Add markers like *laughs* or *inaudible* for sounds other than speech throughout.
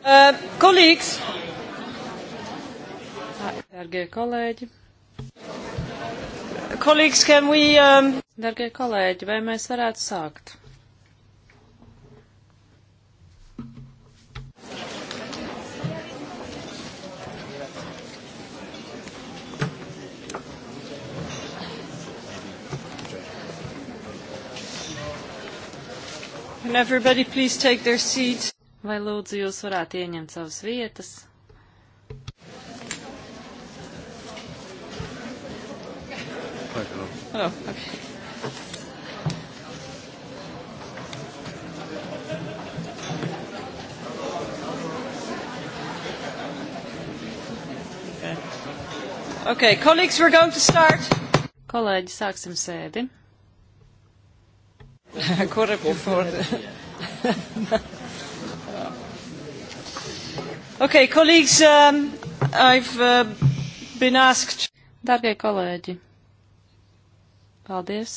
Uh, kolīgs! Dargie kolēģi! Kolīgs, can we... Um... Dargie kolēģi, vai mēs varētu sākt? Can everybody please take their seats? Vai lūdzu jūs varētu ieņemt savas vietas? Oh, okay. Okay, colleagues, we're going to start. Kolēģi, sāksim sēdi. Korepju *laughs* *laughs* for. Okay, colleagues, um, I've uh, been asked. Dargie kolēģi, paldies.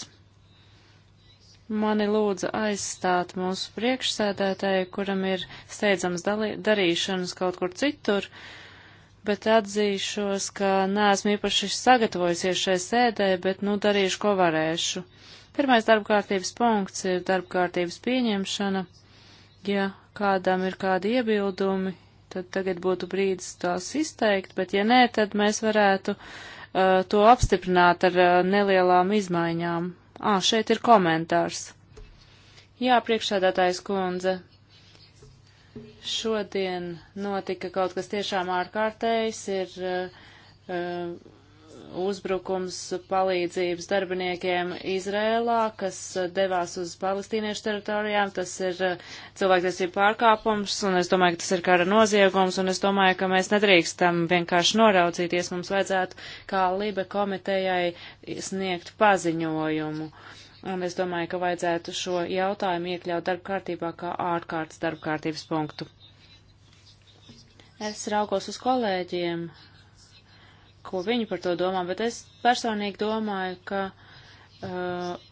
Mani lūdza aizstāt mūsu priekšsēdētāju, kuram ir steidzams darīšanas kaut kur citur, bet atzīšos, ka neesmu īpaši sagatavojusies šai sēdē, bet nu darīšu, ko varēšu. Pirmais darba kārtības punkts ir darba kārtības pieņemšana. Ja kādam ir kādi iebildumi, tad tagad būtu brīdis tās izteikt, bet ja nē, tad mēs varētu uh, to apstiprināt ar uh, nelielām izmaiņām. Ā, šeit ir komentārs. Jā, priekšsēdētājs kundze. Šodien notika kaut kas tiešām ārkārtējs, ir uh, uh, uzbrukums palīdzības darbiniekiem Izrēlā, kas devās uz palestīniešu teritorijām. Tas ir eh, cilvēktiesību pārkāpums, un es domāju, ka tas ir kara noziegums, un es domāju, ka mēs nedrīkstam vienkārši noraucīties. Mums vajadzētu kā Libe komitejai sniegt paziņojumu. Un es domāju, ka vajadzētu šo jautājumu iekļaut darba kārtībā kā ārkārtas darba kārtības punktu. Es raugos uz kolēģiem, ko viņi par to domā, bet es personīgi domāju, ka uh,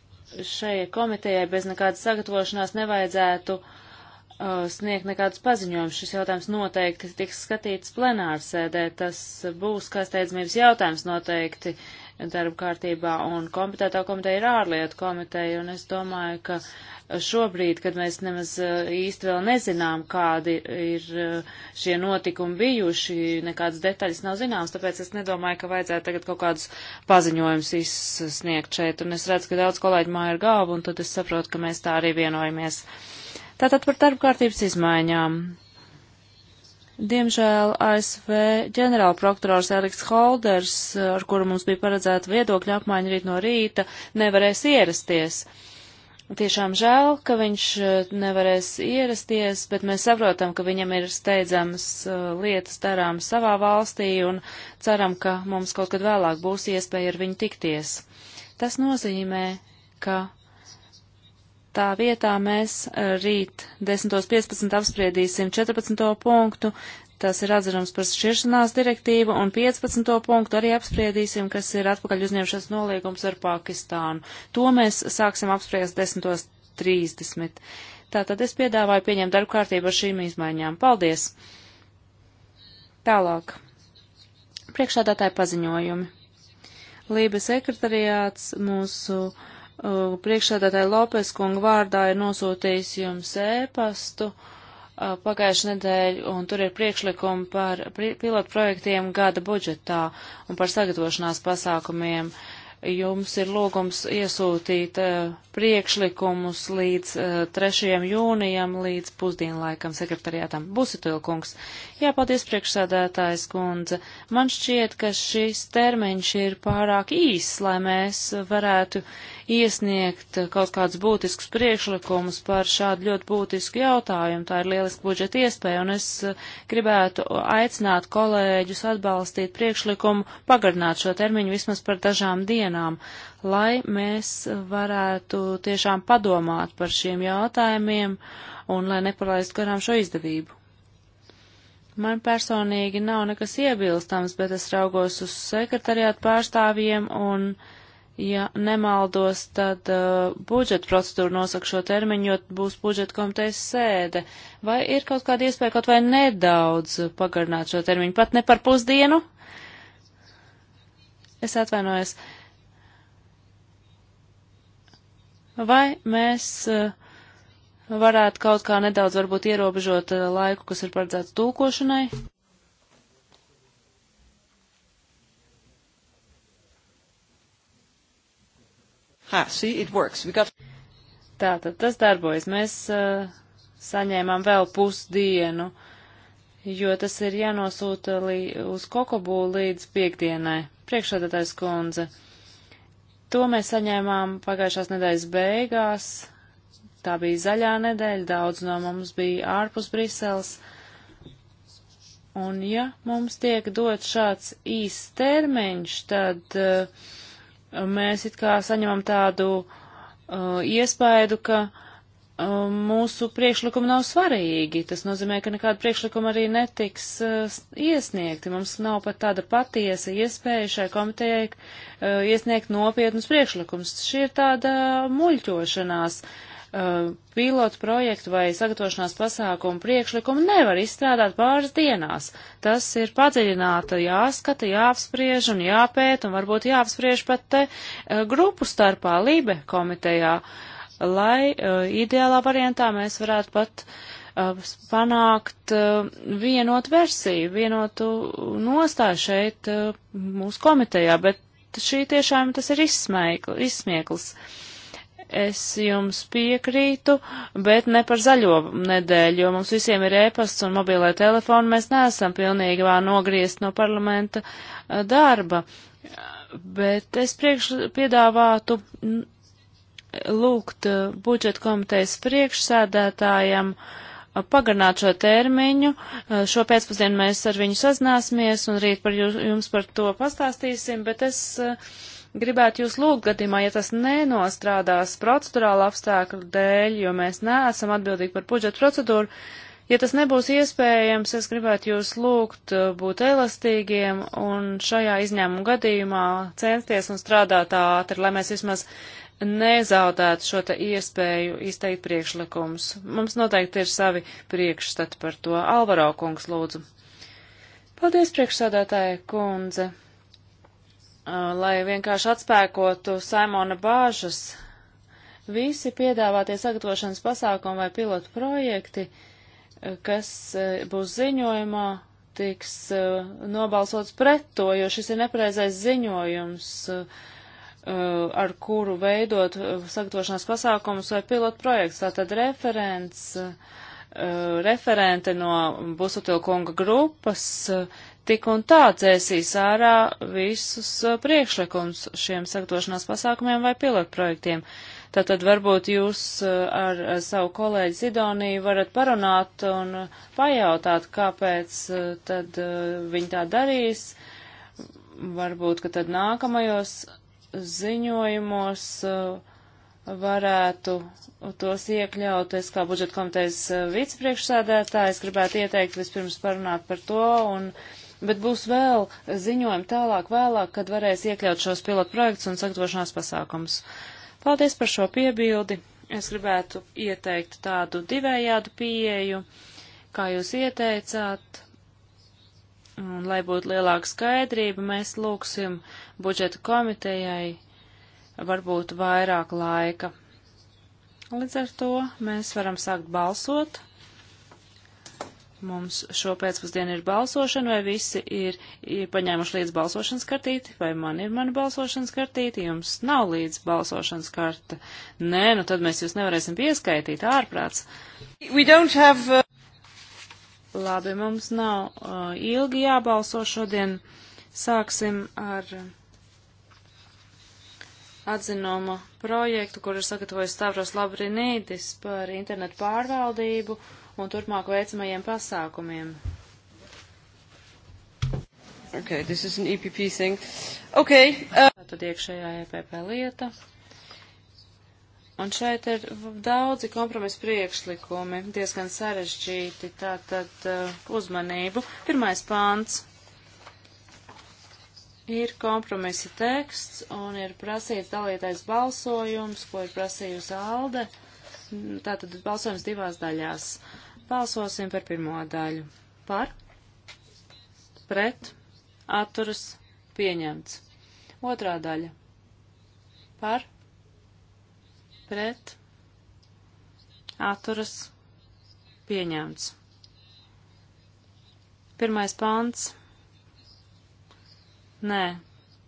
šai komitejai bez nekādas sagatavošanās nevajadzētu uh, sniegt nekādus paziņojumus. Šis jautājums noteikti tiks skatīts plenārsēdē. Tas būs, kā steidzamības jautājums noteikti. Uh, darba kārtībā, un kompetētā komiteja ir ārlietu komiteja, un es domāju, ka šobrīd, kad mēs nemaz eh, īsti vēl nezinām, kādi ir eh, šie notikumi bijuši, nekādas detaļas nav zināmas, tāpēc es nedomāju, ka vajadzētu tagad kaut kādus paziņojumus izsniegt šeit, un es redzu, ka daudz kolēģi māja ir galva, un tad es saprotu, ka mēs tā arī vienojamies. Tātad par darba kārtības izmaiņām. Diemžēl ASV ģenerālprokurors Eriks Holders, ar kuru mums bija paredzēta viedokļa apmaiņa rīt no rīta, nevarēs ierasties. Tiešām žēl, ka viņš e, nevarēs ierasties, bet mēs saprotam, ka viņam ir steidzamas e, lietas darāmas savā valstī un ceram, ka mums kaut kad vēlāk būs iespēja ar viņu tikties. Tas nozīmē, ka Tā vietā mēs eh, rīt 10.15 apspriedīsim 14. punktu, tas ir atzirams par šķiršanās direktīvu, un 15. punktu arī apspriedīsim, kas ir atpakaļ uzņemšanas nolīgums ar Pakistānu. To mēs sāksim apspriest 10.30. Tātad es piedāvāju pieņemt darbu kārtību ar šīm izmaiņām. Paldies! Tālāk. Priekšādātāji paziņojumi. Lība sekretariāts mūsu. Uh, Uh, priekšsēdētāja Lopes kunga vārdā ir nosūtījis jums ēpastu uh, pagājušajā nedēļu, un tur ir priekšlikumi par pilotu projektiem gada budžetā un par sagatavošanās pasākumiem. Jums ir lūgums iesūtīt uh, priekšlikumus līdz 3. jūnijam, līdz pusdienlaikam sekretariātam. Busitilkungs. Jā, paldies priekšsādātājs kundze. Man šķiet, ka šis termiņš ir pārāk īss, lai mēs varētu iesniegt kaut kādus būtiskus priekšlikumus par šādu ļoti būtisku jautājumu. Tā ir lieliska budžeta iespēja, un es eh, gribētu aicināt kolēģus atbalstīt priekšlikumu, pagarināt šo termiņu vismaz par dažām dienām, lai mēs varētu tiešām padomāt par šiem jautājumiem un lai nepalaistu garām šo izdevību. Man personīgi nav nekas iebilstams, bet es raugos uz sekretariātu pārstāvjiem un uh, Ja nemaldos, tad uh, budžeta procedūra nosaka šo termiņu, jo būs budžeta komitejas sēde. Vai ir kaut kāda iespēja kaut vai nedaudz pagarināt šo termiņu, pat ne par pusdienu? Es atvainojos. Vai mēs uh, varētu kaut kā nedaudz varbūt ierobežot uh, laiku, kas ir paredzēts tulkošanai? Ha, see, it works. We got... Tātad tas darbojas. Mēs uh, saņēmām vēl pusdienu, jo tas ir jānosūta uz Kokobū līdz piekdienai. Priekšsēdētājs kundze. To mēs saņēmām pagājušās nedēļas beigās. Tā bija zaļā nedēļa, daudz no mums bija ārpus Briseles. Un ja mums tiek dot šāds īs termiņš, tad uh, mēs it kā saņemam tādu uh, iespaidu, ka uh, mūsu priekšlikumi nav svarīgi. Tas nozīmē, ka nekāda priekšlikuma arī netiks uh, iesniegti. Mums nav pat tāda patiesa iespēja šai komitejai uh, iesniegt nopietnus priekšlikumus. Šī ir tāda muļķošanās. Uh, Uh, pilotu projektu vai sagatavošanās pasākumu priekšlikumu nevar izstrādāt pāris dienās. Tas ir padziļināta jāskata, jāapspriež un jāpēt un varbūt jāapspriež pat te uh, grupu starpā Lībe komitejā, lai uh, ideālā variantā mēs varētu pat panākt vienotu versiju, vienotu nostāju šeit mūsu komitejā, bet šī tiešām tas ir izsmieklis. Es jums piekrītu, bet ne par zaļo nedēļu, jo mums visiem ir ēpasts un mobilai telefoni, mēs neesam pilnīgā nogriezt no parlamenta eh, darba. Bet es priekš piedāvātu lūgt eh, budžeta komitejas priekšsēdētājam eh, pagarināt šo termiņu. Šo pēcpusdienu mēs ar viņu sazināsimies un rīt par jums par to pastāstīsim, bet es uh, Gribētu jūs lūgt gadījumā, ja tas nenostrādās procedurāla apstākļu dēļ, jo mēs neesam atbildīgi par budžetu procedūru, ja tas nebūs iespējams, es gribētu jūs lūgt uh, būt elastīgiem un šajā izņēmuma gadījumā censties un strādāt ātri, lai mēs vismaz nezaudētu šo te iespēju izteikt priekšlikumus. Mums noteikti ir savi priekšstati par to. Alvaro kungs, lūdzu. Paldies, priekšsādātāja kundze. Uh, lai vienkārši atspēkotu Saimona bāžas. Visi piedāvātie sagatavošanas pasākumi vai pilotu projekti, uh, kas uh, būs ziņojumā, tiks nobalsots pret to, jo šis ir nepareizais ziņojums, ar kuru veidot sagatavošanās pasākumus vai pilotu projekts. Tātad referents, referente no Busutilkunga grupas tik un tā dzēsīs ārā visus uh, priekšlikums šiem sagatavošanās pasākumiem vai pilotprojektiem. Tātad varbūt jūs uh, ar savu kolēģi Zidoniju varat parunāt un uh, pajautāt, kāpēc tad viņi tā darīs. Varbūt, ka tad nākamajos ziņojumos varētu tos iekļaut. Es kā budžeta komitejas vicepriekšsēdētājs gribētu ieteikt vispirms parunāt par to un uh, bet būs vēl ziņojumi tālāk vēlāk, kad varēs iekļaut šos pilotu projektus un sagatavošanās pasākums. Paldies par šo piebildi. Es gribētu ieteikt tādu divējādu pieeju, kā jūs ieteicāt. Un, lai būtu lielāka skaidrība, mēs lūksim budžeta komitejai varbūt vairāk laika. Līdz ar to mēs varam sākt balsot. Mums šo pēcpusdienu ir balsošana, vai visi ir, ir paņēmuši līdz balsošanas kartīti, vai man ir mana balsošanas kartīte, jums nav līdz balsošanas karta. Nē, nu tad mēs jūs nevarēsim pieskaitīt ārprāts. Have... Uh, Labi, mums nav uh, ilgi jābalso šodien. Sāksim ar atzinuma projektu, kur ir sagatavojis Stavros Labrinīdis par internetu pārvaldību. Uh, un turpmāk veicamajiem pasākumiem. Okay, this is an EPP thing. Okay. Uh... Tad iekšējā EPP lieta. Un šeit ir daudzi kompromisa priekšlikumi, diezgan sarežģīti, tātad uh, uzmanību. Pirmais pāns ir kompromisa teksts un ir prasīts dalītais balsojums, ko ir prasījusi Alde. Uh, Tātad balsojums divās daļās. Balsosim par pirmo daļu. Par, pret, atturas, pieņemts. Otrā daļa. Par, pret, atturas, pieņemts. Pirmais pants. Nē,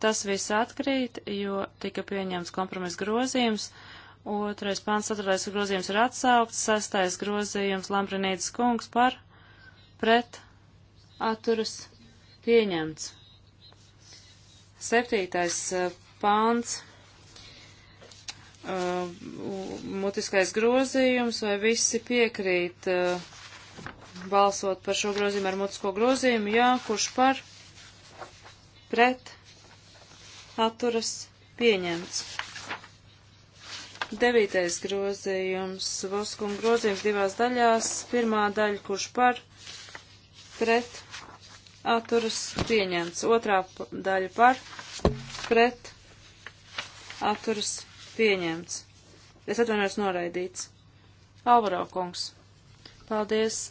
tas viss atkrīt, jo tika pieņemts kompromiss grozījums. Uh, Otrais pāns, ceturtais grozījums ir atsaukts, sestais grozījums Lamprinītis kungs par pret atturas pieņemts. Septītais eh, pāns, uh, eh, mutiskais grozījums, vai visi piekrīt uh, balsot par šo grozījumu ar mutisko grozījumu? Jā, kurš par pret atturas pieņemts. Devītais grozījums, voskuma grozījums divās daļās. Pirmā daļa, kurš par, pret, atturas pieņemts. Otrā daļa par, pret, atturas pieņemts. Es atvainojos noraidīts. Alvaro kungs. Paldies.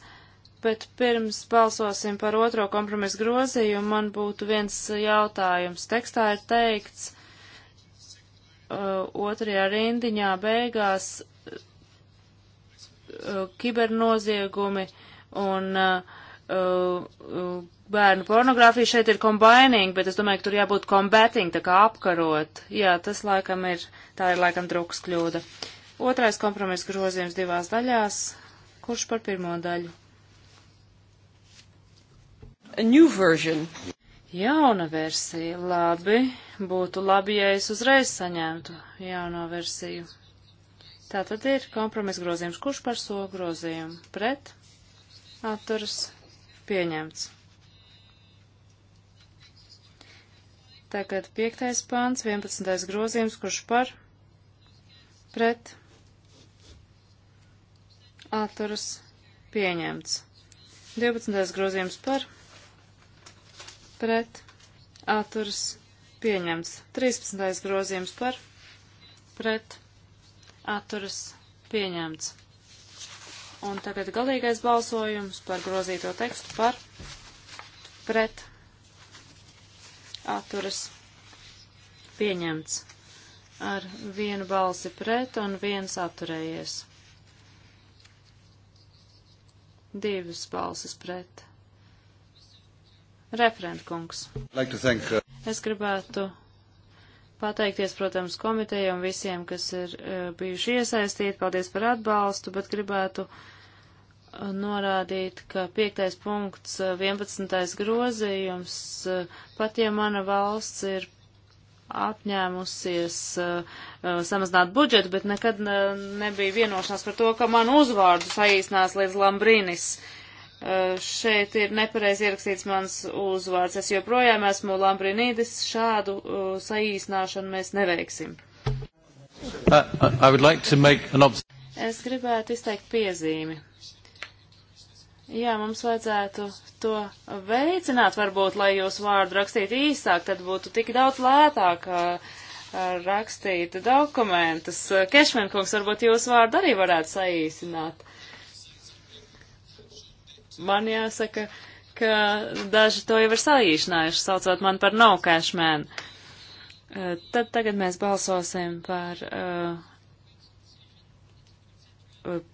Bet pirms balsosim par otro kompromisu grozījumu, man būtu viens jautājums. Tekstā ir teikts, uh, otrajā rindiņā beigās uh, kibernoziegumi un uh, uh, uh, bērnu pornogrāfija šeit ir combining, bet es domāju, ka tur jābūt combating, tā kā apkarot. Jā, tas laikam ir, tā ir laikam drukas kļūda. Otrais kompromiss grozījums divās daļās. Kurš par pirmo daļu? A new version. Jauna versija, labi, būtu labi, ja es uzreiz saņemtu jauno versiju. Tā tad ir kompromis grozījums, kurš par so grozījumu pret atturas pieņemts. Tagad 5. pāns, 11. grozījums, kurš par pret atturas pieņemts. 12. grozījums par pret pret atturas pieņemts. 13. grozījums par pret atturas pieņemts. Un tagad galīgais balsojums par grozīto tekstu par pret atturas pieņemts ar vienu balsi pret un viens atturējies. Divas balsis pret. Referentkungs. Like thank, uh... Es gribētu pateikties, protams, komiteju un visiem, kas ir uh, bijuši iesaistīti. Paldies par atbalstu, bet gribētu uh, norādīt, ka 5. punkts, 11. Uh, grozījums, uh, pat ja mana valsts ir apņēmusies uh, samazināt budžetu, bet nekad nebija vienošanās par to, ka man uzvārdu saīsnās līdz Lambrīnis. Uh, Eh, šeit ir nepareizi ierakstīts mans uzvārds. Es joprojām esmu Lambrinīdis, šādu uh, saīsināšanu mēs neveiksim. Uh, uh, I, I like es gribētu izteikt piezīmi. Jā, mums vajadzētu to veicināt, varbūt, lai jūs vārdu rakstītu īsāk, tad būtu tik daudz lētāk uh, uh, rakstīt dokumentus. Kešmenkungs, varbūt jūs vārdu arī varētu saīsināt. Uh, man jāsaka, ka daži to jau ir salīdzinājuši, saucot man par no cashman. Uh, eh, tad tagad mēs balsosim par uh,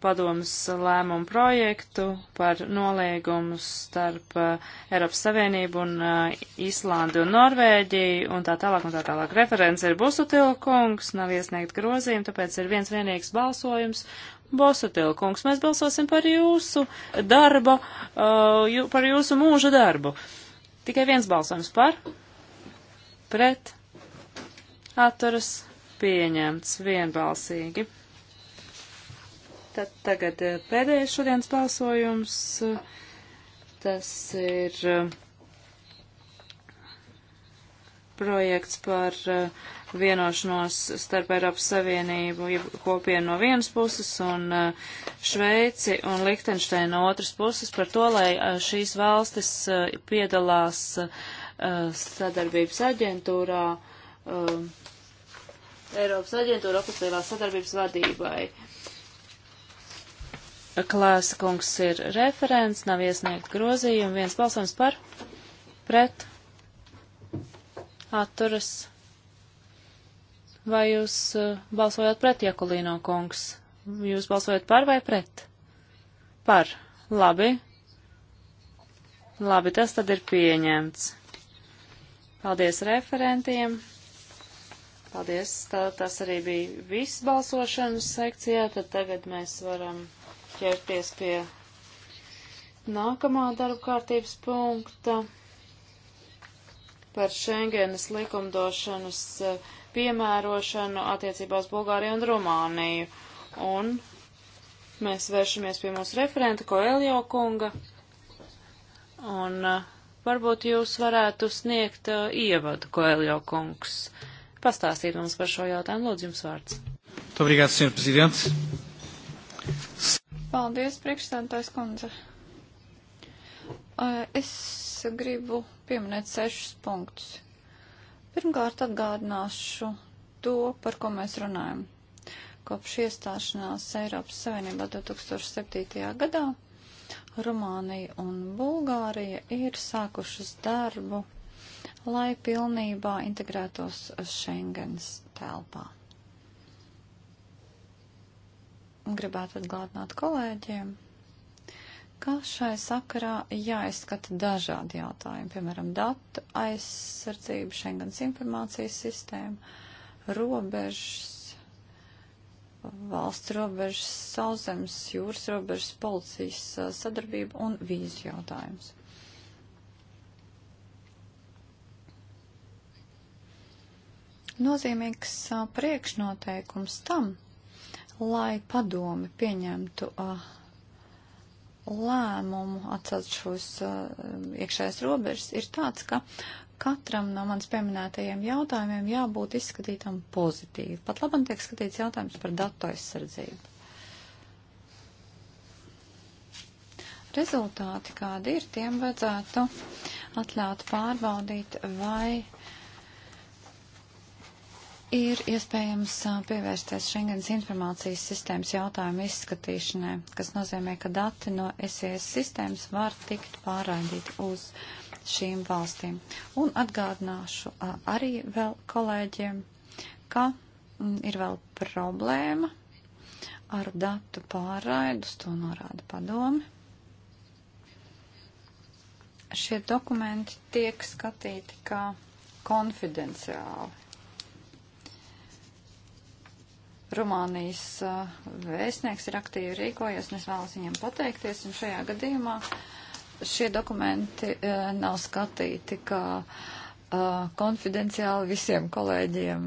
padomas lēmumu projektu par noliegumu starp uh, Eiropas Savienību un uh, Islandi un Norvēģiju un tā tālāk un tā tālāk. Referents ir Busutila kungs, nav iesniegt grozījumu, tāpēc ir viens vienīgs balsojums Bosatila kungs, mēs balsosim par jūsu darba, uh, jū, par jūsu mūža darbu. Tikai viens balsojums par, pret, atturas, pieņemts vienbalsīgi. Tad tagad uh, pēdējais šodienas balsojums. Uh, tas ir. Uh, projekts par eh, vienošanos starp Eiropas Savienību kopienu no vienas puses un eh, Šveici un Lichtensteinu no otras puses par to, lai eh, šīs valstis piedalās sadarbības aģentūrā, Eiropas aģentūra operatīvās sadarbības vadībai. Klāsa kungs ir referents, nav iesniegt grozījumi, viens balsojums par, pret, atturas. Vai jūs eh, balsojat pret, Jakulīno kungs? Jūs balsojat par vai pret? Par. Labi. Labi, tas tad ir pieņemts. Paldies referentiem. Paldies, tā, tas arī bija viss balsošanas sekcijā, tad tagad mēs varam ķerties pie nākamā darba kārtības punkta par Schengenas likumdošanas eh, piemērošanu attiecībā uz Bulgāriju un Rumāniju. Un mēs vēršamies pie mūsu referenta Koeljo kunga. Un eh, varbūt jūs varētu sniegt eh, ievadu, Koeljo kungs. Pastāstīt mums par šo jautājumu. Lūdzu, jums vārds. Obrigado, Sr. Presidente. Paldies, priekšstādātājs kundze. Es gribu pieminēt sešus punktus. Pirmkārt atgādināšu to, par ko mēs runājam. Kopš iestāšanās Eiropas Savienībā 2007. gadā Rumānija un Bulgārija ir sākušas darbu, lai pilnībā integrētos Schengens telpā. Gribētu atgādināt kolēģiem, ka šai sakarā jāizskata dažādi jautājumi, piemēram, datu aizsardzība, Schengens informācijas sistēma, robežas, valsts robežas, sauzemes, jūras robežas, policijas sadarbība un vīzu jautājums. Nozīmīgs priekšnoteikums tam, lai padomi pieņemtu uh, lēmumu atcelt šos eh, iekšējās robežas ir tāds, ka katram no manas pieminētajiem jautājumiem jābūt izskatītam pozitīvi. Pat labam tiek skatīts jautājums par datu aizsardzību. Rezultāti, kādi ir, tiem vajadzētu atļaut pārbaudīt, vai ir iespējams pievērsties Schengens informācijas sistēmas jautājumu izskatīšanai, kas nozīmē, ka dati no SES sistēmas var tikt pārraidīti uz šīm valstīm. Un atgādināšu arī vēl kolēģiem, ka mm, ir vēl problēma ar datu pārraidus, to norāda padomi. Šie dokumenti tiek skatīti kā konfidenciāli Rumānijas eh, vēstnieks ir aktīvi rīkojies, un es vēlos viņam pateikties, un šajā gadījumā šie dokumenti eh, nav skatīti kā eh, konfidenciāli visiem kolēģiem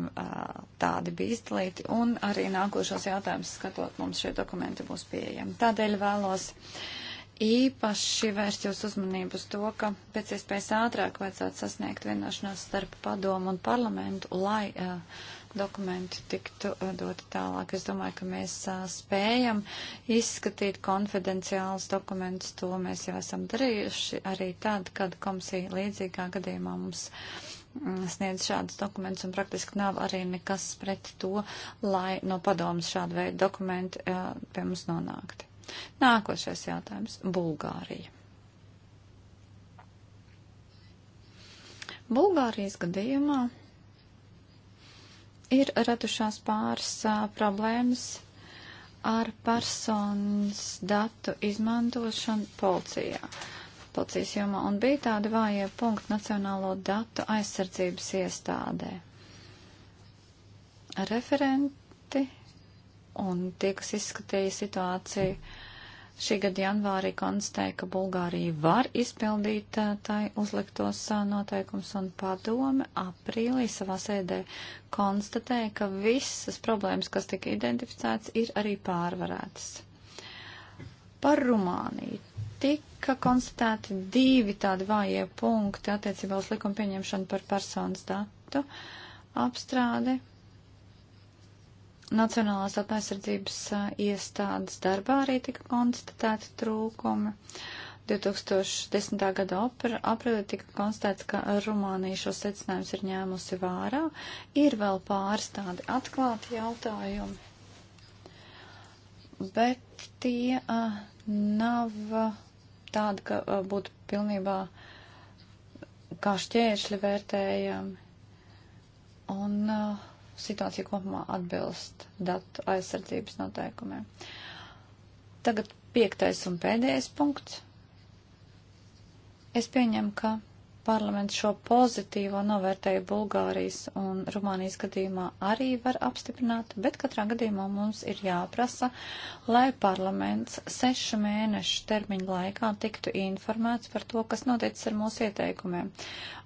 tādi bija izdalīti, un arī nākošos jautājumus skatot mums šie dokumenti būs pieejami. Tādēļ vēlos īpaši vērst jūs uzmanību uz to, ka pēc iespējas ātrāk vajadzētu sasniegt vienošanos starp padomu un parlamentu, lai dokumenti tiktu uh, doti tālāk. Es domāju, ka mēs uh, spējam izskatīt konfidenciālus dokumentus. To mēs jau esam darījuši arī tad, kad komisija līdzīgā gadījumā mums mm, sniedz šādus dokumentus, un praktiski nav arī nekas pret to, lai no padomas šāda veida dokumenti uh, pie mums nonākti. Nākošais jautājums - Bulgārija. Bulgārijas gadījumā Ir radušās pāris uh, problēmas ar personas datu izmantošanu policijā. Policijas jomā un bija tādi vājie punkti Nacionālo datu aizsardzības iestādē. Referenti un tie, kas izskatīja situāciju. Mm Šī gada janvārī konstatēja, ka Bulgārija var izpildīt eh, tai uzliktos eh, noteikums un padome aprīlī savā sēdē konstatēja, ka visas problēmas, kas tika identificētas, ir arī pārvarētas. Par Rumāniju tika konstatēti divi tādi vājie punkti attiecībā uz likuma pieņemšanu par personas datu apstrādi Nacionālās aizsardzības iestādes darbā arī tika konstatēti trūkumi. 2010. gada aprīlī tika konstatēts, ka Rumānija šos secinājumus ir ņēmusi vērā. Ir vēl pāris tādi atklāti jautājumi, bet tie uh, nav tādi, ka uh, būtu pilnībā kā šķēršļi vērtējami. Un uh, situācija kopumā atbilst datu aizsardzības noteikumiem. Tagad piektais un pēdējais punkts. Es pieņemu, ka parlaments šo pozitīvo novērtēju Bulgārijas un Rumānijas gadījumā arī var apstiprināt, bet katrā gadījumā mums ir jāprasa, lai parlaments sešu mēnešu termiņu laikā tiktu informēts par to, kas noticis ar mūsu ieteikumiem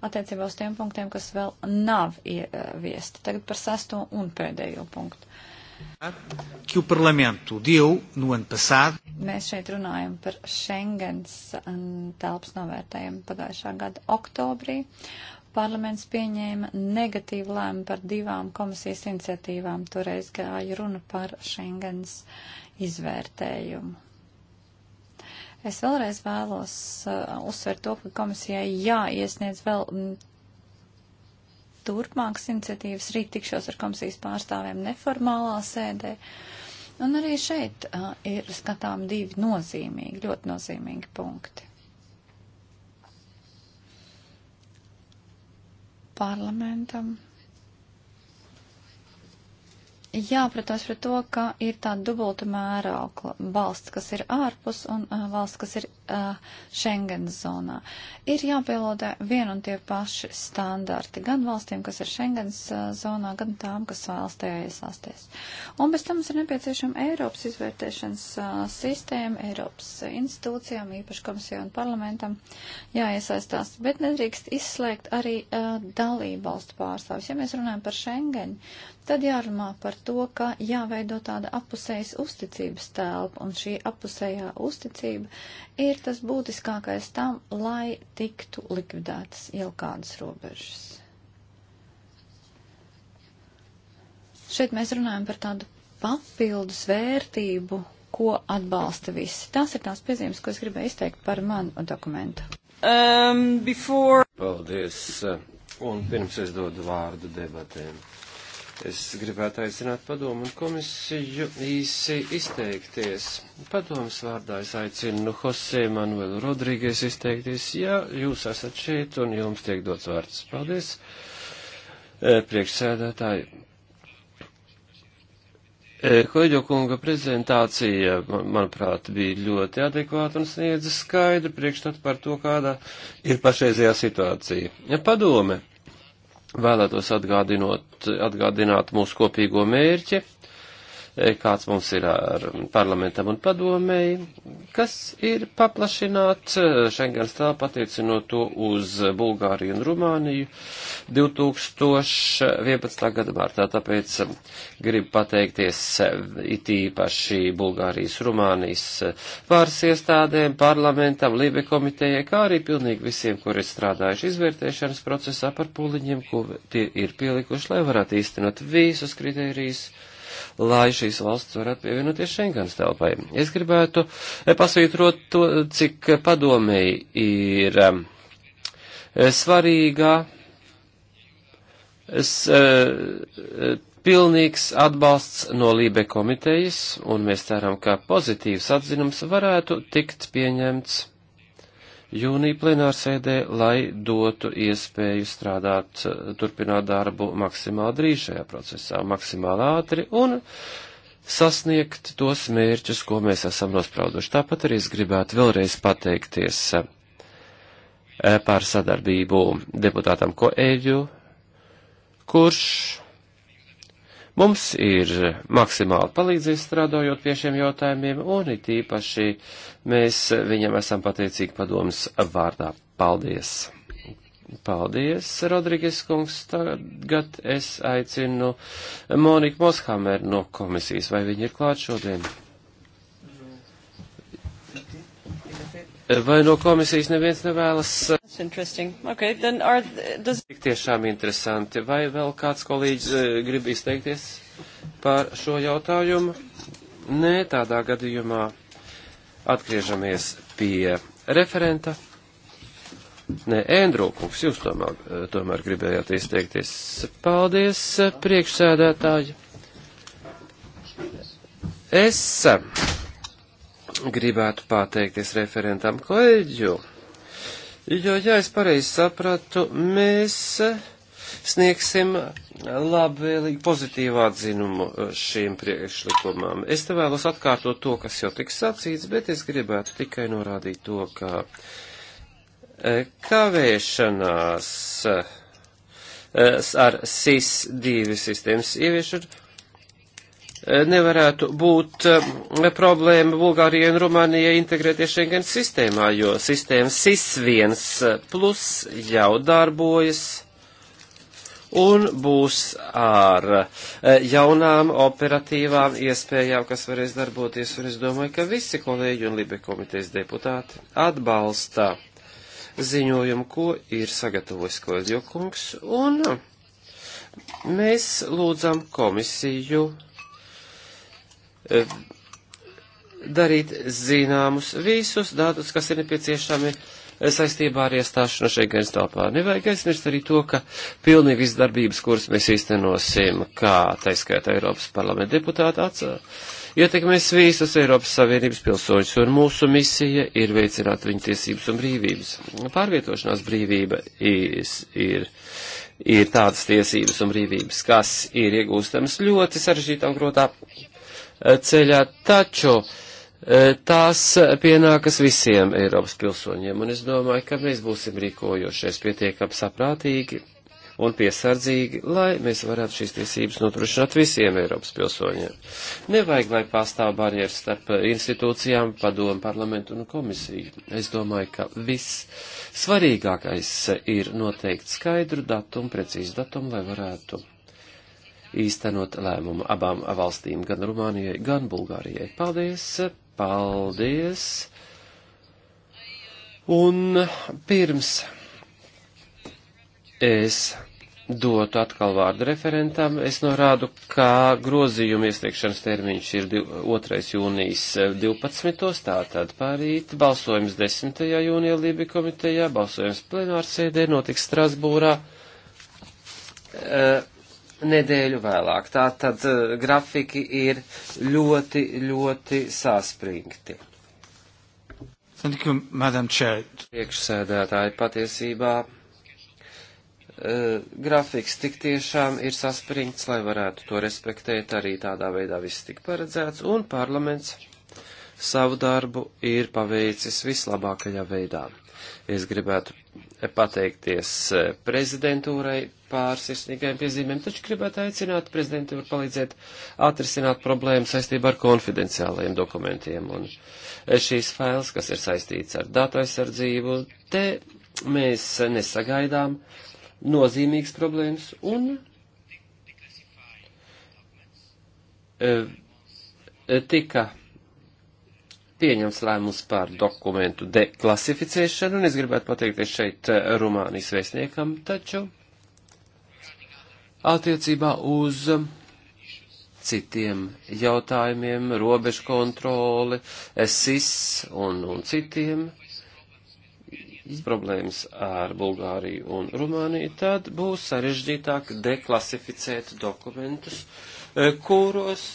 attiecībā uz tiem punktiem, kas vēl nav ieviesti. Tagad par sesto un pēdējo punktu. Uh, que o Parlamento deu no ano passado. Mēs šeit runājam par Schengens um, telpas novērtējumu pagājušā gada oktobrī. Parlaments pieņēma negatīvu lēmu par divām komisijas iniciatīvām. Toreiz gāja runa par Schengens izvērtējumu. Es vēlreiz vēlos uh, uzsvērt to, ka komisijai jāiesniedz vēl mm, turpmākas iniciatīvas. Rīt tikšos ar komisijas pārstāvēm neformālā sēdē. Un arī šeit uh, ir skatām divi nozīmīgi, ļoti nozīmīgi punkti. Parlamentam jāpratās par to, ka ir tāda dubulta mēraukla valsts, kas ir ārpus un uh, valsts, kas ir uh, Schengen zonā. Ir jāpielodē vien un tie paši standarti gan valstīm, kas ir Schengen uh, zonā, gan tām, kas vēlas tajā iesāsties. Un bez tam mums ir nepieciešama Eiropas izvērtēšanas uh, sistēma, Eiropas institūcijām, īpaši komisijai un parlamentam jāiesaistās, bet nedrīkst izslēgt arī uh, dalību valstu pārstāvis. Ja mēs runājam par Schengen, Tad jārunā par to, ka jāveido tāda apusējas uzticības telpa, un šī apusējā uzticība ir tas būtiskākais tam, lai tiktu likvidētas jau kādas robežas. Šeit mēs runājam par tādu papildus vērtību, ko atbalsta visi. Tās ir tās piezīmes, ko es gribēju izteikt par manu dokumentu. Um, before... Paldies. Un pirms es dodu vārdu debatēm. Es gribētu aicināt padomu un komisiju īsi izteikties. Padomas vārdā es aicinu Jose Manuelu Rodrīgais izteikties, ja jūs esat šeit un jums tiek dots vārds. Paldies, e, priekšsēdētāji. E, Koļo kunga prezentācija, manuprāt, bija ļoti adekvāta un sniedza skaidru priekšstatu par to, kāda ir pašreizējā situācija. Ja padome Vēlētos atgādinot, atgādināt mūsu kopīgo mērķi kāds mums ir ar parlamentam un padomēji, kas ir paplašināt eh, Schengens telpu attiecinot to uz Bulgāriju un Rumāniju 2011. gada martā. Tāpēc eh, gribu pateikties eh, it īpaši Bulgārijas, Rumānijas pāris iestādēm, parlamentam, Lībe komitejai, kā arī pilnīgi visiem, kuri ir strādājuši izvērtēšanas procesā par pūliņiem, ko tie ir pielikuši, lai varētu īstenot visus kritērijus lai šīs valsts varētu pievienoties Schengens telpai. Es gribētu eh, pasvītrot to, cik padomēji ir eh, svarīgā, es, eh, pilnīgs atbalsts no Lībe komitejas, un mēs ceram, ka pozitīvs atzinums varētu tikt pieņemts jūnija plenārsēdē, lai dotu iespēju strādāt, turpināt darbu maksimāli drīz šajā procesā, maksimāli ātri un sasniegt tos mērķus, ko mēs esam nosprauduši. Tāpat arī es gribētu vēlreiz pateikties eh, par sadarbību deputātam Koēģu, kurš Mums ir maksimāli palīdzējis strādājot pie šiem jautājumiem, un it īpaši mēs viņam esam pateicīgi padomas vārdā. Paldies! Paldies, Rodrīgas kungs. Tagad es aicinu Moniku Moshameru no komisijas. Vai viņa ir klāt šodien? Vai no komisijas neviens nevēlas? It's interesting. Okay, then are... Does... Tik tiešām interesanti. Vai vēl kāds kolīģis eh, grib izteikties par šo jautājumu? Nē, tādā gadījumā atgriežamies pie referenta. Nē, Endrū kungs, jūs tomēr, eh, tomēr gribējāt izteikties. Paldies, priekšsēdētāji. Es eh, gribētu pateikties referentam kolēģu Jo, ja es pareizi sapratu, mēs sniegsim labvēlīgi pozitīvu atzinumu šīm priekšlikumām. Es te vēlos atkārtot to, kas jau tiks sacīts, bet es gribētu tikai norādīt to, ka e, kavēšanās e, ar SIS-2 sistēmas ieviešanu nevarētu būt eh, problēma Bulgārijai un Rumānijai integrēties Schengen sistēmā, jo sistēma SIS1 eh, plus jau darbojas un būs ar eh, jaunām operatīvām iespējām, kas varēs darboties, un es domāju, ka visi kolēģi un Libe komitejas deputāti atbalsta ziņojumu, ko ir sagatavojis Koļģokungs, un mēs lūdzam komisiju E, darīt zināmus visus datus, kas ir nepieciešami e, saistībā ar iestāšanu Schengens telpā. Nevajag aizmirst arī to, ka pilnīgi visas darbības, kuras mēs īstenosim, kā taiskaitā Eiropas parlamenta deputāta atcēla, ietekmēs visus Eiropas Savienības pilsoņus, un mūsu misija ir veicināt viņu tiesības un brīvības. Pārvietošanās brīvība is, ir. Ir tādas tiesības un brīvības, kas ir iegūstamas ļoti sarežģītā un grotā ceļā, taču e, tās pienākas visiem Eiropas pilsoņiem, un es domāju, ka mēs būsim rīkojošies pietiekami saprātīgi un piesardzīgi, lai mēs varētu šīs tiesības nodrošināt visiem Eiropas pilsoņiem. Nevajag, lai pastāv barjeras starp institūcijām, padomu, parlamentu un komisiju. Es domāju, ka viss svarīgākais ir noteikt skaidru datumu, precīzu datumu, lai varētu īstenot lēmumu abām valstīm, gan Rumānijai, gan Bulgārijai. Paldies! Paldies! Un pirms es dotu atkal vārdu referentam. Es norādu, ka grozījuma iesniegšanas termiņš ir 2. jūnijas 12. Eh, tātad parīt, balsojums 10. jūnija Lībi komitejā, balsojums plenārsēdē notiks Strasbūrā. Uh, nedēļu vēlāk. Tā tad uh, grafiki ir ļoti, ļoti saspringti. Priekšsēdētāji patiesībā uh, grafiks tik tiešām ir saspringts, lai varētu to respektēt, arī tādā veidā viss tik paredzēts, un parlaments savu darbu ir paveicis vislabākajā veidā. Es gribētu pateikties e, prezidentūrai pār sirsnīgajiem piezīmēm, taču gribētu aicināt prezidentūru palīdzēt atrisināt problēmu saistībā ar konfidenciālajiem dokumentiem. Un e, šīs fails, kas ir saistīts ar datu aizsardzību, te mēs nesagaidām nozīmīgas problēmas un e, tika pieņems lēmums par dokumentu deklasificēšanu, un es gribētu pateikties šeit eh, Rumānijas vēstniekam, taču attiecībā uz eh, citiem jautājumiem, robežu kontroli, SIS un, un citiem problēmas ar Bulgāriju un Rumāniju, tad būs sarežģītāk deklasificēt dokumentus, eh, kuros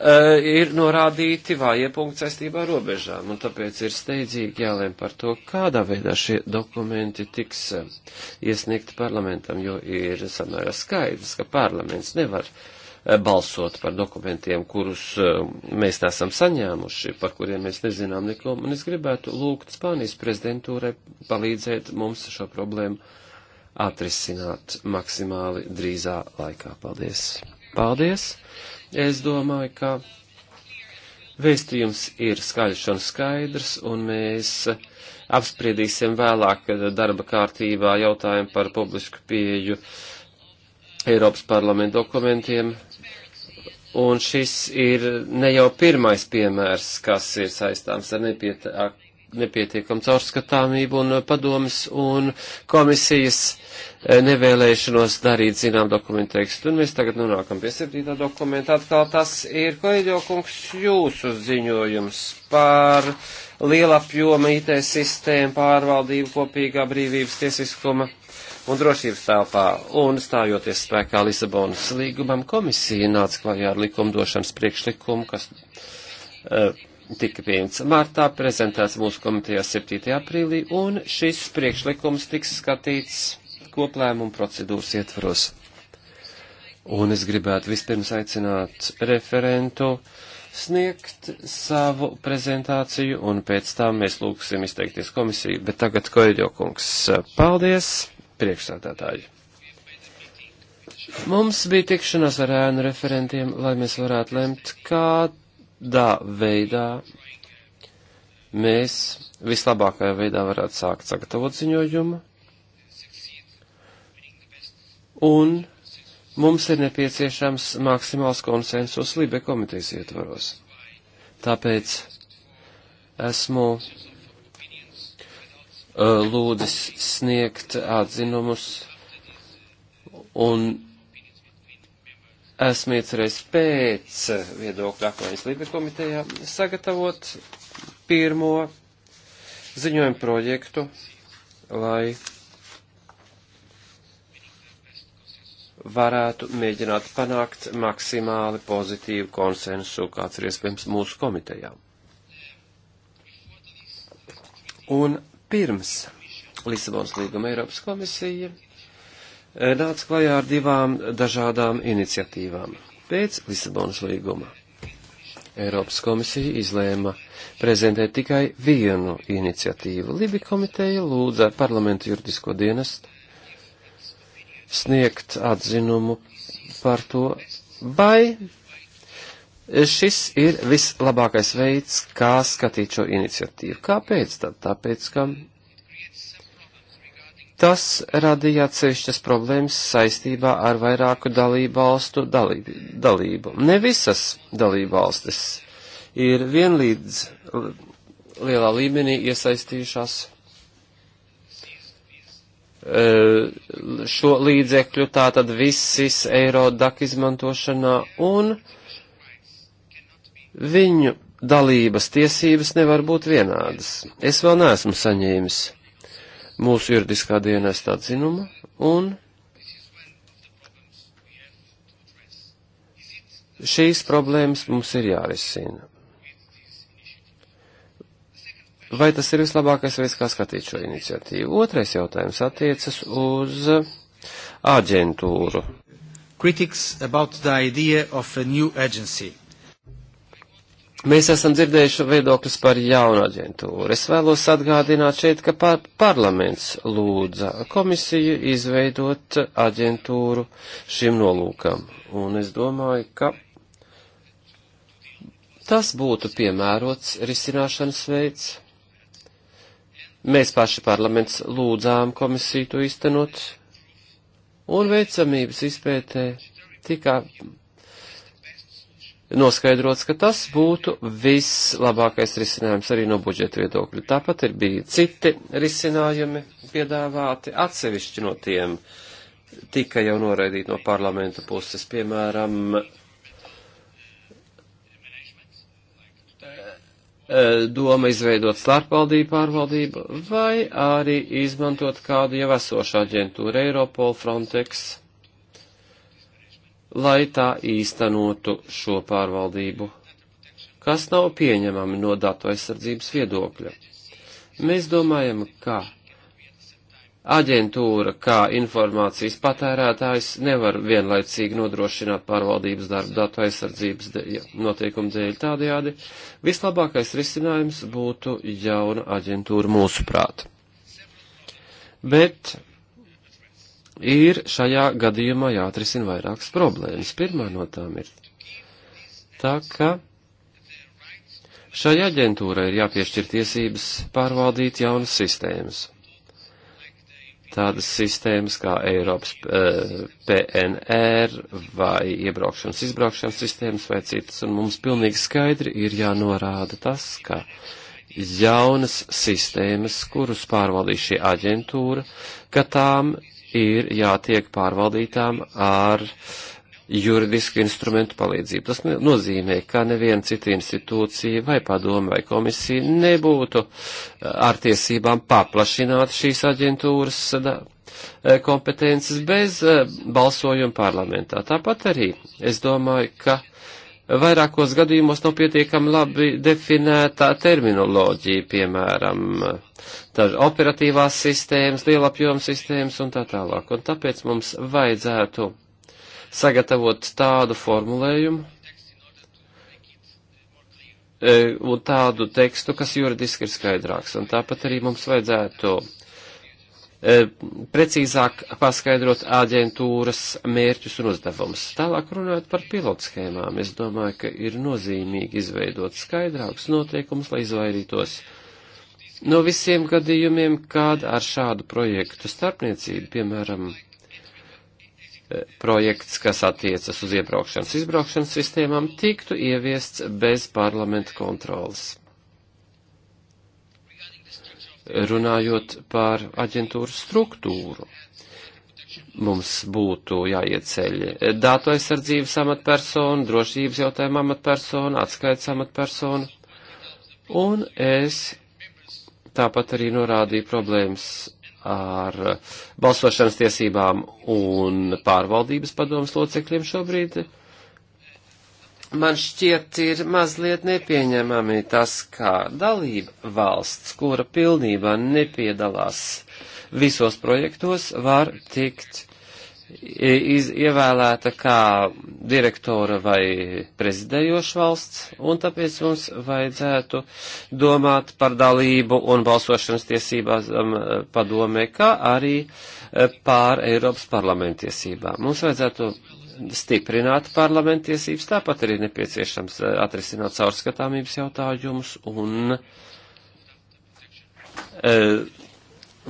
Eh, ir norādīti vājie punkti saistībā ar robežām, un tāpēc ir steidzīgi jālēm par to, kādā veidā šie dokumenti tiks eh, iesniegti parlamentam, jo ir samērā skaidrs, ka parlaments nevar eh, balsot par dokumentiem, kurus mēs nesam saņēmuši, par kuriem mēs nezinām neko, un es gribētu lūgt Spānijas prezidentūrai palīdzēt mums šo problēmu atrisināt maksimāli drīzā laikā. Paldies! Paldies! Es domāju, ka vēstījums ir skaļš un skaidrs, un mēs apspriedīsim vēlāk darba kārtībā jautājumu par publisku pieeju Eiropas parlamenta dokumentiem. Un šis ir ne jau pirmais piemērs, kas ir saistāms ar nepietiekumu nepietiekama caurskatāmība un padomas un komisijas eh, nevēlēšanos darīt zinām dokumentu tekstu. Un mēs tagad nonākam pie septītā dokumenta. Atkal tas ir Koeļo kungs jūsu ziņojums par lielapjoma IT sistēmu pārvaldību kopīgā brīvības tiesiskuma un drošības telpā, un stājoties spēkā Lisabonas līgumam, komisija nāca klajā ar likumdošanas priekšlikumu, kas uh, tika pieņemts martā, prezentēts mūsu komitejā 7. aprīlī, un šis priekšlikums tiks skatīts koplēmuma procedūras ietvaros. Un es gribētu vispirms aicināt referentu sniegt savu prezentāciju, un pēc tam mēs lūgsim izteikties komisiju, bet tagad Koidio kungs, paldies, priekšsādātāji! Mums bija tikšanās ar ēnu referentiem, lai mēs varētu lemt, kā kādā veidā mēs vislabākajā veidā varētu sākt sagatavot ziņojumu. Un mums ir nepieciešams maksimāls konsensus Libe komitejas ietvaros. Tāpēc esmu uh, lūdzis sniegt atzinumus un esmu iecerējis pēc viedokļa apmaiņas Lībe komitejā sagatavot pirmo ziņojumu projektu, lai varētu mēģināt panākt maksimāli pozitīvu konsensu, kāds ir iespējams mūsu komitejā. Un pirms Lisabonas līguma Eiropas komisija Eh, nāca klajā ar divām dažādām iniciatīvām. Pēc Lisabonas līguma Eiropas komisija izlēma prezentēt tikai vienu iniciatīvu. Libi komiteja lūdza parlamentu juridisko dienestu sniegt atzinumu par to, vai šis ir vislabākais veids, kā skatīt šo iniciatīvu. Kāpēc tad? Tāpēc, ka Tas radīja atsevišķas problēmas saistībā ar vairāku dalību valstu dalību. dalību. Ne visas dalību valstis ir vienlīdz lielā līmenī iesaistījušās e, šo līdzekļu, tātad visis eirodak izmantošanā un viņu dalības tiesības nevar būt vienādas. Es vēl neesmu saņēmis mūsu juridiskā dienesta atzinuma un šīs problēmas mums ir jārisina. Vai tas ir vislabākais veids, kā skatīt šo iniciatīvu? Otrais jautājums attiecas uz aģentūru. Critics about the idea of a new agency. Mēs esam dzirdējuši viedokļus par jaunu aģentūru. Es vēlos atgādināt šeit, ka par parlaments lūdza komisiju izveidot aģentūru šim nolūkam. Un es domāju, ka tas būtu piemērots risināšanas veids. Mēs paši parlaments lūdzām komisiju to iztenot, un veicamības izpētē tika noskaidrots, ka tas būtu vislabākais risinājums arī no budžeta viedokļa. Tāpat ir bija citi risinājumi piedāvāti, atsevišķi no tiem tika jau noraidīti no parlamenta puses, piemēram, doma izveidot starpvaldību pārvaldību vai arī izmantot kādu jau esošu aģentūru Eiropol, Frontex lai tā īstenotu šo pārvaldību, kas nav pieņemami no datu aizsardzības viedokļa. Mēs domājam, ka aģentūra kā informācijas patērētājs nevar vienlaicīgi nodrošināt pārvaldības darbu datu aizsardzības ja, noteikumu dēļ tādajādi. Vislabākais risinājums būtu jauna aģentūra mūsuprāt. Bet ir šajā gadījumā jāatrisina vairākas problēmas. Pirmā no tām ir tā, ka šai aģentūrai ir jāpiešķir tiesības pārvaldīt jaunas sistēmas. Tādas sistēmas kā Eiropas e, eh, PNR vai iebraukšanas izbraukšanas sistēmas vai citas, un mums pilnīgi skaidri ir jānorāda tas, ka jaunas sistēmas, kurus pārvaldīs šī aģentūra, ka tām ir jātiek pārvaldītām ar juridisku instrumentu palīdzību. Tas nozīmē, ka neviena cita institūcija vai padome vai komisija nebūtu eh, ar tiesībām paplašināt šīs aģentūras eh, kompetences bez eh, balsojuma parlamentā. Tāpat arī es domāju, ka vairākos gadījumos nav pietiekami labi definētā terminoloģija, piemēram, operatīvās sistēmas, lielapjoma sistēmas un tā tālāk. Un tāpēc mums vajadzētu sagatavot tādu formulējumu e, un tādu tekstu, kas juridiski ir skaidrāks. Un tāpat arī mums vajadzētu E, precīzāk paskaidrot aģentūras mērķus un uzdevumus. Tālāk runājot par pilotschēmām, es domāju, ka ir nozīmīgi izveidot skaidrākus noteikumus, lai izvairītos no visiem gadījumiem, kāda ar šādu projektu starpniecību, piemēram, e, projekts, kas attiecas uz iebraukšanas izbraukšanas sistēmām, tiktu ieviests bez parlamenta kontrolas runājot par aģentūru struktūru. Mums būtu jāieceļ dātu aizsardzības amatpersonu, drošības jautājuma amatpersonu, atskaits amatpersonu. Un es tāpat arī norādīju problēmas ar balsošanas tiesībām un pārvaldības padomas locekļiem šobrīd man šķiet ir mazliet nepieņemami tas, kā dalība valsts, kura pilnībā nepiedalās visos projektos, var tikt iz, ievēlēta kā direktora vai prezidējoša valsts, un tāpēc mums vajadzētu domāt par dalību un balsošanas tiesībām um, padomē, kā arī eh, pār Eiropas parlamentiesībām. Mums vajadzētu stiprināt parlamentiesības, tāpat arī nepieciešams eh, atrisināt caurskatāmības jautājumus un e,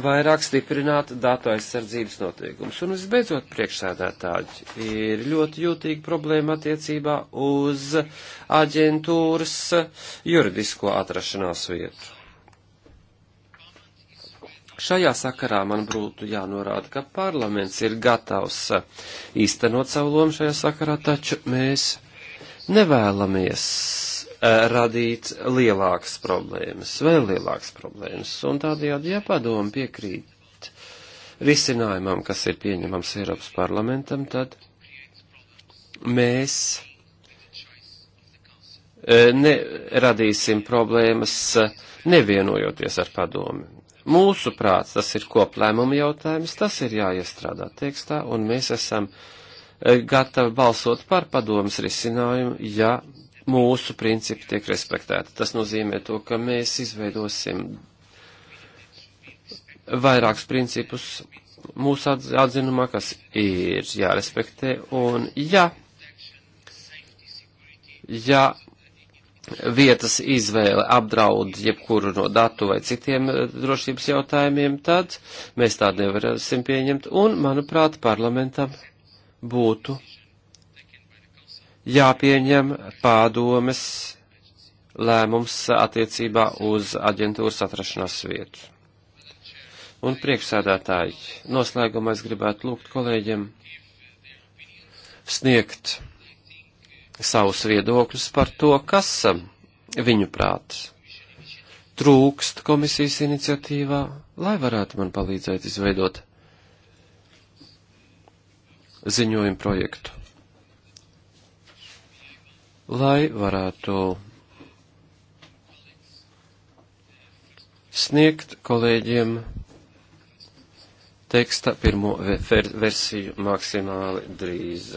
vairāk stiprināt datu aizsardzības noteikumus. Un visbeidzot, priekšsēdētāji ir ļoti jūtīga problēma attiecībā uz aģentūras eh, juridisko atrašanās vietu. Šajā sakarā man būtu jānorāda, ka parlaments ir gatavs eh, īstenot savu lomu šajā sakarā, taču mēs nevēlamies eh, radīt lielākas problēmas, vēl lielākas problēmas, un tādējādi, ja padomu piekrīt risinājumam, kas ir pieņemams Eiropas parlamentam, tad mēs eh, neradīsim problēmas, nevienojoties ar padomi. Mūsu prāts tas ir koplēmuma jautājums, tas ir jāiestrādā tekstā, un mēs esam e, gatavi balsot par padomas risinājumu, ja mūsu principi tiek respektēti. Tas nozīmē to, ka mēs izveidosim vairākus principus mūsu atzinumā, kas ir jārespektē, un ja, ja vietas izvēle apdraud jebkuru no datu vai citiem eh, drošības jautājumiem, tad mēs tādu nevarēsim pieņemt. Un, manuprāt, parlamentam būtu jāpieņem pārdomes lēmums attiecībā uz aģentūras atrašanās vietu. Un priekšsēdētāji, noslēgumā es gribētu lūgt kolēģiem sniegt savus viedokļus par to, kas um, viņu prāt trūkst komisijas iniciatīvā, lai varētu man palīdzēt izveidot ziņojumu projektu. Lai varētu sniegt kolēģiem teksta pirmo versiju maksimāli drīz.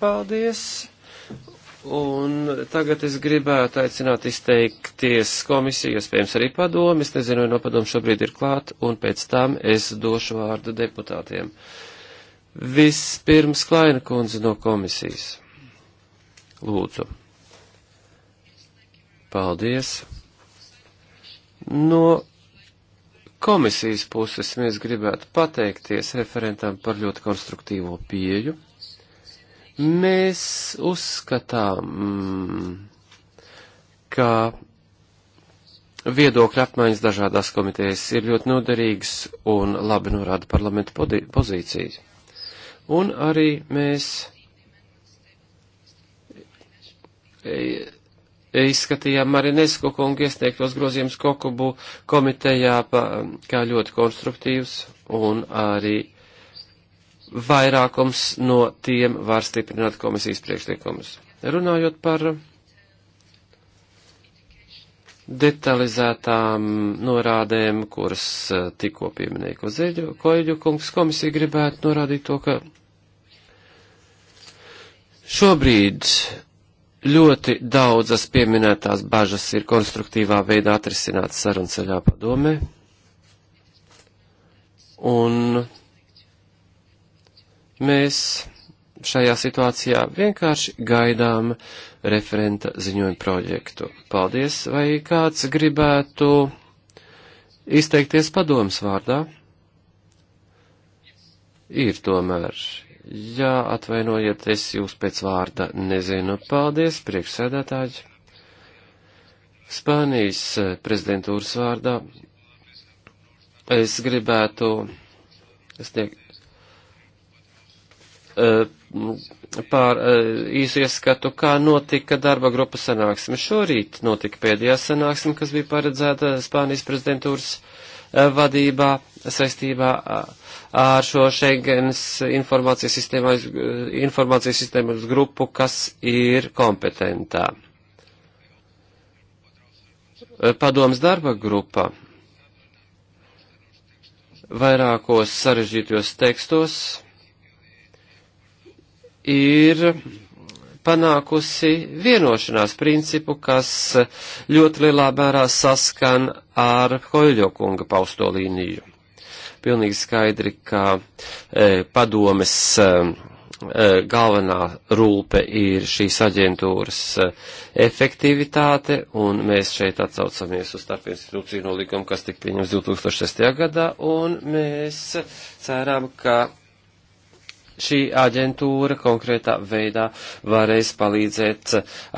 Paldies! Un tagad es gribētu aicināt izteikties komisiju, iespējams arī padomu. Es nezinu, vai no padomu šobrīd ir klāt, un pēc tam es došu vārdu deputātiem. Vispirms Klaina kundze no komisijas. Lūdzu. Paldies. No komisijas puses mēs gribētu pateikties referentam par ļoti konstruktīvo pieju Mēs uzskatām, mm, ka viedokļa apmaiņas dažādās komitejas ir ļoti noderīgas un labi norāda parlamenta pozīcijas. Un arī mēs e, izskatījām arī Nesko kungu iesniegtos grozījumus Kokubu komitejā kā ļoti konstruktīvs un arī vairākums no tiem var stiprināt komisijas priekšlikumus. Runājot par detalizētām norādēm, kuras eh, tikko pieminēja Kozeļu, Koeļu kungs komisija gribētu norādīt to, ka šobrīd ļoti daudzas pieminētās bažas ir konstruktīvā veidā atrisinātas sarunceļā padomē, un Mēs šajā situācijā vienkārši gaidām referenta ziņojumu projektu. Paldies, vai kāds gribētu izteikties padomas vārdā? Ir tomēr. Jā, atvainojiet, es jūs pēc vārda nezinu. Paldies, priekšsēdētāji. Spānijas eh, prezidentūras vārdā es gribētu sniegt Uh, pār uh, īsu ieskatu, kā notika darba grupas sanāksme. Šorīt notika pēdējā sanāksme, kas bija paredzēta Spānijas prezidentūras uh, vadībā saistībā ar šo Schengens informācijas sistēmas, informācijas sistēmas grupu, kas ir kompetentā. Padoms darba grupa vairākos sarežģītos tekstos ir panākusi vienošanās principu, kas ļoti lielā mērā saskan ar Koļokunga pausto līniju. Pilnīgi skaidri, ka e, padomes e, e galvenā rūpe ir šīs aģentūras e, efektivitāte, un mēs šeit atsaucamies uz starp institūciju nolikumu, kas tika pieņems 2006. gadā, un mēs cerām, ka šī aģentūra konkrētā veidā varēs palīdzēt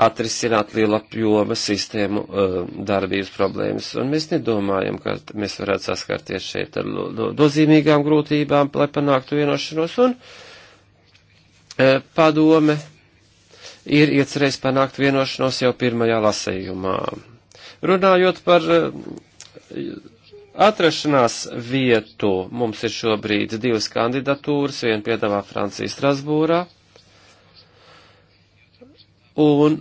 atrisināt lielapjoma sistēmu eh, darbības problēmas. Un mēs nedomājam, ka mēs varētu saskarties šeit ar dozīmīgām grūtībām, lai panāktu vienošanos. Un eh, padome ir iecerējis panākt vienošanos jau pirmajā lasējumā. Runājot par eh, Atrašanās vietu mums ir šobrīd divas kandidatūras, viena piedāvā Francija Strasbūrā, un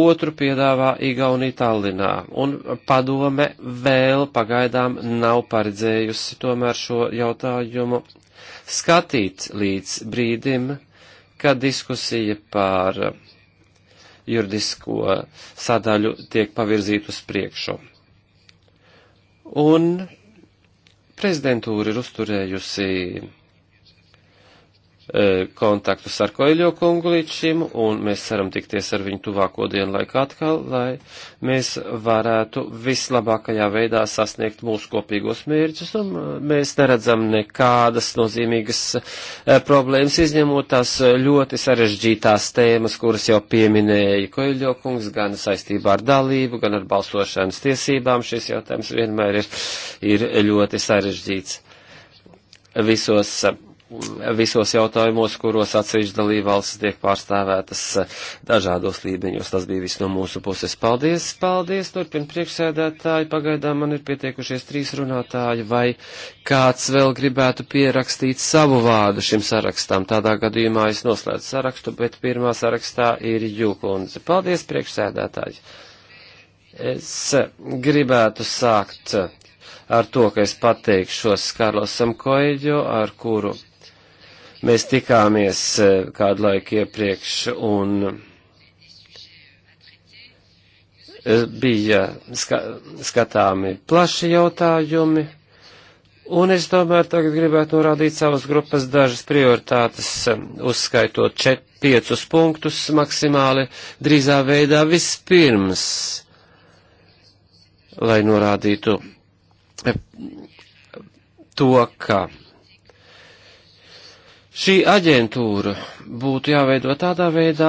otru piedāvā Igaunija Tallinā, un padome vēl pagaidām nav paredzējusi tomēr šo jautājumu skatīt līdz brīdim, kad diskusija par juridisko sadaļu tiek pavirzīta uz priekšu. Un prezidentūra ir uzturējusi E, kontaktus ar Koeļo kungu līdz šim, un mēs ceram tikties ar viņu tuvāko dienu laiku atkal, lai mēs varētu vislabākajā veidā sasniegt mūsu kopīgos mērķus, un mēs neredzam nekādas nozīmīgas e, problēmas, izņemot tās ļoti sarežģītās tēmas, kuras jau pieminēja Koeļo kungs, gan saistībā ar dalību, gan ar balsošanas tiesībām. Šis jautājums vienmēr ir, ir ļoti sarežģīts visos visos jautājumos, kuros atsevišķi dalībvalstis tiek pārstāvētas eh, dažādos līmeņos. Tas bija viss no mūsu puses. Paldies, paldies, turpin priekšsēdētāji. Pagaidām man ir pietiekušies trīs runātāji, vai kāds vēl gribētu pierakstīt savu vārdu šim sarakstam. Tādā gadījumā es noslēdzu sarakstu, bet pirmā sarakstā ir Jūkundze. Paldies, priekšsēdētāji. Es eh, gribētu sākt eh, ar to, ka es pateikšos Karlosam Koeģo, ar kuru Mēs tikāmies e, kādu laiku iepriekš un e, bija ska skatāmi plaši jautājumi. Un es tomēr tagad gribētu norādīt savas grupas dažas prioritātes, e, uzskaitot čet, piecus punktus maksimāli drīzā veidā vispirms, lai norādītu to, ka Šī aģentūra būtu jāveido tādā veidā,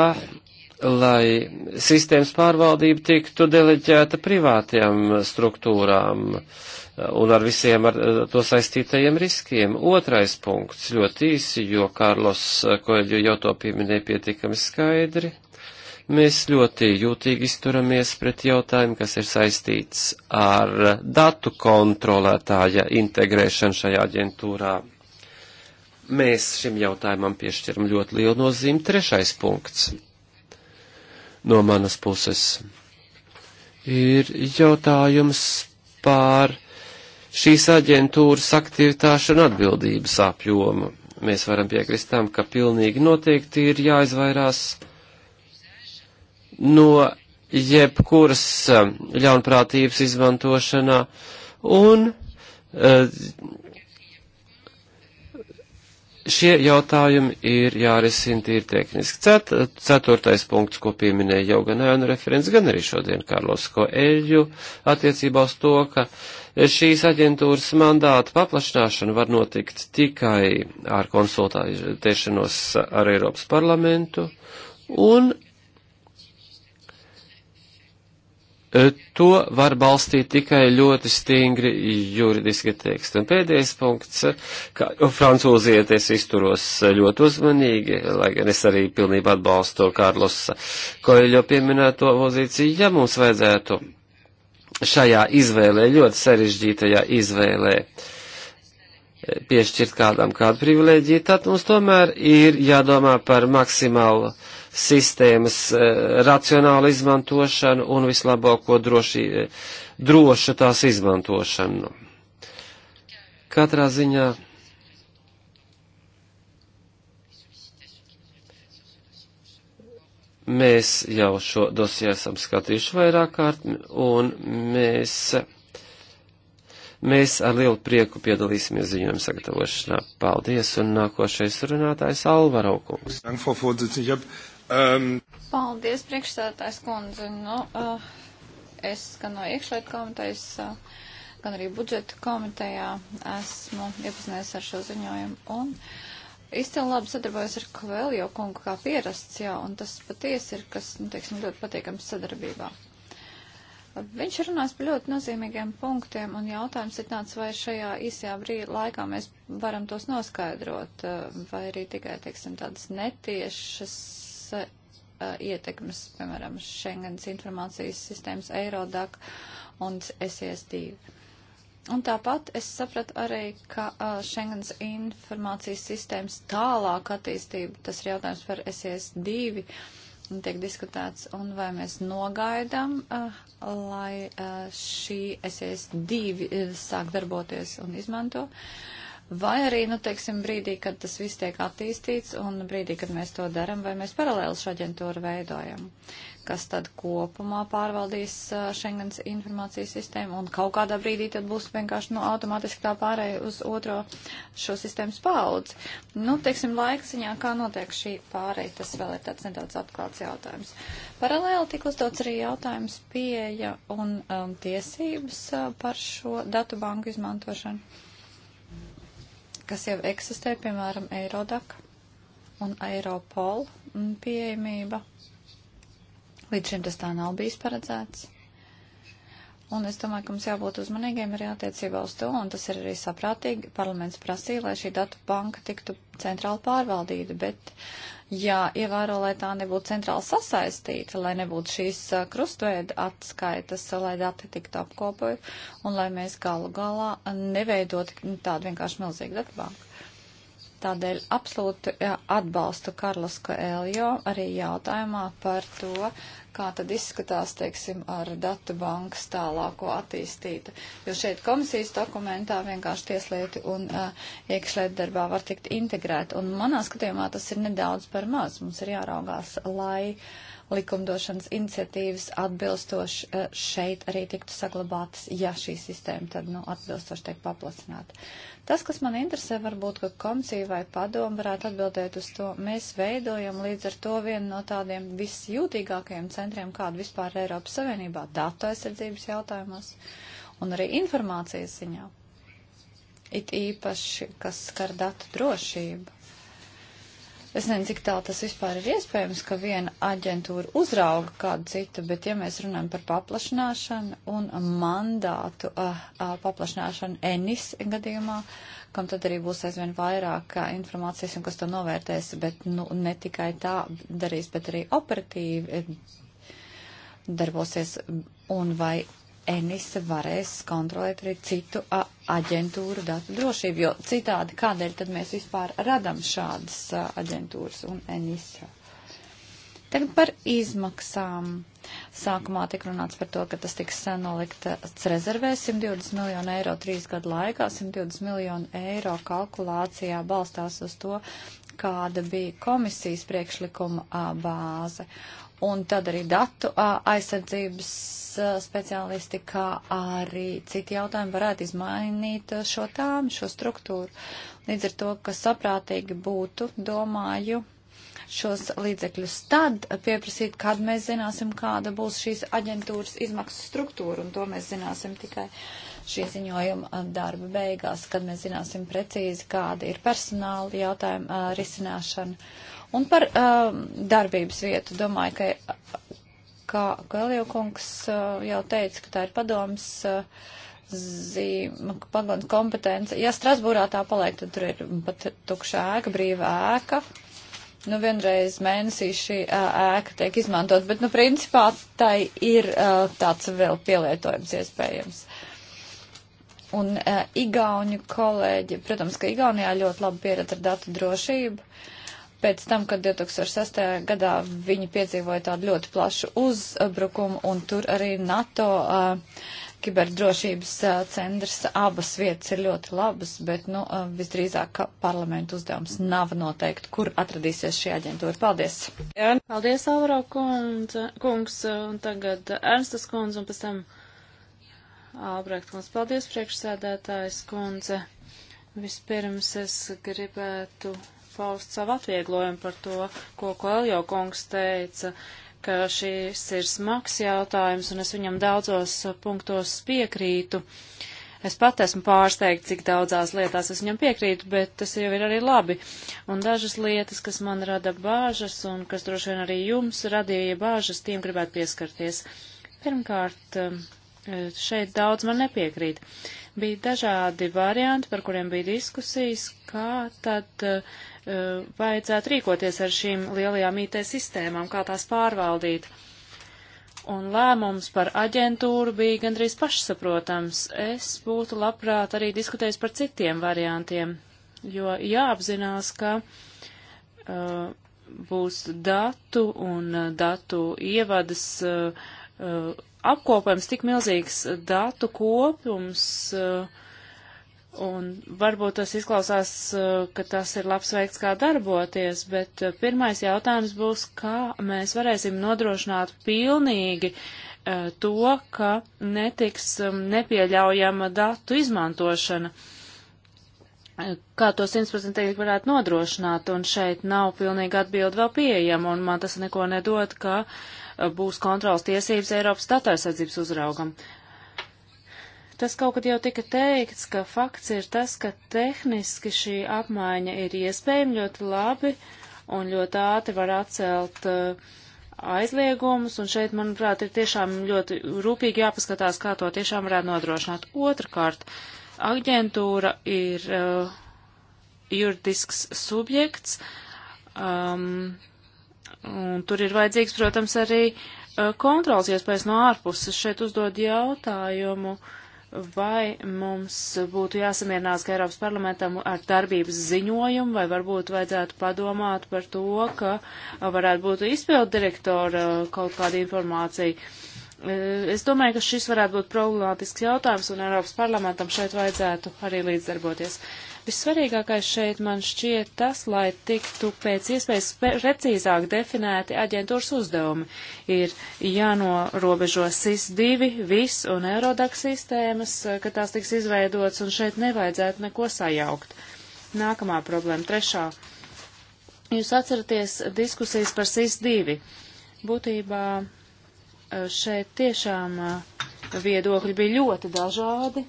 lai sistēmas pārvaldība tiktu deleģēta privātajām struktūrām un ar visiem ar to saistītajiem riskiem. Otrais punkts ļoti īsi, jo Kārlos Koeļu jau to pieminēja pietiekami skaidri. Mēs ļoti jūtīgi izturamies pret jautājumu, kas ir saistīts ar datu kontrolētāja integrēšanu šajā aģentūrā Mēs šim jautājumam piešķiram ļoti lielu nozīmi. Trešais punkts no manas puses ir jautājums par šīs aģentūras aktivitāšu un atbildības apjomu. Mēs varam piekrist tam, ka pilnīgi noteikti ir jāizvairās no jebkuras eh, ļaunprātības izmantošanā un uh, Šie jautājumi ir jārisina tīri tehniski. Cet, ceturtais punkts, ko pieminēja jau gan ēnu referents, gan arī šodien Karlos Koeļu attiecībā uz to, ka šīs aģentūras mandāta paplašināšana var notikt tikai ar konsultēšanos ar Eiropas parlamentu un Eh, to var balstīt tikai ļoti stingri juridiski teksti. Un pēdējais punkts, eh, kā nu, francūziet, es izturos eh, ļoti uzmanīgi, lai gan es arī pilnībā atbalstu Kārlos Koļo pieminēto pozīciju, ja mums vajadzētu šajā izvēlē, ļoti sarežģītajā izvēlē, piešķirt kādam kādu privilēģiju, tad mums tomēr ir jādomā par maksimālu uh, sistēmas eh, racionālu izmantošanu un vislabāko droši, eh, drošu tās izmantošanu. Katrā ziņā mēs jau šo dosiju esam skatījuši vairāk kārt un mēs Mēs ar lielu prieku piedalīsimies ziņojuma sagatavošanā. Paldies, un nākošais runātājs Alvaro Kungs. Um. Paldies, priekšsētājs kundze. Nu, uh, es gan no iekšlietu komitejas, uh, gan arī budžeta komitejā esmu iepazinies ar šo ziņojumu. Un izcili labi sadarbojos ar Kvēljo kungu kā pierasts, jā, un tas patiesi ir, kas, nu, teiksim, ļoti patīkams sadarbībā. Viņš runās par ļoti nozīmīgiem punktiem, un jautājums ir tāds, vai šajā īsajā brīdī laikā mēs varam tos noskaidrot, uh, vai arī tikai, teiksim, tādas netiešas uh, ietekmes, piemēram, Schengens informācijas sistēmas Eirodak un SES2. Un tāpat es sapratu arī, ka uh, Schengens informācijas sistēmas tālāk attīstība, tas ir jautājums par SES2, tiek diskutēts, un vai mēs nogaidām, uh, lai uh, šī SES2 sāk darboties un izmanto. Uh, vai arī, nu, teiksim, brīdī, kad tas viss tiek attīstīts un brīdī, kad mēs to daram, vai mēs paralēli šo aģentūru veidojam, kas tad kopumā pārvaldīs Schengens informācijas sistēmu un kaut kādā brīdī tad būs vienkārši, nu, automātiski tā pārēja uz otro šo sistēmas paudzi. Nu, teiksim, laiksiņā, kā notiek šī pārēja, tas vēl ir tāds nedaudz atklāts jautājums. Paralēli tik uzdots arī jautājums pieeja un um, tiesības uh, par šo datu banku izmantošanu kas jau eksistē, piemēram, Eirodak un Eiropol mm, pieejamība. Līdz šim tas tā nav bijis paredzēts. Un es domāju, ka mums jābūt uzmanīgiem arī attiecībā uz to, un tas ir arī saprātīgi. Parlaments prasīja, lai šī datu banka tiktu centrāli pārvaldīta, bet jāievēro, lai tā nebūtu centrāli sasaistīta, lai nebūtu šīs krustveida atskaitas, lai dati tiktu apkopot un lai mēs galu galā neveidot tādu vienkārši milzīgu datu banku. Tādēļ absolūti atbalstu Karlas Koeljo arī jautājumā par to, kā tad izskatās, teiksim, ar datu bankas tālāko attīstītu. Jo šeit komisijas dokumentā vienkārši tieslietu un uh, iekšlietu darbā var tikt integrēt. Un manā skatījumā tas ir nedaudz par maz. Mums ir jāraugās, lai. Uh, likumdošanas iniciatīvas atbilstoši eh, šeit arī tiktu saglabātas, ja šī sistēma tad, nu, atbilstoši tiek paplacināta. Tas, kas man interesē, varbūt, ka komisija vai padoma varētu atbildēt uz to, mēs veidojam līdz ar to vienu no tādiem visjūtīgākajiem centriem, kādu vispār Eiropas Savienībā datu aizsardzības jautājumos un arī informācijas ziņā. It īpaši, kas skar datu drošību Es nezinu, cik tālu tas vispār ir iespējams, ka viena aģentūra uzrauga kādu citu, bet ja mēs runājam par paplašināšanu un mandātu uh, uh, paplašināšanu ENIS gadījumā, kam tad arī būs aizvien vairāk uh, informācijas un kas to novērtēs, bet nu, ne tikai tā darīs, bet arī operatīvi eh, darbosies un vai Enisa varēs kontrolēt arī citu aģentūru datu drošību, jo citādi kādēļ tad mēs vispār radam šādas a, aģentūras un Enisa. Tagad par izmaksām. Sākumā tika runāts par to, ka tas tiks nolikts rezervē 120 miljonu eiro trīs gadu laikā. 120 miljonu eiro kalkulācijā balstās uz to, kāda bija komisijas priekšlikuma a, bāze un tad arī datu aizsardzības speciālisti, kā arī citi jautājumi varētu izmainīt šo tām, šo struktūru. Līdz ar to, kas saprātīgi būtu, domāju, šos līdzekļus tad pieprasīt, kad mēs zināsim, kāda būs šīs aģentūras izmaksu struktūra, un to mēs zināsim tikai šī ziņojuma darba beigās, kad mēs zināsim precīzi, kāda ir personāla jautājuma risināšana Un par uh, darbības vietu domāju, ka, kā Galio kungs uh, jau teica, ka tā ir padoms uh, zīme, nu, padoms kompetence. Ja Strasbūrā tā paliek, tad tur ir pat tukša ēka, brīva ēka. Nu, vienreiz mēnesī šī uh, ēka tiek izmantot, bet, nu, principā tai ir uh, tāds vēl pielietojums iespējams. Uh, Un uh, e, igauņu kolēģi, protams, ka Igaunijā ļoti labi pieredz ar datu drošību pēc tam, kad 2006. gadā viņi piedzīvoja tādu ļoti plašu uzbrukumu, un tur arī NATO uh, kiberdrošības uh, centrs abas vietas ir ļoti labas, bet nu, uh, visdrīzāk parlamentu uzdevums nav noteikt, kur atradīsies šī aģentūra. Paldies! Jā, paldies, Alvaro kundze, kungs, un tagad Ernstas kundze, un pēc tam Ābrekt kungs. Paldies, priekšsēdētājs kundze. Vispirms es gribētu paust savu atvieglojumu par to, ko Koeljo kungs teica, ka šis ir smags jautājums, un es viņam daudzos punktos piekrītu. Es pat esmu pārsteigts, cik daudzās lietās es viņam piekrītu, bet tas jau ir arī labi. Un dažas lietas, kas man rada bāžas, un kas droši vien arī jums radīja bāžas, tiem gribētu pieskarties. Pirmkārt, um, Eh, šeit daudz man nepiekrīt. Bija dažādi varianti, par kuriem bija diskusijas, kā tad uh, vajadzētu rīkoties ar šīm lielajām IT sistēmām, kā tās pārvaldīt. Un lēmums par aģentūru bija gandrīz pašsaprotams. Es būtu labprāt arī diskutējis par citiem variantiem, jo jāapzinās, ka uh, būs datu un datu ievadas uh, apkopojams tik milzīgs datu kopums, eh, un varbūt tas izklausās, eh, ka tas ir labs veikts, kā darboties, bet eh, pirmais jautājums būs, kā mēs varēsim nodrošināt pilnīgi to, ka netiks mm, nepieļaujama datu izmantošana kā to simtprocentīgi varētu nodrošināt, un šeit nav pilnīgi atbildi vēl pieejama, un man tas neko nedod, ka Uh, būs kontrols tiesības Eiropas datarsardzības uzraugam. Tas kaut kad jau tika teikts, ka fakts ir tas, ka tehniski šī apmaiņa ir iespējama ļoti labi un ļoti ātri var atcelt uh, aizliegumus, un šeit, manuprāt, ir tiešām ļoti rūpīgi jāpaskatās, kā to tiešām varētu nodrošināt. Otrakārt, aģentūra ir uh, juridisks subjekts. Um, Un tur ir vajadzīgs, protams, arī uh, kontrols iespējas no ārpuses. Šeit uzdod jautājumu, vai mums būtu jāsamierinās, ka Eiropas parlamentam ar darbības ziņojumu, vai varbūt vajadzētu padomāt par to, ka uh, varētu būt izpildu direktora uh, kaut kāda informācija. Es domāju, ka šis varētu būt problemātisks jautājums, un Eiropas parlamentam šeit vajadzētu arī līdzdarboties. Uh, Vissvarīgākais šeit man šķiet tas, lai tiktu pēc iespējas precīzāk definēti aģentūras uzdevumi. Ir jānorobežo SIS-2, VIS un Eurodax sistēmas, ka tās tiks izveidotas un šeit nevajadzētu neko sajaukt. Nākamā problēma, trešā. Jūs atceraties diskusijas par SIS-2. Būtībā eh, šeit tiešām eh, viedokļi bija ļoti dažādi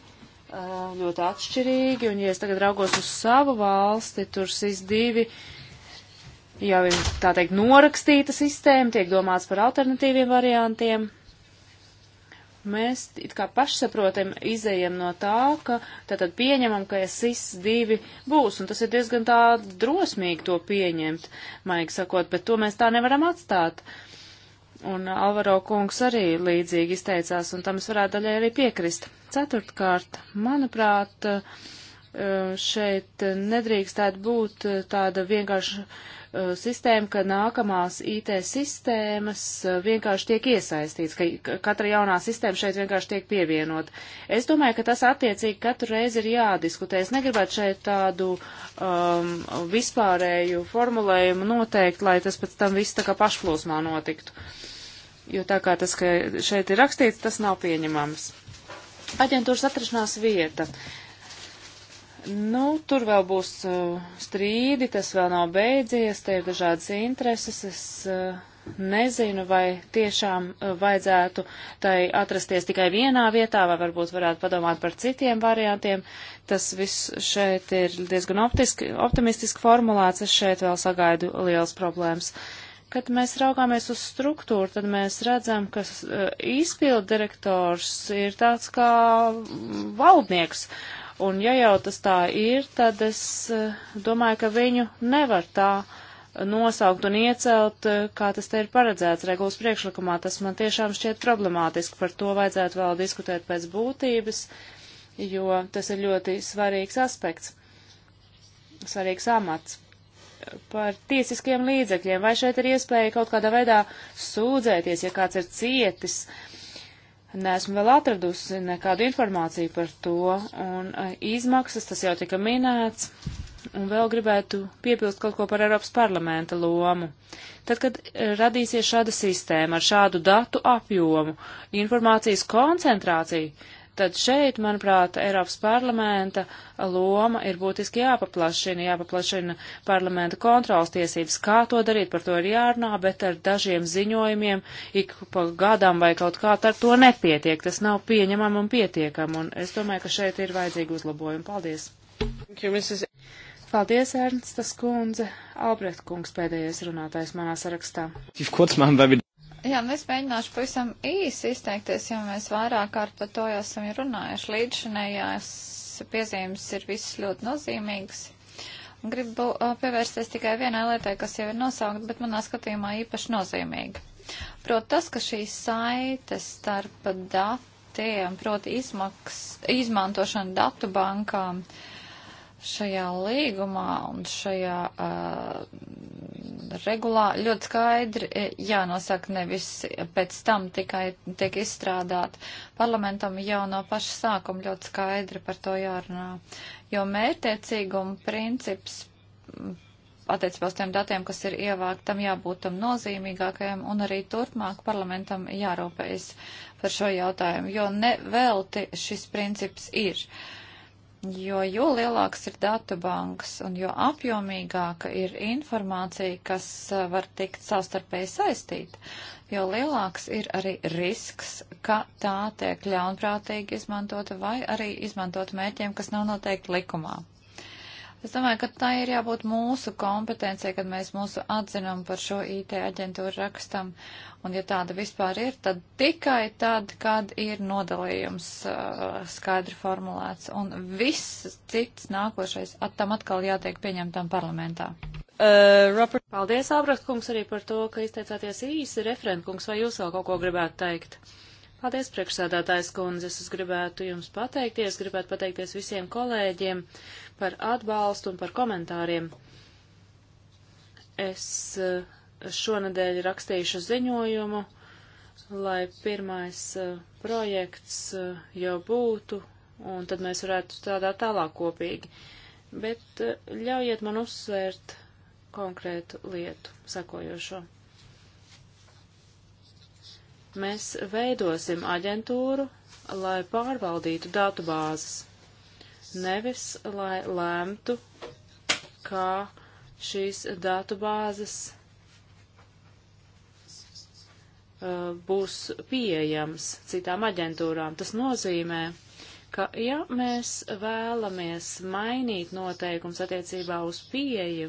Eh, ļoti atšķirīgi, un ja es tagad raugos uz savu valsti, tur SIS-2 jau ir, tā teikt, norakstīta sistēma, tiek domāts par alternatīviem variantiem. Mēs it kā pašsaprotam izējam no tā, ka tātad pieņemam, ka SIS-2 būs, un tas ir diezgan tā drosmīgi to pieņemt, maigi sakot, bet to mēs tā nevaram atstāt. Uh, un Alvaro kungs arī līdzīgi izteicās, un tam es varētu daļai arī piekrist. Ceturtkārt, manuprāt, eh, šeit nedrīkstētu būt eh, tāda vienkārša eh, sistēma, ka nākamās IT sistēmas vienkārši tiek iesaistīts, ka katra jaunā sistēma šeit vienkārši tiek pievienot. Es domāju, ka tas attiecīgi katru reizi ir jādiskutē. Es negribētu šeit tādu um, vispārēju formulējumu noteikt, lai tas pēc tam viss tā kā pašplūsmā notiktu. Uh, jo tā kā tas, ka šeit ir rakstīts, tas nav pieņemams. Aģentūras atrašanās vieta. Nu, tur vēl būs uh, strīdi, tas vēl nav beidzies, te ir dažādas intereses. Es uh, nezinu, vai tiešām uh, vajadzētu tai atrasties tikai vienā vietā, vai varbūt varētu padomāt par citiem variantiem. Tas viss šeit ir diezgan optiski, optimistiski formulēts, es šeit vēl sagaidu liels problēmas. Uh, Kad mēs raugāmies uz struktūru, tad mēs redzam, ka eh, izpildu direktors ir tāds kā valdnieks. Un ja jau tas tā ir, tad es eh, domāju, ka viņu nevar tā nosaukt un iecelt, eh, kā tas te ir paredzēts regulas priekšlikumā. Tas man tiešām šķiet problemātiski. Par to vajadzētu vēl diskutēt pēc būtības, jo tas ir ļoti svarīgs aspekts, svarīgs amats par tiesiskiem līdzekļiem, vai šeit ir iespēja kaut kādā veidā sūdzēties, ja kāds ir cietis. Nesmu vēl atradusi nekādu informāciju par to, un eh, izmaksas tas jau tika minēts, un vēl gribētu piebilst kaut ko par Eiropas parlamenta lomu. Tad, kad eh, radīsies šāda sistēma ar šādu datu apjomu, informācijas koncentrāciju, Tad šeit, manuprāt, Eiropas parlamenta loma ir būtiski jāpaplašina, jāpaplašina parlamenta kontrols tiesības. Kā to darīt, par to ir jārunā, bet ar dažiem ziņojumiem ik pa gadam vai kaut kā ar to nepietiek. Tas nav pieņemam un pietiekam, un es domāju, ka šeit ir vajadzīgi uzlabojumi. Paldies! Paldies, Ernsta skundze. Albrecht kungs pēdējais runātājs manā sarakstā. Jā, nu es mēģināšu pavisam īsi izteikties, jo mēs vairāk kārt par to jau esam runājuši. Līdzinējās piezīmes ir visas ļoti nozīmīgas. Gribu uh, pievērsties tikai vienai lietai, kas jau ir nosaukta, bet manā skatījumā īpaši nozīmīga. Proti tas, ka šī saite starp datiem, proti izmaks, izmantošana datu bankām šajā līgumā un šajā uh, regulā ļoti skaidri e, jānosaka nevis pēc tam tikai tiek izstrādāt. Parlamentam jau no paša sākuma ļoti skaidri par to jārunā, jo mērtiecīguma princips attiecībā uz tiem datiem, kas ir ievākt, tam jābūt tam nozīmīgākajam un arī turpmāk parlamentam jārūpējas par šo jautājumu, jo nevelti šis princips ir. Uh, jo, jo lielāks ir datu bankas un jo apjomīgāka ir informācija, kas eh, var tikt savstarpēji saistīta, jo lielāks ir arī risks, ka tā tiek ļaunprātīgi izmantota vai arī izmantota mērķiem, kas nav noteikti likumā. Es domāju, ka tā ir jābūt mūsu kompetencija, kad mēs mūsu atzinumu par šo IT aģentūru rakstam. Un ja tāda vispār ir, tad tikai tad, kad ir nodalījums uh, skaidri formulēts. Un viss cits nākošais at tam atkal jātiek pieņemtam parlamentā. Uh, Robert, paldies, Albrecht kungs, arī par to, ka izteicāties īsi referent kungs, vai jūs vēl kaut ko gribētu teikt? Paldies, priekšsēdētājs kundze, es gribētu jums pateikties, gribētu pateikties visiem kolēģiem. Uh, par atbalstu un par komentāriem. Es eh, šonadēļ rakstīšu ziņojumu, lai pirmais eh, projekts eh, jau būtu, un tad mēs varētu strādāt tālāk kopīgi. Bet ļaujiet man uzsvērt konkrētu lietu, sakojošo. Mēs veidosim aģentūru, lai pārvaldītu datubāzes nevis lai lēmtu, kā šīs datubāzes uh, būs pieejams citām aģentūrām. Tas nozīmē, ka ja mēs vēlamies mainīt noteikums attiecībā uz pieeju,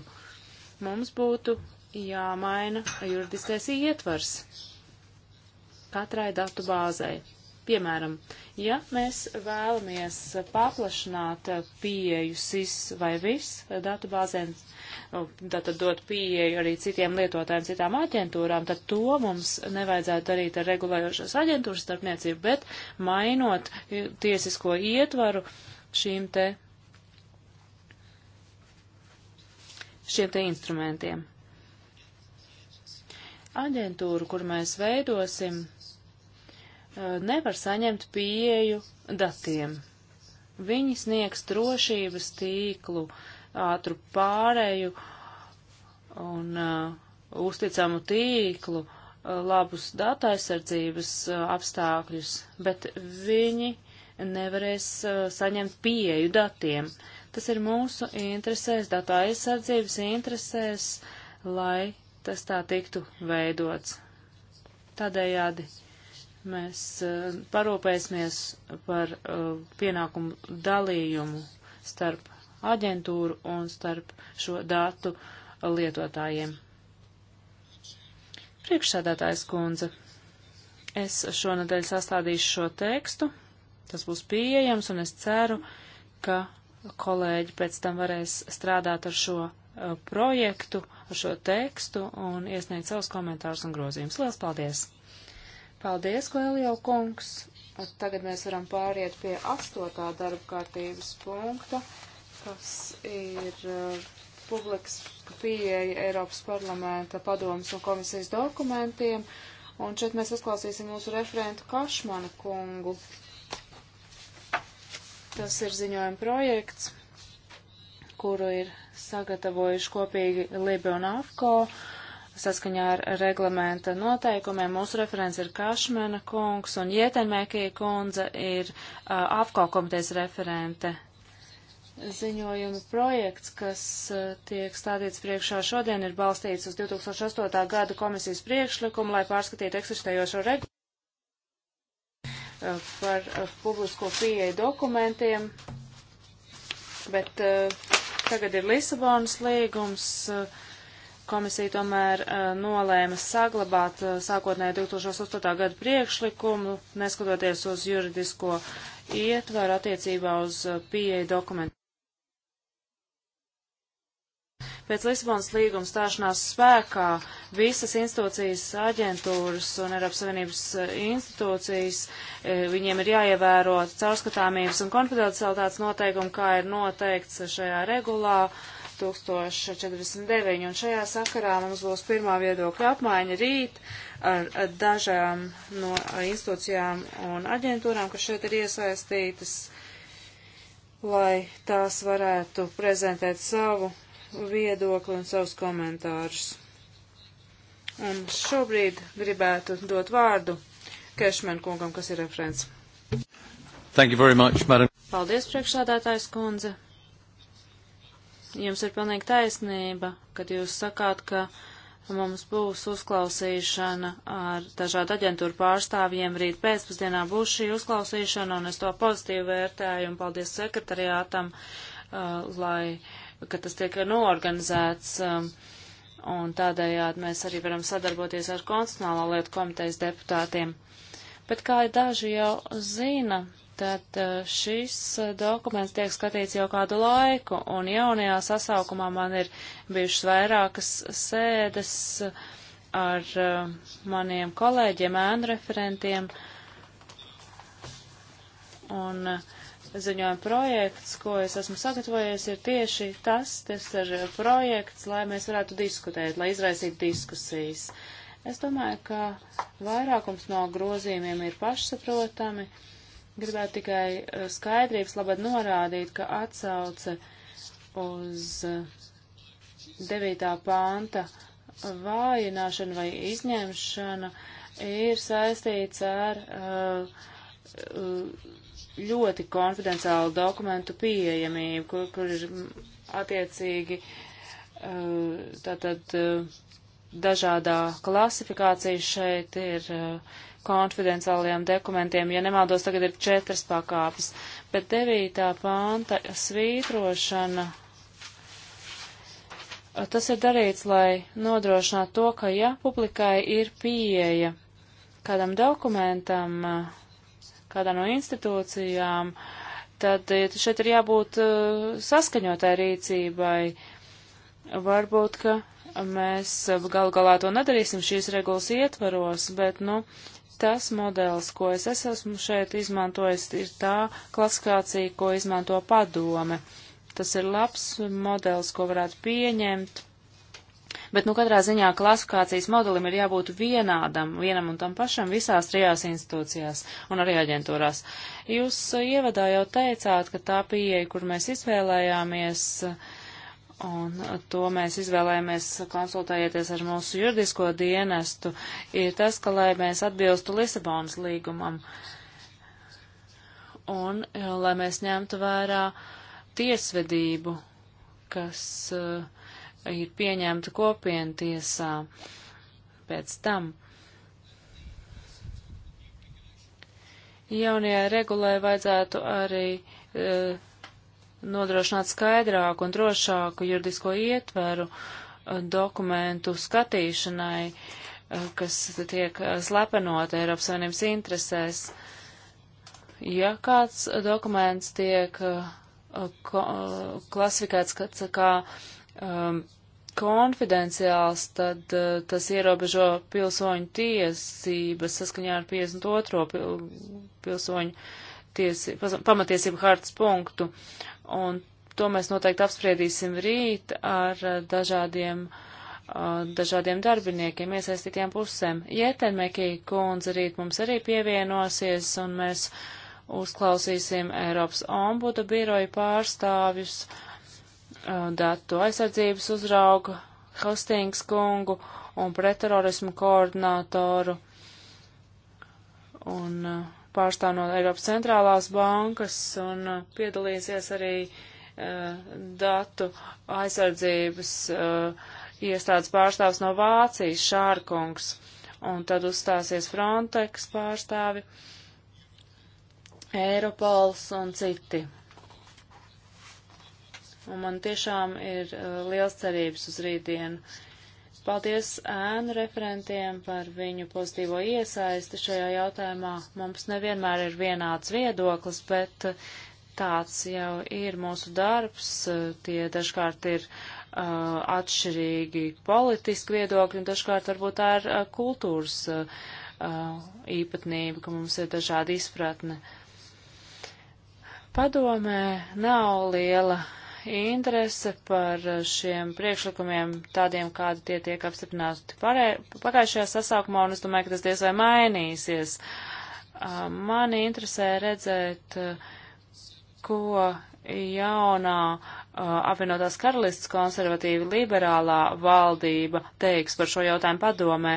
mums būtu jāmaina juridiskais ietvars katrai datu bāzei. Piemēram, ja mēs vēlamies paplašināt pieeju SIS vai VIS datubāzēm, tātad dot pieeju arī citiem lietotājiem, citām aģentūrām, tad to mums nevajadzētu darīt ar regulējošās aģentūras starpniecību, bet mainot tiesisko ietvaru šīm te, šiem te instrumentiem. Aģentūru, kur mēs veidosim, nevar saņemt pieeju datiem. Viņi sniegs drošības tīklu, ātru pārēju un uh, uzticamu tīklu, uh, labus datu aizsardzības uh, apstākļus, bet viņi nevarēs uh, saņemt pieeju datiem. Tas ir mūsu interesēs, datu aizsardzības interesēs, lai tas tā tiktu veidots. Tādējādi Mēs uh, parūpēsimies par uh, pienākumu dalījumu starp aģentūru un starp šo datu lietotājiem. Priekšsādātājs kundze, es šonadēļ sastādīšu šo tekstu, tas būs pieejams un es ceru, ka kolēģi pēc tam varēs strādāt ar šo eh, projektu, ar šo tekstu un iesniegt savus komentārus un grozījumus. Lielas paldies! Paldies, Koelio kungs! Un tagad mēs varam pāriet pie astotā darba kārtības punkta, kas ir uh, publikas pieeja Eiropas parlamenta padomas un komisijas dokumentiem. Un šeit mēs uzklausīsim mūsu referentu Kašmanu kungu. Tas ir ziņojuma projekts, kuru ir sagatavojuši kopīgi Libe un Afko. Uh, saskaņā ar reglamenta noteikumiem. Mūsu referents ir Kašmena kungs un Jetemēkija kundze ir uh, AFKO komitejas referente. Ziņojuma projekts, kas uh, tiek stādīts priekšā šodien, ir balstīts uz 2008. gada komisijas priekšlikumu, lai pārskatītu eksistējošo regulu uh, par uh, publisko pieeju dokumentiem. Bet uh, tagad ir Lisabonas līgums. Uh, Komisija tomēr eh, nolēma saglabāt eh, sākotnēji 2008. gada priekšlikumu, neskatoties uz juridisko ietvaru attiecībā uz eh, pieeja dokumentu. Pēc Lisabonas līguma stāšanās spēkā visas institūcijas, aģentūras un Eiropas Savienības institūcijas, viņiem ir jāievēro caurskatāmības un konfidencialitātes noteikumi, kā ir noteikts šajā regulā. Uh, 1049, un šajā sakarā mums būs pirmā viedokļa apmaiņa rīt ar, ar dažām no institūcijām un aģentūrām, kas šeit ir iesaistītas, lai tās varētu prezentēt savu viedokli un savus komentārus. Un šobrīd gribētu dot vārdu Kešmen kungam, kas ir referents. Thank you very much, madam. Paldies, priekšsādātājs kundze jums ir pilnīgi taisnība, kad jūs sakāt, ka mums būs uzklausīšana ar dažādu aģentūru pārstāvjiem. Rīt pēcpusdienā būs šī uzklausīšana, un es to pozitīvi vērtēju, un paldies sekretariātam, uh, lai, ka tas tiek noorganizēts. Um, un tādējādi mēs arī varam sadarboties ar konstitucionālā lietu komitejas deputātiem. Bet kā daži jau zina, Tad eh, šis eh, dokuments tiek skatīts jau kādu laiku, un jaunajā sasaukumā man ir bijušas vairākas sēdes ar eh, maniem kolēģiem, ēnu referentiem, un ziņojuma projekts, ko es esmu sagatavojies, ir tieši tas, tas ir projekts, lai mēs varētu diskutēt, lai izraisītu diskusijas. Es domāju, ka vairākums no grozījumiem ir pašsaprotami. Uh, Gribētu tikai eh, skaidrības labad norādīt, ka atsauce uz 9. Eh, panta vājināšana vai izņemšana ir saistīts ar eh, ļoti konfidenciālu dokumentu pieejamību, kur, kur ir attiecīgi tātad dažādā klasifikācija šeit ir konfidenciālajiem dokumentiem. Ja nemaldos, tagad ir četras pakāpes, bet devītā panta svītrošana. Tas ir darīts, lai nodrošinātu to, ka ja publikai ir pieeja kādam dokumentam, kādā no institūcijām, tad šeit ir jābūt eh, saskaņotai rīcībai. Varbūt, ka mēs eh, galu galā to nedarīsim šīs regulas ietvaros, bet, nu, tas modelis, ko es, es esmu šeit izmantojis, ir tā klasifikācija, ko izmanto padome. Tas ir labs modelis, ko varētu pieņemt, bet, nu, katrā ziņā klasifikācijas modelim ir jābūt vienādam, vienam un tam pašam visās trijās institūcijās un arī aģentūrās. Jūs uh, ievadā jau teicāt, ka tā pieeja, kur mēs izvēlējāmies, uh, Un to mēs izvēlējāmies konsultējoties ar mūsu juridisko dienestu, ir tas, ka lai mēs atbilstu Lisabonas līgumam un eh, lai mēs ņemtu vērā tiesvedību, kas uh, ir pieņemta kopienu tiesā pēc tam. Jaunajā regulē vajadzētu arī uh, nodrošināt skaidrāku un drošāku juridisko ietveru eh, dokumentu skatīšanai, eh, kas tiek eh, slepenot Eiropas Savienības interesēs. Ja kāds dokuments tiek klasifikēts kā, kā um, ehm, konfidenciāls, tad uh, tas ierobežo pilsoņu tiesības saskaņā ar 52. pilsoņu tiesi, pamatiesību hartas punktu. Un to mēs noteikti apspriedīsim rīt ar eh, dažādiem, eh, dažādiem darbiniekiem, iesaistītiem pusēm. Jetenmekī kundze rīt mums arī pievienosies, un mēs uzklausīsim Eiropas ombuda biroja pārstāvjus, eh, datu aizsardzības uzraugu, Hastings kungu un pretterorismu koordinātoru. Un uh, pārstāv no Eiropas centrālās bankas un uh, piedalīsies arī uh, datu aizsardzības uh, iestādes pārstāvs no Vācijas Šārkungs, un tad uzstāsies Frontex pārstāvi, Eiropols un citi. Un man tiešām ir liels cerības uz rītdienu. Paldies ēnu referentiem par viņu pozitīvo iesaisti šajā jautājumā. Mums nevienmēr ir vienāds viedoklis, bet tāds jau ir mūsu darbs. Tie dažkārt ir uh, atšķirīgi politiski viedokļi un dažkārt varbūt tā ir uh, kultūras uh, īpatnība, ka mums ir dažāda izpratne. Padomē nav liela uh, interese par šiem priekšlikumiem tādiem, kādi tie tiek apstiprināti pagājušajā sasaukumā, un es domāju, ka tas diez vai mainīsies. Mani interesē redzēt, ko jaunā apvienotās karalists konservatīva liberālā valdība teiks par šo jautājumu padomē,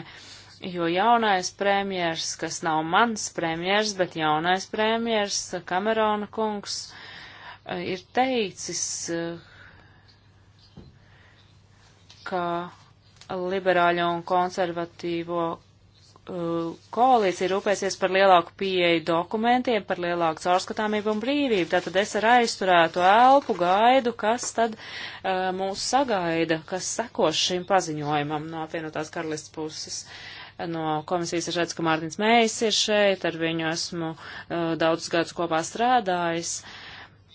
jo jaunais premjers, kas nav mans premjers, bet jaunais premjers Kamerona kungs, uh, ir teicis, eh, ka liberāļo un konservatīvo eh, koalīcija rūpēsies par lielāku pieeju dokumentiem, par lielāku caurskatāmību un brīvību. Tātad es ar aizturētu elpu gaidu, kas tad uh, mūs sagaida, kas sekos šim paziņojumam no apvienotās karalists puses. No komisijas ir redz, ka Mārtiņš Mējs ir šeit, ar viņu esmu uh, daudzus gadus kopā strādājis. Uh,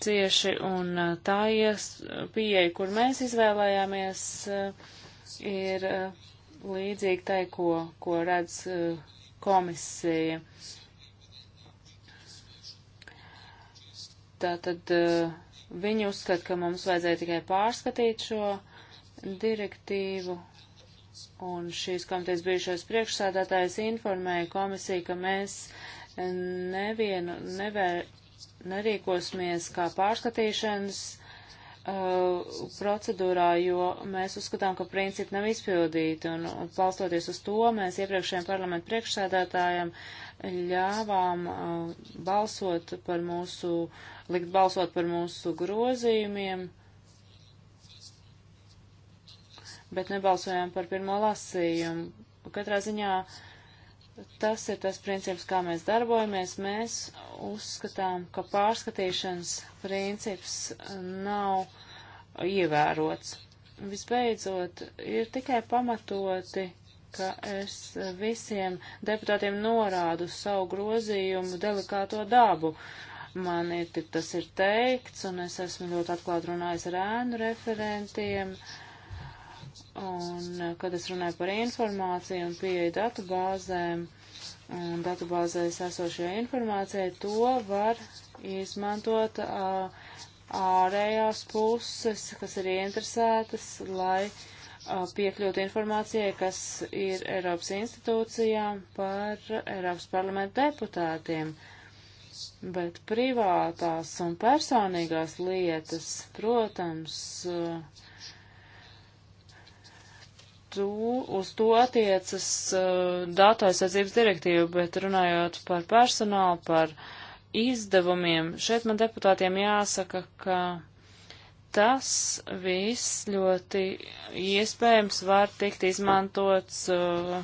cieši, un uh, tā ies, pieeja, kur mēs izvēlējāmies, uh, ir uh, līdzīga tai, ko, ko redz komisija. Tātad viņi uzskata, ka mums vajadzēja tikai pārskatīt šo direktīvu, un šīs komitejas bijušais priekšsādātājs informēja komisiju, ka mēs nevienu, nevēr, nerīkosimies kā pārskatīšanas uh, procedūrā, jo mēs uzskatām, ka principi nav izpildīti, un balstoties uz to, mēs iepriekšējiem parlamentu priekšsēdētājiem ļāvām uh, balsot par mūsu, likt balsot par mūsu grozījumiem, bet nebalsojām par pirmo lasījumu. Katrā ziņā uh, Tas ir tas princips, kā mēs darbojamies. Mēs uzskatām, ka pārskatīšanas princips nav ievērots. Visbeidzot, ir tikai pamatoti ka es visiem deputātiem norādu savu grozījumu delikāto dabu. Man ir tas ir teikts, un es esmu ļoti atklāti runājis ar ēnu referentiem. Uh, Un, eh, kad es runāju par informāciju un pieeju datubāzēm un datubāzēs esošajai informācijai, to var izmantot uh, ārējās puses, kas ir ieinteresētas, lai uh, piekļūtu informācijai, kas ir Eiropas institūcijām par Eiropas parlamentu deputātiem. Bet privātās un personīgās lietas, protams, uh, to, uz to attiecas uh, datu aizsardzības direktīva, bet runājot par personālu, par izdevumiem, šeit man deputātiem jāsaka, ka tas viss ļoti iespējams var tikt izmantots uh,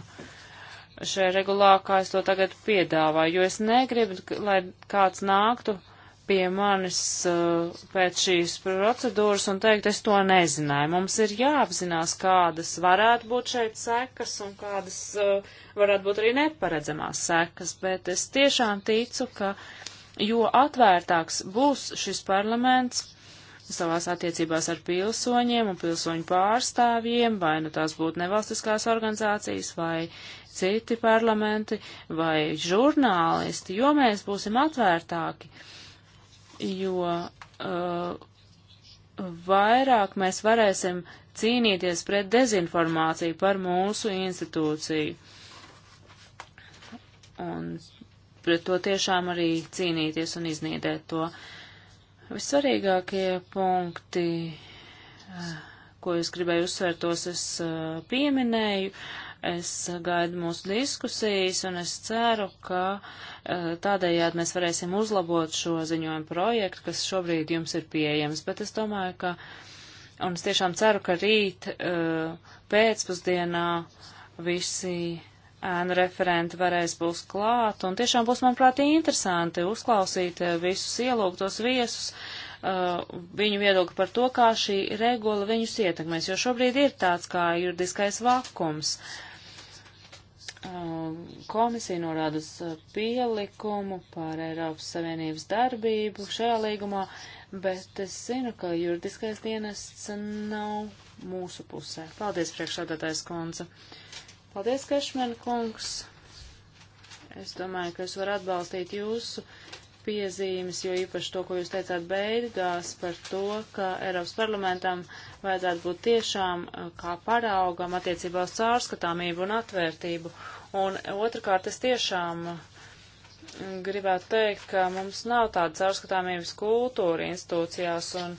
šajā regulā, kā es to tagad piedāvāju, jo es negribu, lai kāds nāktu pie manis uh, pēc šīs procedūras un teikt, es to nezināju. Mums ir jāapzinās, kādas varētu būt šeit sekas un kādas uh, varētu būt arī neparedzamās sekas, bet es tiešām ticu, ka jo atvērtāks būs šis parlaments savās attiecībās ar pilsoņiem un pilsoņu pārstāvjiem, vai nu tās būtu nevalstiskās organizācijas vai citi parlamenti vai žurnālisti, jo mēs būsim atvērtāki. Uh, jo uh, vairāk mēs varēsim cīnīties pret dezinformāciju par mūsu institūciju. Un pret to tiešām arī cīnīties un iznīdēt to. Vissvarīgākie punkti, uh, ko es gribēju uzsvērt, tos es uh, pieminēju. Es gaidu mūsu diskusijas un es ceru, ka uh, Eh, tādējādi mēs varēsim uzlabot šo ziņojumu projektu, kas šobrīd jums ir pieejams, bet es domāju, ka, un es tiešām ceru, ka rīt eh, pēcpusdienā visi ēnu referenti varēs būs klāt, un tiešām būs, manuprāt, interesanti uzklausīt eh, visus ielūgtos viesus, viņu viedokli par to, kā šī regula viņus ietekmēs, jo šobrīd ir tāds kā juridiskais vakums. Uh, Um, komisija norāda uz uh, pielikumu par Eiropas Savienības darbību šajā līgumā, bet es zinu, ka juridiskais dienests nav mūsu pusē. Paldies, priekšādātājs konca. Paldies, Kešmena kungs. Es domāju, ka es varu atbalstīt jūsu piezīmes, jo īpaši to, ko jūs teicāt beigās par to, ka Eiropas parlamentam vajadzētu būt tiešām eh, kā paraugam attiecībā uz cārskatāmību un atvērtību. Un otrkārt, es tiešām mm, gribētu teikt, ka mums nav tāda cārskatāmības kultūra institūcijās, un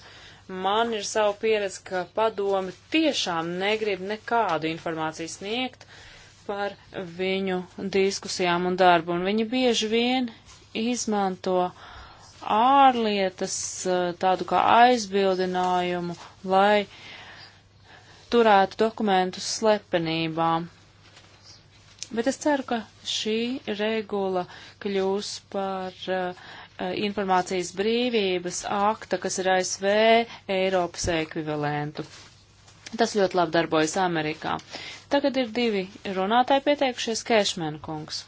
man ir savu pieredzi, ka padomi tiešām negrib nekādu informāciju sniegt par viņu diskusijām un darbu, un viņi bieži vien izmanto ārlietas eh, tādu kā aizbildinājumu, lai turētu dokumentus slepenībā. Bet es ceru, ka šī regula kļūs par uh, informācijas brīvības akta, kas ir ASV Eiropas ekvivalentu. Tas ļoti labi darbojas Amerikā. Tagad ir divi runātāji pieteikušies Kēšmēna kungs.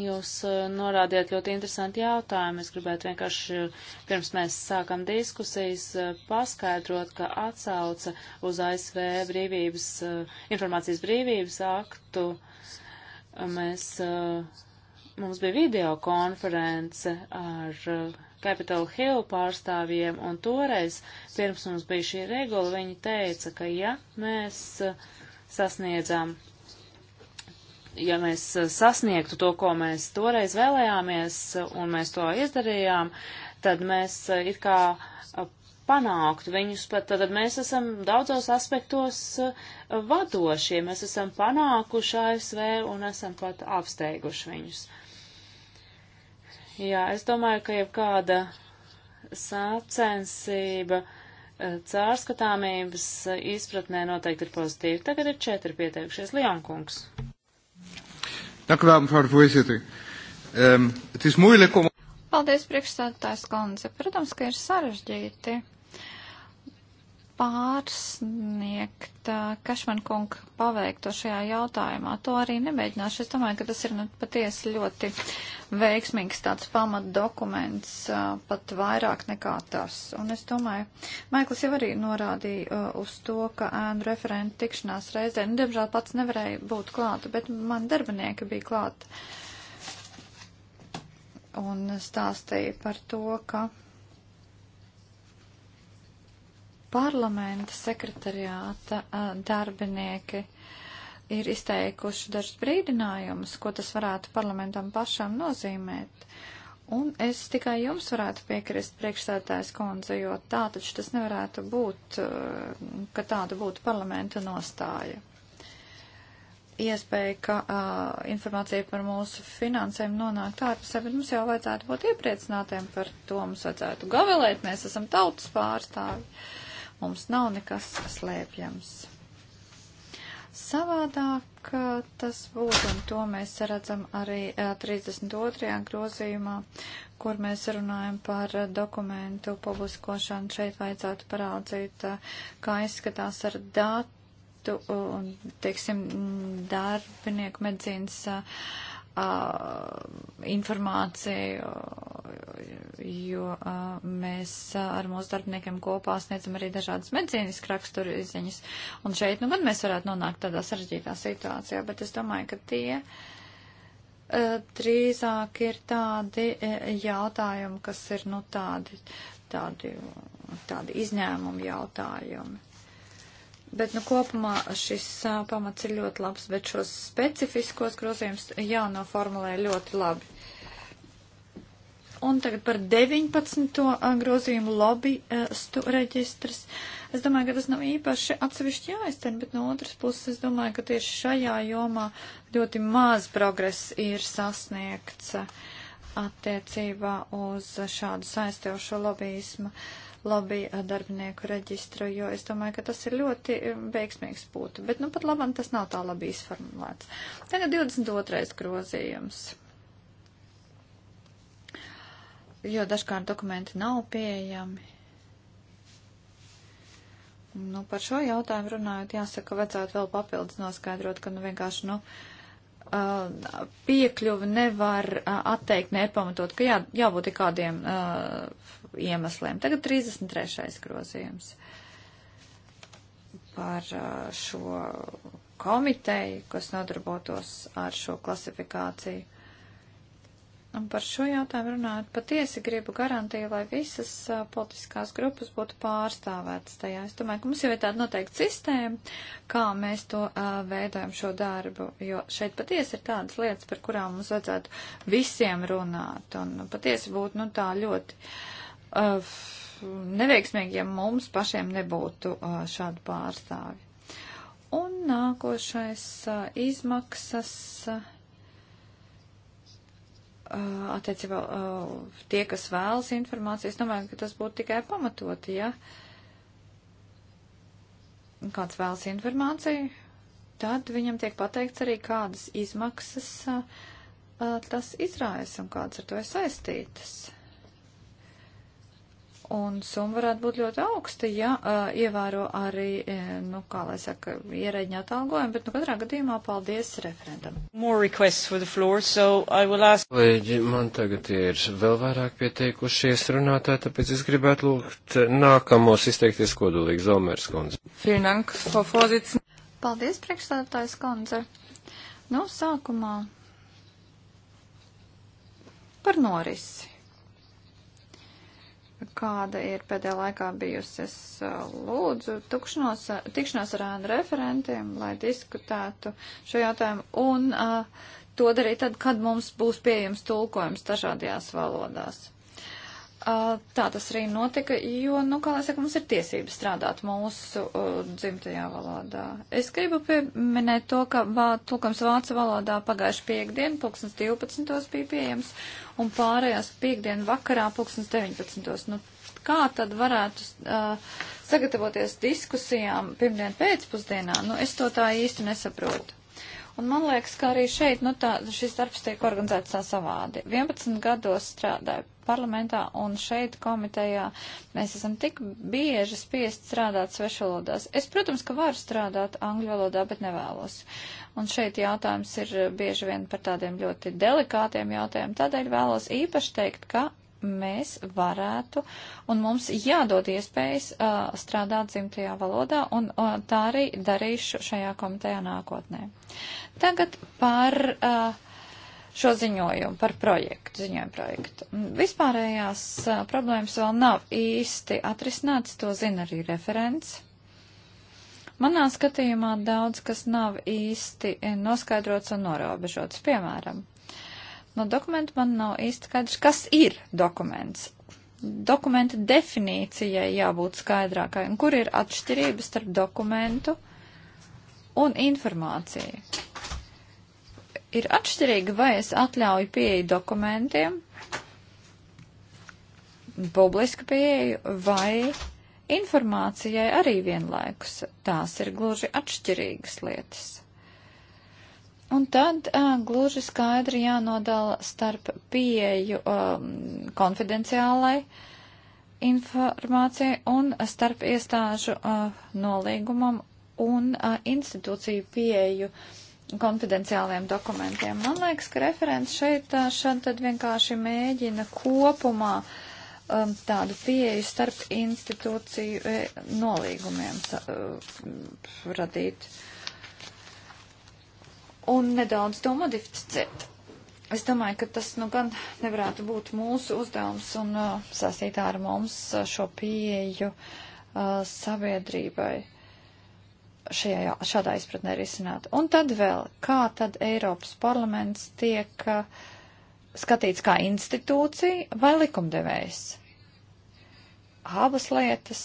Jūs eh, norādījāt ļoti interesanti jautājumu. Es gribētu vienkārši, eh, pirms mēs sākam diskusijas, eh, paskaidrot, ka atsauce uz ASV brīvības, informācijas brīvības aktu mēs, mums bija video konference ar Capitol Hill pārstāvjiem, un toreiz, pirms mums bija šī regula, viņi teica, ka ja mēs sasniedzām ja mēs eh, sasniegtu to, ko mēs toreiz vēlējāmies, un mēs to izdarījām, tad mēs eh, it kā eh, panāktu viņus, pat tad mēs esam daudzos aspektos vadošie, mēs esam panākuši ASV un esam pat apsteiguši viņus. Jā, es domāju, ka jebkāda sacensība cārskatāmības izpratnē noteikti ir pozitīva. Tagad ir četri pieteikušies Lionkungs. Dank u wel, mevrouw de voorzitter. Um, het is moeilijk om. Paldies, priekšstādātājs Konze. Protams, ka ir sarežģīti pārsniegt Kašmankunga paveikto šajā jautājumā. To arī nemēģināšu. Es domāju, ka tas ir nu, patiesi ļoti veiksmīgs tāds pamatdokuments, pat vairāk nekā tas. Un es domāju, Maikls jau arī norādīja uz to, ka ēnu referentu tikšanās reizē, nu, diemžēl pats nevarēja būt klāta, bet man darbinieki bija klāta un stāstīja par to, ka Parlamenta sekretariāta darbinieki ir izteikuši dažus brīdinājumus, ko tas varētu parlamentam pašam nozīmēt. Un es tikai jums varētu piekrist priekšstādātājs kundze, jo tā taču tas nevarētu būt, ka tāda būtu parlamenta nostāja. Iespēja, ka uh, informācija par mūsu finansēm nonāk ārpusē, bet mums jau vajadzētu būt iepriecinātiem par to, mums vajadzētu gavilēt, mēs esam tautas pārstāvi. Uh, Mums nav nekas slēpjams. Savādāk tas būtu, un to mēs redzam arī 32. grozījumā, kur mēs runājam par dokumentu publiskošanu. Šeit vajadzētu parādzīt, kā izskatās ar datu, teiksim, darbinieku medicīnas uh, informāciju, jo uh, mēs uh, ar mūsu darbiniekiem kopā sniedzam arī dažādas medicīnisku raksturu izziņas. Un šeit, nu, gan mēs varētu nonākt tādā sarežģītā situācijā, bet es domāju, ka tie drīzāk ir tādi e, jautājumi, kas ir, nu, tādi, tādi, tādi izņēmumi jautājumi Bet nu, kopumā šis a, pamats ir ļoti labs, bet šos specifiskos grozījumus jānoformulē ļoti labi. Un tagad par 19. grozījumu lobbyistu reģistrs. Es domāju, ka tas nav īpaši atsevišķi jāizcen, bet no otras puses es domāju, ka tieši šajā jomā ļoti maz progress ir sasniegts attiecībā uz šādu saistījošo lobbyismu. Uh, lobija eh, darbinieku reģistru, jo es domāju, ka tas ir ļoti eh, veiksmīgs būtu. Bet, nu, pat labam tas nav tā labi izformulēts. Tagad 22. grozījums. Jo dažkārt dokumenti nav pieejami. Nu, par šo jautājumu runājot, jāsaka, vajadzētu vēl papildus noskaidrot, ka, nu, vienkārši, nu, Uh, piekļuvi nevar uh, atteikt nepamatot, ka jā, jābūt ir kādiem uh, iemesliem. Tagad 33. grozījums par šo komiteju, kas nodarbotos ar šo klasifikāciju. Un par šo jautājumu runājot, patiesi gribu garantiju, lai visas uh, politiskās grupas būtu pārstāvētas tajā. Es domāju, ka mums jau ir tāda noteikta sistēma, kā mēs to uh, veidojam šo darbu, jo šeit patiesi ir tādas lietas, par kurām mums vajadzētu visiem runāt, un patiesi būtu, nu, tā ļoti. Uh, Uh, neveiksmīgi, ja mums pašiem nebūtu uh, šādu pārstāvi. Un nākošais uh, izmaksas attiecībā tie, kas vēlas informācijas, domāju, ka tas būtu tikai pamatoti, ja kāds vēlas informāciju, tad viņam tiek pateikts arī, kādas izmaksas tas izraisa un kādas ar to ir saistītas. Un summa varētu būt ļoti augsta, ja uh, ievēro arī, nu, kā lai saka, ierēģiņa atalgojumu, bet, nu, katrā gadījumā paldies referendam. Floor, so ask... Lēģi, man tagad ir vēl vairāk pieteikušies runātāji, tāpēc es gribētu lūgt nākamos izteikties kodolīgi Zomers kundze. Paldies, priekšstādātājs kundze. Nu, sākumā par norisi kāda ir pēdējā laikā bijusi. Es uh, lūdzu tukšanos, uh, tikšanos ar ēnu referentiem, lai diskutētu šo jautājumu un uh, to darīt tad, kad mums būs pieejams tulkojums dažādajās valodās tā tas arī notika, jo, nu, kā lai saka, mums ir tiesības strādāt mūsu uh, dzimtajā valodā. Es gribu pieminēt to, ka vā, tulkams vācu valodā pagājuši piekdien, pulkstens 12. bija pieejams, un pārējās piekdien vakarā pulkstens 19. Nu, kā tad varētu uh, sagatavoties diskusijām pirmdien pēcpusdienā? Nu, es to tā īsti nesaprotu. Un man liekas, ka arī šeit nu, tā, šis darbs tiek organizēts tā savādi. 11 gados strādāju parlamentā un šeit komitejā mēs esam tik bieži spiest strādāt svešvalodās. Es, protams, ka varu strādāt angļu valodā, bet nevēlos. Un šeit jautājums ir bieži vien par tādiem ļoti delikātiem jautājumiem. Tādēļ vēlos īpaši teikt, ka mēs varētu un mums jādod iespējas uh, strādāt dzimtajā valodā, un uh, tā arī darīšu šajā komitejā nākotnē. Tagad par uh, šo ziņojumu, par projektu, ziņojumu projektu. Mm, vispārējās uh, problēmas vēl nav īsti atrisināts, to zina arī referents. Manā skatījumā daudz, kas nav īsti eh, noskaidrots un norobežots, piemēram No dokumenta man nav īsti skaidrs, kas ir dokuments. Dokumenta definīcijai jābūt skaidrākai, un kur ir atšķirības starp dokumentu un informāciju. Ir atšķirīgi, vai es atļauju pieeju dokumentiem, publisku pieeju, vai informācijai arī vienlaikus. Tās ir gluži atšķirīgas lietas. Un tad uh, gluži skaidri jānodala starp pieeju um, konfidenciālai informācijai un starp iestāžu uh, nolīgumam un uh, institūciju pieeju konfidenciāliem dokumentiem. Man liekas, ka referents šeit uh, šad tad vienkārši mēģina kopumā um, tādu pieeju starp institūciju uh, nolīgumiem uh, radīt. Uh, un nedaudz to modificēt. Es domāju, ka tas nu gan nevarētu būt mūsu uzdevums un uh, sasīt ar mums uh, šo pieeju uh, sabiedrībai šajā, šādā izpratnē risināt. Un tad vēl, kā tad Eiropas parlaments tiek uh, skatīts kā institūcija vai likumdevējs? Abas lietas,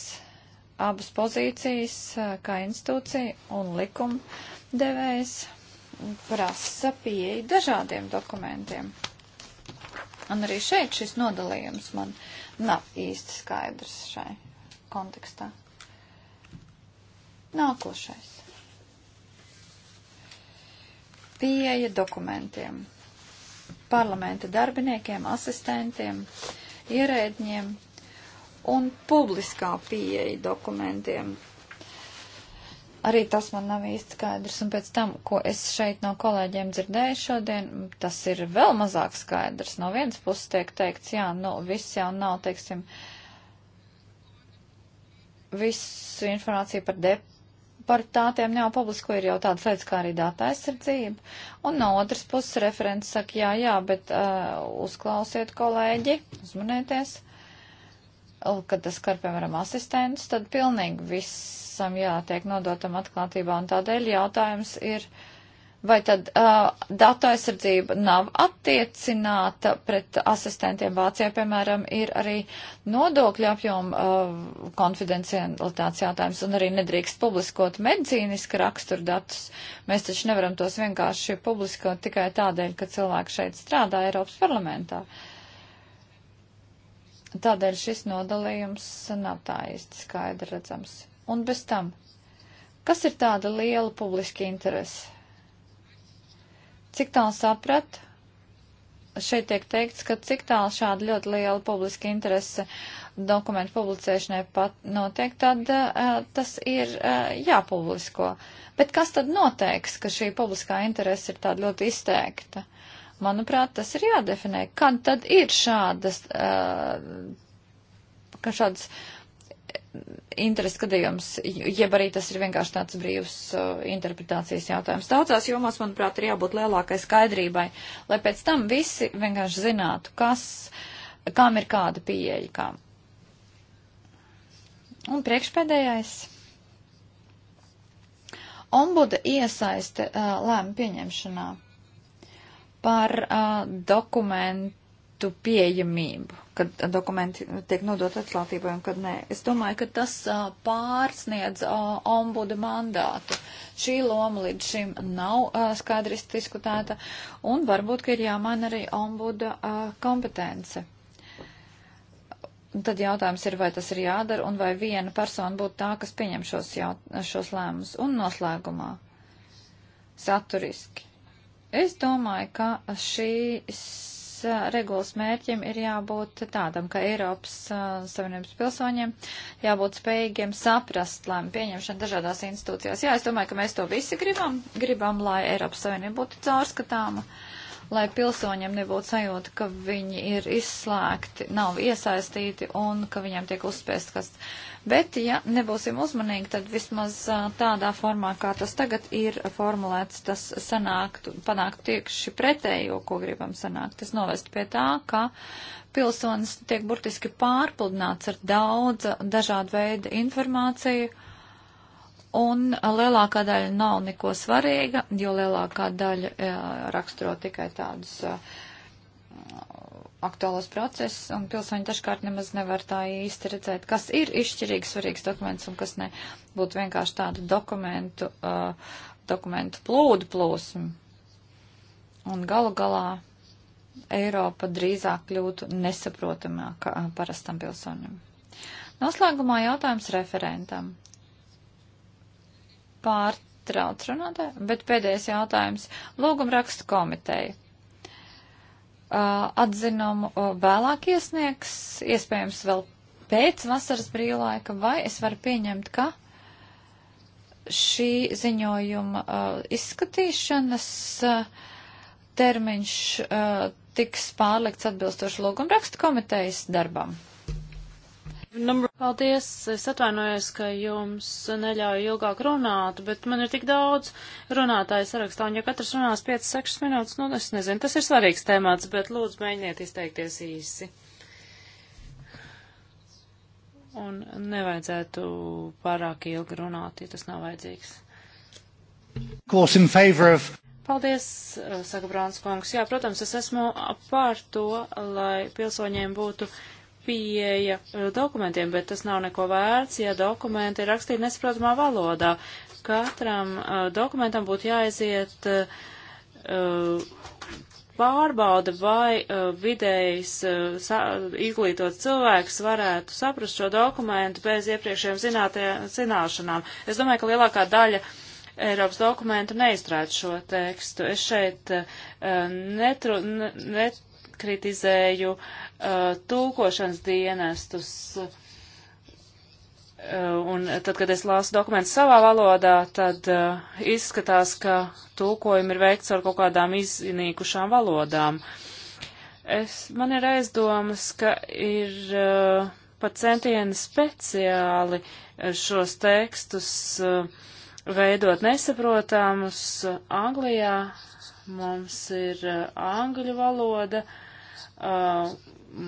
abas pozīcijas, uh, kā institūcija un likumdevējs prasa pieeja dažādiem dokumentiem. Un arī šeit šis nodalījums man nav īsti skaidrs šai kontekstā. Nākošais. Pieeja dokumentiem. Parlamenta darbiniekiem, asistentiem, ierēdņiem un publiskā pieeja dokumentiem Arī tas man nav īsti skaidrs, un pēc tam, ko es šeit no kolēģiem dzirdēju šodien, tas ir vēl mazāk skaidrs. No vienas puses tiek teikts, jā, nu, viss jau nav, teiksim, visu informāciju par deportātiem jau publisko ir jau tādas lietas kā arī data aizsardzība, un no otras puses referents saka, jā, jā, bet uh, uzklausiet kolēģi, uzmanieties kad tas skar, piemēram, asistentus, tad pilnīgi visam jātiek nodotam atklātībā, un tādēļ jautājums ir, vai tad uh, datu aizsardzība nav attiecināta pret asistentiem Vācijā, piemēram, ir arī nodokļu apjoma uh, konfidencialitātes jautājums, un arī nedrīkst publiskot medicīniski rakstur datus. Mēs taču nevaram tos vienkārši publiskot tikai tādēļ, ka cilvēki šeit strādā Eiropas parlamentā. Uh, Tādēļ šis nodalījums nav tā īsti skaidri redzams. Un bez tam, kas ir tāda liela publiska interese? Cik tālu saprat, šeit tiek teikts, ka cik tālu šāda ļoti liela publiska interese dokumentu publicēšanai pat notiek, tad uh, tas ir uh, jāpublisko. Bet kas tad noteiks, ka šī publiskā interese ir tāda ļoti izteikta? Manuprāt, tas ir jādefinē. Kad tad ir šādas, ka šādas interesi gadījums, jeb arī tas ir vienkārši tāds brīvs uh, interpretācijas jautājums. Daudzās jomās, manuprāt, ir jābūt lielākai skaidrībai, lai pēc tam visi vienkārši zinātu, kas, kam ir kāda pieeja, kam. Un priekšpēdējais. Ombuda iesaiste uh, lēma pieņemšanā par uh, dokumentu pieejamību, kad dokumenti tiek nodot atklātībai un kad nē. Es domāju, ka tas uh, pārsniedz uh, ombuda mandātu. Šī loma līdz šim nav uh, skaidri diskutēta un varbūt, ka ir jāmaina arī ombuda uh, kompetence. Un tad jautājums ir, vai tas ir jādara, un vai viena persona būtu tā, kas pieņem šos, jaut, šos lēmumus. Un noslēgumā saturiski. Es domāju, ka šīs regulas mērķim ir jābūt tādam, ka Eiropas Savienības pilsoņiem jābūt spējīgiem saprast lēmumu pieņemšanu dažādās institūcijās. Jā, es domāju, ka mēs to visi gribam. Gribam, lai Eiropas Savienība būtu caurskatāma. Uh, lai pilsoņiem nebūtu sajūta, ka viņi ir izslēgti, nav iesaistīti un ka viņiem tiek uzspēst kas. Bet, ja nebūsim uzmanīgi, tad vismaz tādā formā, kā tas tagad ir formulēts, tas sanāktu, panāktu tieši pretējo, ko gribam sanākt. Tas novest pie tā, ka pilsonis tiek burtiski pārpludināts ar daudz dažādu veidu informāciju un lielākā daļa nav neko svarīga, jo lielākā daļa jā, raksturo tikai tādus aktuālos procesus, un pilsoņi dažkārt nemaz nevar tā īsti redzēt, kas ir izšķirīgs, svarīgs dokuments un kas ne. Būtu vienkārši tādu dokumentu, uh, dokumentu plūdu plūsmu. Un galu galā Eiropa drīzāk kļūtu nesaprotamāka parastam pilsonim. Noslēgumā jautājums referentam pārtrauc runātāju, bet pēdējais jautājums. Lūguma raksta komiteja. Atzinumu vēlāk iesniegs, iespējams vēl pēc vasaras brīvlaika, vai es varu pieņemt, ka šī ziņojuma uh, izskatīšanas uh, termiņš uh, tiks pārlikts atbilstoši lūgumrakstu komitejas darbam. Paldies, es atvainojos, ka jums neļauju ilgāk runāt, bet man ir tik daudz runātāju sarakstā, un ja katrs runās 5-6 minūtes, nu es nezinu, tas ir svarīgs temats, bet lūdzu mēģiniet izteikties īsi. Un nevajadzētu pārāk ilgi runāt, ja tas nav vajadzīgs. Of... Paldies, saka Brāns kungs. Jā, protams, es esmu pār to, lai pilsoņiem būtu pieeja uh, dokumentiem, bet tas nav neko vērts, ja dokumenti ir rakstīti nesaprotamā valodā. Katram uh, dokumentam būtu jāaiziet uh, uh pārbauda, vai uh, vidējs uh, izglītots cilvēks varētu saprast šo dokumentu bez iepriekšējiem zināšanām. Es domāju, ka lielākā daļa Eiropas dokumentu neizstrāda šo tekstu. Es šeit uh, netru, ne, net, kritizēju uh, tulkošanas dienestus. Uh, un tad, kad es lasu dokumentus savā valodā, tad uh, izskatās, ka tulkojumi ir veikts ar kaut kādām iznīkušām valodām. Es, man ir aizdomas, ka ir uh, pat centieni speciāli šos tekstus uh, veidot nesaprotamus. Anglijā mums ir uh, angļu valoda, uh,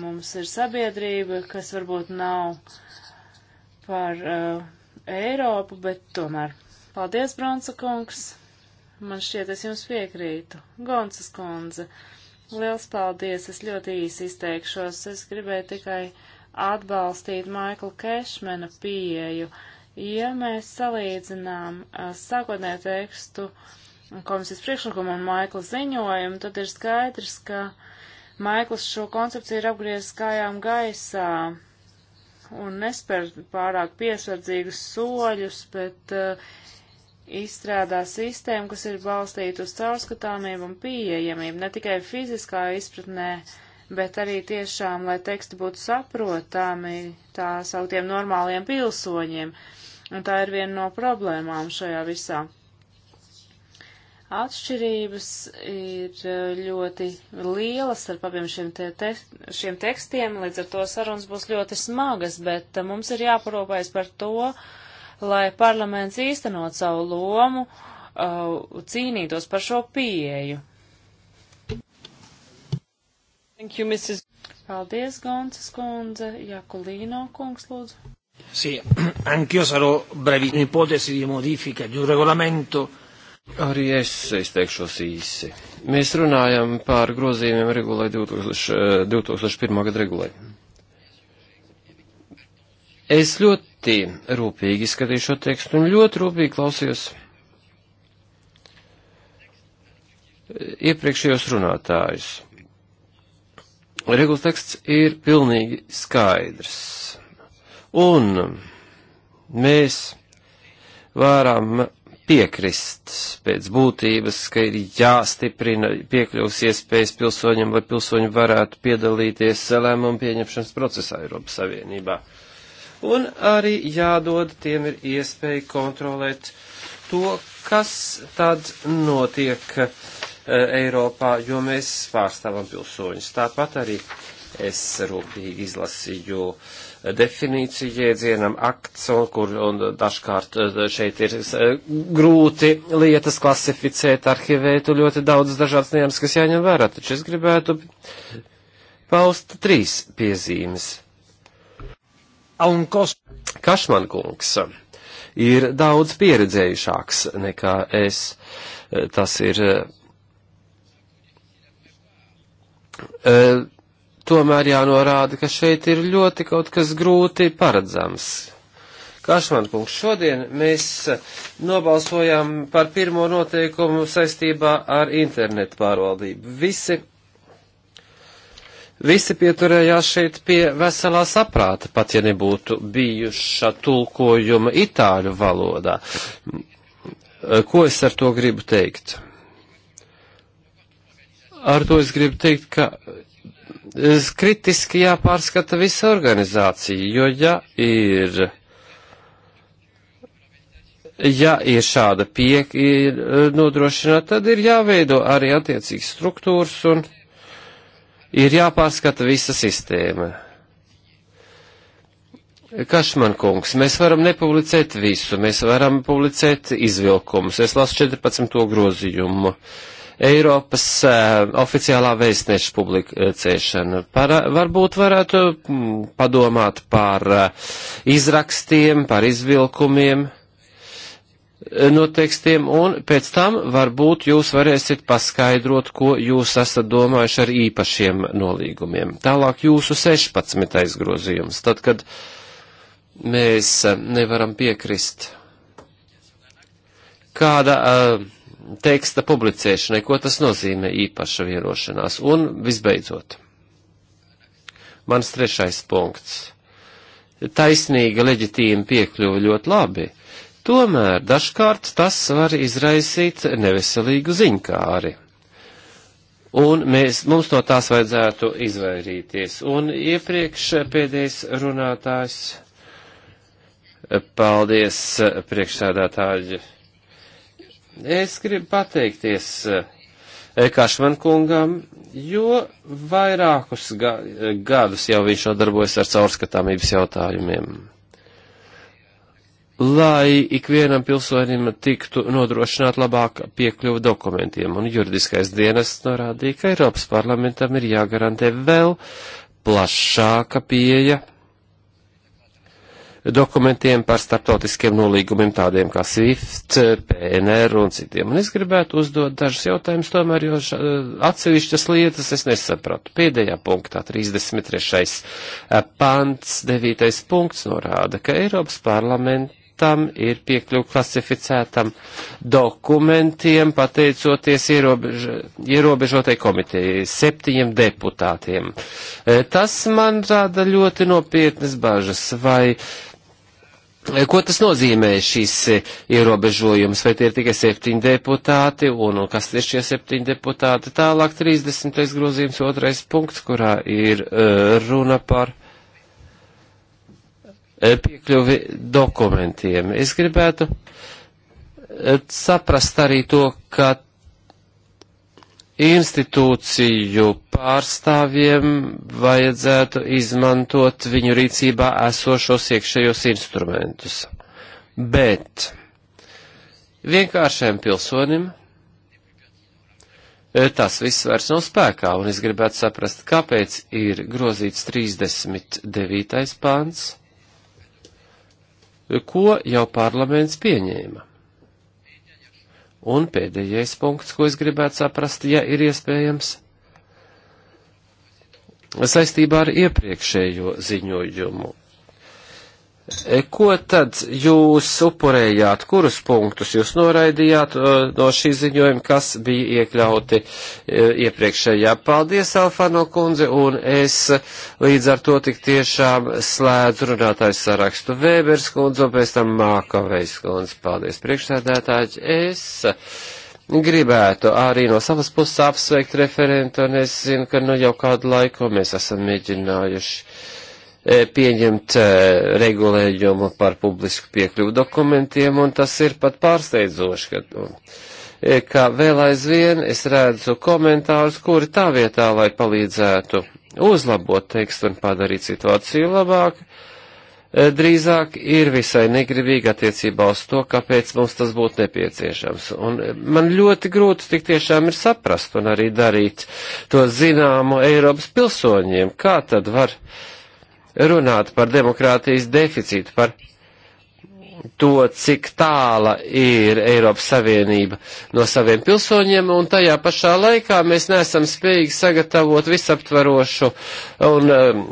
mums ir sabiedrība, kas varbūt nav par uh, Eiropu, bet tomēr. Paldies, Bronsa kungs! Man šķiet, es jums piekrītu. Gonsas kundze, liels paldies! Es ļoti īsi izteikšos. Es gribēju tikai atbalstīt Maikla Kešmena pieeju. Ja mēs salīdzinām uh, sākotnēju tekstu komisijas priekšlikumu un Maikla ziņojumu, tad ir skaidrs, ka uh, Maikls šo koncepciju ir apgriezis kājām gaisā un nespēr pārāk piesardzīgus soļus, bet uh, izstrādā sistēmu, kas ir balstīta uz caurskatāmību un pieejamību, ne tikai fiziskā izpratnē, bet arī tiešām, lai teksti būtu saprotami tā sauktiem normāliem pilsoņiem. Un tā ir viena no problēmām šajā visā. Atšķirības ir e, ļoti lielas starp abiem šiem, te, te, šiem tekstiem, līdz ar to sarunas būs ļoti smagas, bet e, mums ir jāparūpējas par to, lai parlaments īstenot savu lomu, e, cīnītos par šo pieeju. Thank you, Mrs. Paldies, Gonsas kundze. Jakulīno kungs, lūdzu. Sì, *clears throat* anch'io sarò brevissimo. Un'ipotesi di modifica di un regolamento Arī es izteikšos īsi. Mēs runājam par grozījumiem regulai 2000, 2001. gada regulai. Es ļoti rūpīgi izskatīju šo tekstu un ļoti rūpīgi klausījos iepriekšējos runātājus. Regulas teksts ir pilnīgi skaidrs. Un mēs varam piekrist pēc būtības, ka ir jāstiprina piekļuvs iespējas pilsoņiem, lai pilsoņi varētu piedalīties lēmumu pieņemšanas procesā Eiropas Savienībā. Un arī jādod tiem ir iespēja kontrolēt to, kas tad notiek uh, Eiropā, jo mēs pārstāvam pilsoņus. Tāpat arī es rūpīgi izlasīju uh, definīciju jēdzienam akts, un, kur, un dažkārt eh, šeit ir eh, grūti lietas klasificēt, arhivēt, un ļoti daudz dažādas nianses, kas jāņem vērā, taču es gribētu paust trīs piezīmes. Kašman kungs ir daudz pieredzējušāks nekā es. Eh, tas ir. Uh, tomēr jānorāda, ka šeit ir ļoti kaut kas grūti paredzams. Kašmankungs, šodien mēs nobalsojām par pirmo noteikumu saistībā ar internetu pārvaldību. Visi, visi pieturējās šeit pie veselā saprāta, pat ja nebūtu bijuša tulkojuma itāļu valodā. Ko es ar to gribu teikt? Ar to es gribu teikt, ka kritiski jāpārskata visa organizācija, jo ja ir, ja ir šāda pieeja eh, nodrošināta, tad ir jāveido arī attiecīgas struktūras un ir jāpārskata visa sistēma. Kašman kungs, mēs varam nepublicēt visu, mēs varam publicēt izvilkumus. Es lasu 14. grozījumu. Uh, Eiropas uh, oficiālā vēstnieša publicēšana. Par, eh, varbūt varētu mm, padomāt par uh, izrakstiem, par izvilkumiem no tekstiem, un pēc tam varbūt jūs varēsiet paskaidrot, ko jūs esat domājuši ar īpašiem nolīgumiem. Tālāk jūsu 16. grozījums, tad, kad mēs nevaram piekrist kāda uh, teksta publicēšanai, ko tas nozīmē īpaša vienošanās. Un visbeidzot, mans trešais punkts. Taisnīga leģitīma piekļuva ļoti labi, tomēr dažkārt tas var izraisīt neveselīgu ziņkāri. Un mēs, mums no tās vajadzētu izvairīties. Un iepriekš pēdējais runātājs. Paldies, priekšsēdētāji. Es gribu pateikties eh, Kašmankungam, jo vairākus ga gadus jau viņš nodarbojas ar caurskatāmības jautājumiem. Lai ikvienam pilsonim tiktu nodrošināt labāk piekļuvu dokumentiem, un juridiskais dienests norādīja, ka Eiropas parlamentam ir jāgarantē vēl plašāka pieeja dokumentiem par startautiskiem nolīgumiem, tādiem kā SWIFT, PNR un citiem. Un es gribētu uzdot dažus jautājumus tomēr, jo eh, atsevišķas lietas es nesapratu. Pēdējā punktā, 33. Eh, pants, 9. punkts norāda, ka Eiropas parlaments tam ir piekļuvi klasificētam dokumentiem, pateicoties ierobež, ierobežotai komitejai, septiņiem deputātiem. Eh, tas man rada ļoti nopietnas bažas, vai uh, Eh, ko tas nozīmē šis eh, ierobežojums? Vai tie ir tikai septiņi deputāti un, un kas ir šie septiņi deputāti? Tālāk 30. grozījums otrais punkts, kurā ir uh, runa par uh, piekļuvi dokumentiem. Es gribētu uh, saprast arī to, ka institūciju pārstāvjiem vajadzētu izmantot viņu rīcībā esošos iekšējos instrumentus. Bet vienkāršajam pilsonim e, tas viss vairs nav spēkā, un es gribētu saprast, kāpēc ir grozīts 39. pāns, ko jau parlaments pieņēma. Un pēdējais punkts, ko es gribētu saprast, ja ir iespējams, saistībā ar iepriekšējo ziņojumu. E, ko tad jūs upurējāt, kurus punktus jūs noraidījāt e, no šī ziņojuma, kas bija iekļauti e, iepriekšējā? Paldies, Alfano kundze, un es līdz ar to tik tiešām slēdzu runātājs sarakstu Vēbers kundze, un pēc tam Mākavejs kundze. Paldies, priekšsēdētāji. Es gribētu arī no savas puses apsveikt referentu, un es zinu, ka nu jau kādu laiku mēs esam mēģinājuši E, pieņemt e, regulējumu par publisku piekļuvu dokumentiem, un tas ir pat pārsteidzoši, ka, e, ka vēl aizvien es redzu komentārus, kuri tā vietā, lai palīdzētu uzlabot tekstu un padarīt situāciju labāku, drīzāk ir visai negribīgi attiecībā uz to, kāpēc mums tas būtu nepieciešams. Un man ļoti grūti tik tiešām ir saprast un arī darīt to zināmu Eiropas pilsoņiem, kā tad var runāt par demokrātijas deficītu, par to, cik tāla ir Eiropas Savienība no saviem pilsoņiem, un tajā pašā laikā mēs nesam spējīgi sagatavot visaptvarošu un um,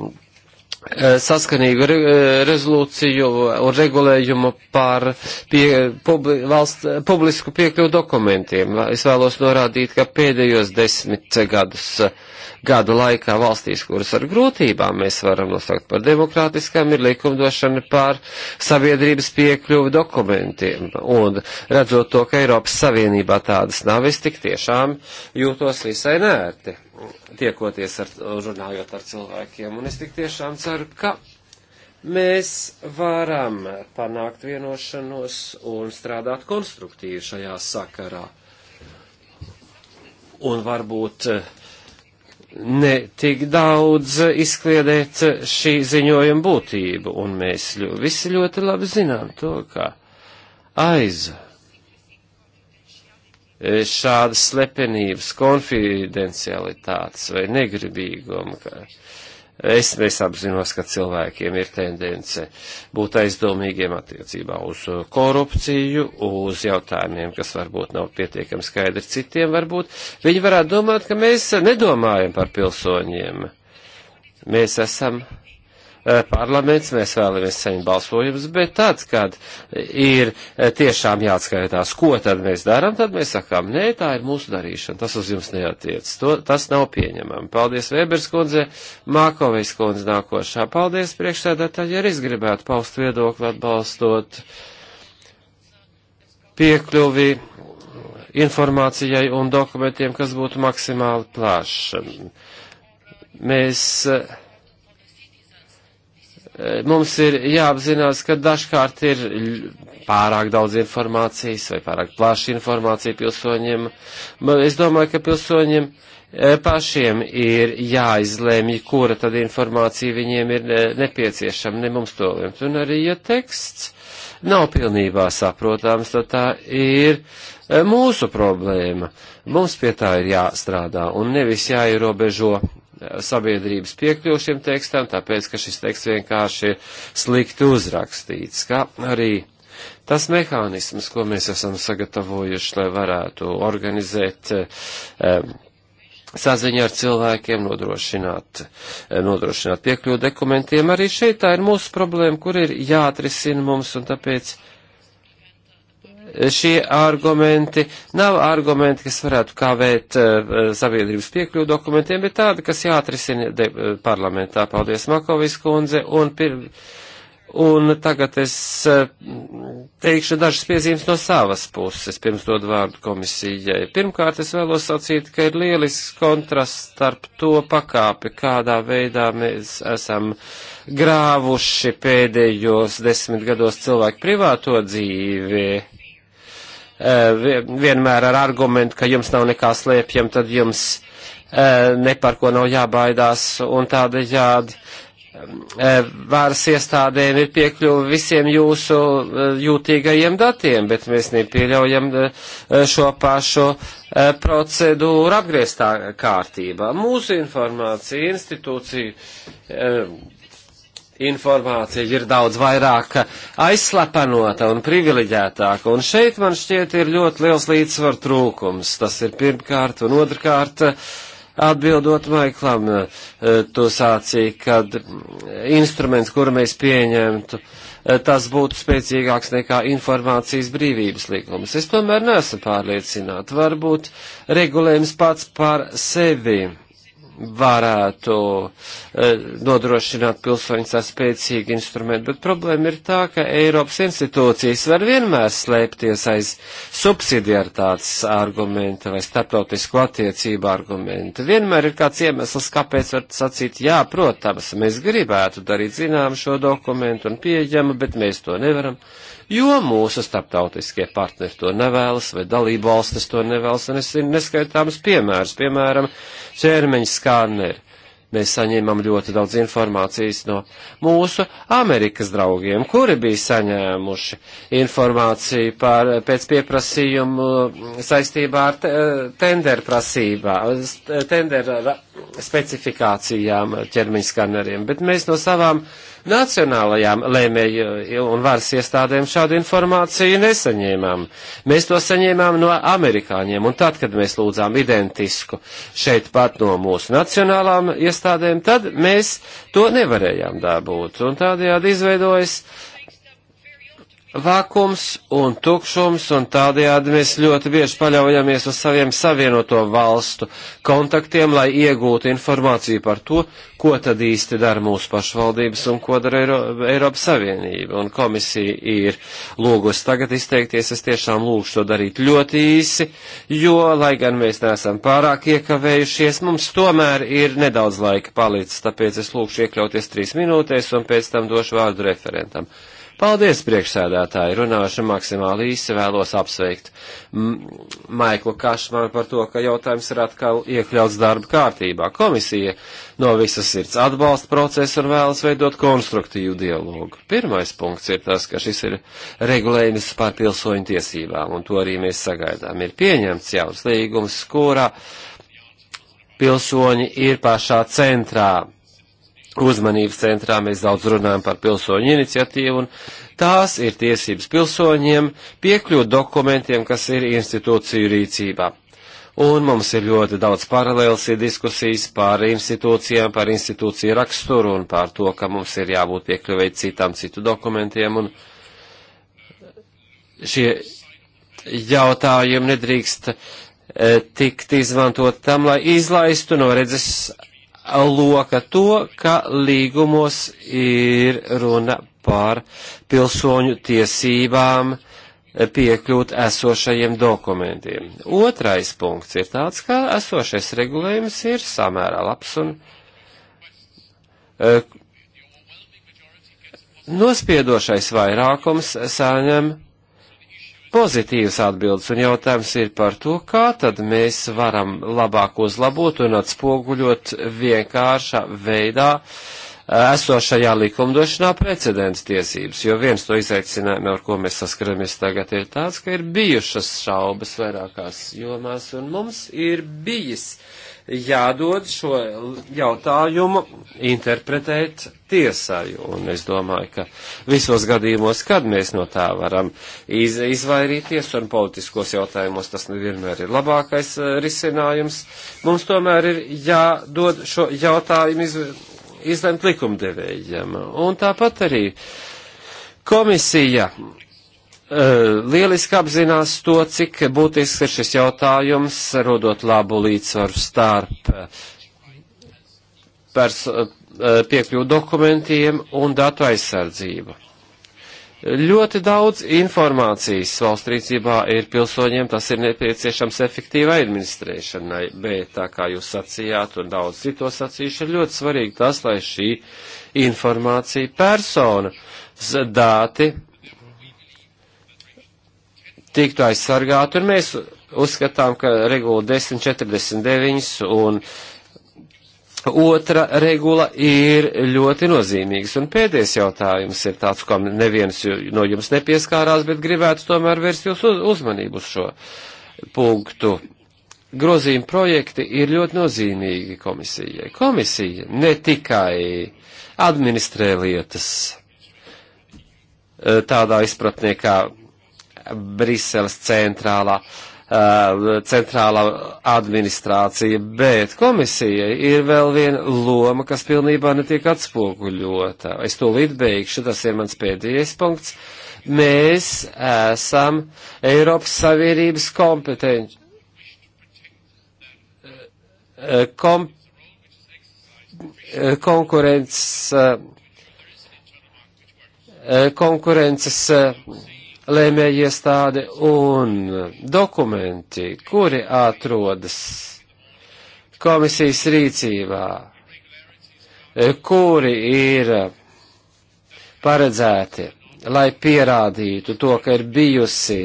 Eh, saskanīgu re, eh, rezolūciju un regulējumu par pie, publi, valst, eh, publisku piekļuvu dokumentiem. Es vēlos norādīt, ka pēdējos desmit gadus, gadu laikā valstīs, kuras ar grūtībām mēs varam nosaukt par demokrātiskām, ir likumdošana par sabiedrības piekļuvu dokumentiem. Un redzot to, ka Eiropas Savienībā tādas nav, es tik tiešām jūtos visai nērti tiekoties ar, runājot ar cilvēkiem. Un es tik tiešām ceru, ka mēs varam panākt vienošanos un strādāt konstruktīvi šajā sakarā. Un varbūt eh, ne tik daudz izkliedēt šī ziņojuma būtību, un mēs ļo, visi ļoti labi zinām to, ka aiz Eh, šādas slepenības, konfidencialitātes vai negribīguma. Ka es, es apzinos, ka cilvēkiem ir tendence būt aizdomīgiem attiecībā uz korupciju, uz jautājumiem, kas varbūt nav pietiekami skaidri citiem, varbūt. Viņi varētu domāt, ka mēs nedomājam par pilsoņiem. Mēs esam Eh, parlaments, mēs vēlamies saņemt balsojumus, bet tad, kad ir eh, tiešām jāatskaitās, ko tad mēs darām, tad mēs sakām, nē, tā ir mūsu darīšana, tas uz jums neatiec, to, tas nav pieņemami. Paldies Vēbers kundze, Mākovis kundze nākošā. Paldies priekšsēdētāji, ja es gribētu paust viedokli atbalstot piekļuvi informācijai un dokumentiem, kas būtu maksimāli plāša. Mēs uh, mums ir jāapzinās, ka dažkārt ir pārāk daudz informācijas vai pārāk plaša informācija pilsoņiem. Es domāju, ka pilsoņiem e, pašiem ir jāizlēmj, kura tad informācija viņiem ir nepieciešama, ne mums to lemt. Un arī, ja teksts nav pilnībā saprotams, tad tā ir e, mūsu problēma. Mums pie tā ir jāstrādā un nevis jāierobežo sabiedrības piekļūšiem tekstam, tāpēc, ka šis teksts vienkārši ir slikti uzrakstīts, kā arī tas mehānisms, ko mēs esam sagatavojuši, lai varētu organizēt um, saziņu ar cilvēkiem, nodrošināt, eh, nodrošināt piekļuvu dokumentiem. Arī šeit tā ir mūsu problēma, kur ir jāatrisina mums, un tāpēc šie argumenti nav argumenti, kas varētu kavēt eh, sabiedrības piekļuvu dokumentiem, bet tādi, kas jāatrisina eh, parlamentā. Paldies, Makovis kundze. Un, pir... un tagad es eh, teikšu dažas piezīmes no savas puses, pirms dod vārdu komisijai. Pirmkārt, es vēlos sacīt, ka ir lielisks kontrasts starp to pakāpi, kādā veidā mēs esam grāvuši pēdējos desmit gados cilvēku privāto dzīvi Eh, vienmēr ar argumentu, ka jums nav nekā slēpjam, tad jums eh, ne par ko nav jābaidās un tādējādi eh, varas iestādēm ir piekļuva visiem jūsu jūtīgajiem datiem, bet mēs nepieļaujam šo pašu procedūru apgrieztā kārtībā. Mūsu informācija institūcija informācija ir daudz vairāk aizslapanota un privileģētāka, un šeit man šķiet ir ļoti liels līdzsvar trūkums. Tas ir pirmkārt un otrkārt. Atbildot Maiklam, eh, tu sācīji, kad instruments, kuru mēs pieņemtu, eh, tas būtu spēcīgāks nekā informācijas brīvības likums. Es tomēr neesmu pārliecināts. Varbūt regulējums pats par sevi varētu eh, nodrošināt pilsoņus ar spēcīgu instrumentu, bet problēma ir tā, ka Eiropas institūcijas var vienmēr slēpties aiz subsidiaritātes argumenta vai starptautisko attiecību argumenta. Vienmēr ir kāds iemesls, kāpēc var sacīt, jā, protams, mēs gribētu darīt zinām šo dokumentu un pieejamu, bet mēs to nevaram, jo mūsu starptautiskie partneri to nevēlas vai dalību valstis to nevēlas, un es zinu neskaitāmas piemērus, piemēram, ķermeņa skaneri. Mēs saņēmām ļoti daudz informācijas no mūsu Amerikas draugiem, kuri bija saņēmuši informāciju par, pēc pieprasījumu saistībā ar tenderprasībā, tendera specifikācijām ķermeņa skaneriem. Bet mēs no savām uh, Nacionālajām lēmēju un varas iestādēm šādu informāciju nesaņēmām. Mēs to saņēmām no amerikāņiem, un tad, kad mēs lūdzām identisku šeit pat no mūsu nacionālām iestādēm, tad mēs to nevarējām dabūt. Un tādējādi izveidojas uh, vakums un tukšums, un tādējādi mēs ļoti bieži paļaujamies uz saviem savienoto valstu kontaktiem, lai iegūtu informāciju par to, ko tad īsti dara mūsu pašvaldības un ko dara Eiro, Eiropas Savienība. Un komisija ir lūgusi tagad izteikties, es tiešām lūgšu to darīt ļoti īsi, jo, lai gan mēs neesam pārāk iekavējušies, mums tomēr ir nedaudz laika palicis, tāpēc es lūgšu iekļauties trīs minūtēs un pēc tam došu vārdu referentam. Paldies, priekšsēdētāji, runāšu maksimāli īsi, vēlos apsveikt Maiklu Kašmanu par to, ka jautājums ir atkal iekļauts darba kārtībā. Komisija no visas sirds atbalsta procesu un vēlas veidot konstruktīvu dialogu. Pirmais punkts ir tas, ka šis ir regulējums par pilsoņu tiesībām, un to arī mēs sagaidām. Ir pieņemts jauns līgums, kurā pilsoņi ir pašā centrā uzmanības centrā mēs daudz runājam par pilsoņu iniciatīvu, un tās ir tiesības pilsoņiem piekļūt dokumentiem, kas ir institūciju rīcībā. Un mums ir ļoti daudz paralēlas diskusijas par institūcijām, par institūciju raksturu un par to, ka mums ir jābūt piekļuvēji citām citu dokumentiem. Un šie jautājumi nedrīkst e, tikt izmantot tam, lai izlaistu no redzes loka to, ka līgumos ir runa par pilsoņu tiesībām piekļūt esošajiem dokumentiem. Otrais punkts ir tāds, ka esošais regulējums ir samērā labs un eh, nospiedošais vairākums saņem pozitīvas atbildes, un jautājums ir par to, kā tad mēs varam labāk uzlabot un atspoguļot vienkāršā veidā eh, esošajā likumdošanā precedents tiesības, jo viens to izaicinājumi, ar ko mēs saskaramies tagad, ir tāds, ka ir bijušas šaubas vairākās jomās, un mums ir bijis uh, jādod šo jautājumu interpretēt tiesai. Un es domāju, ka visos gadījumos, kad mēs no tā varam iz, izvairīties, un politiskos jautājumos tas nevienmēr ir labākais eh, risinājums, mums tomēr ir jādod šo jautājumu iz, izlemt likumdevējiem. Un tāpat arī komisija lieliski apzinās to, cik būtisks ir šis jautājums, rodot labu līdzsvaru starp piekļuvu dokumentiem un datu aizsardzību. Ļoti daudz informācijas valsts rīcībā ir pilsoņiem, tas ir nepieciešams efektīvai administrēšanai, bet tā kā jūs sacījāt un daudz cito sacījuši, ir ļoti svarīgi tas, lai šī informācija persona dāti tiktu aizsargāti, un mēs uzskatām, ka regula 1049 un otra regula ir ļoti nozīmīgas. Un pēdējais jautājums ir tāds, kam neviens no jums nepieskārās, bet gribētu tomēr vērst jūs uzmanību uz šo punktu. Grozījuma projekti ir ļoti nozīmīgi komisijai. Komisija ne tikai administrē lietas eh, tādā izpratnē, kā Briseles centrālā, eh, centrālā administrācija, bet komisija ir vēl viena loma, kas pilnībā netiek atspoguļota. Es to līdz beigšu, tas ir mans pēdējais punkts. Mēs esam Eiropas Savienības kompetenci eh, kom, eh, konkurences, konkurences lēmēja iestāde un dokumenti, kuri atrodas komisijas rīcībā, e, kuri ir paredzēti, lai pierādītu to, ka ir bijusi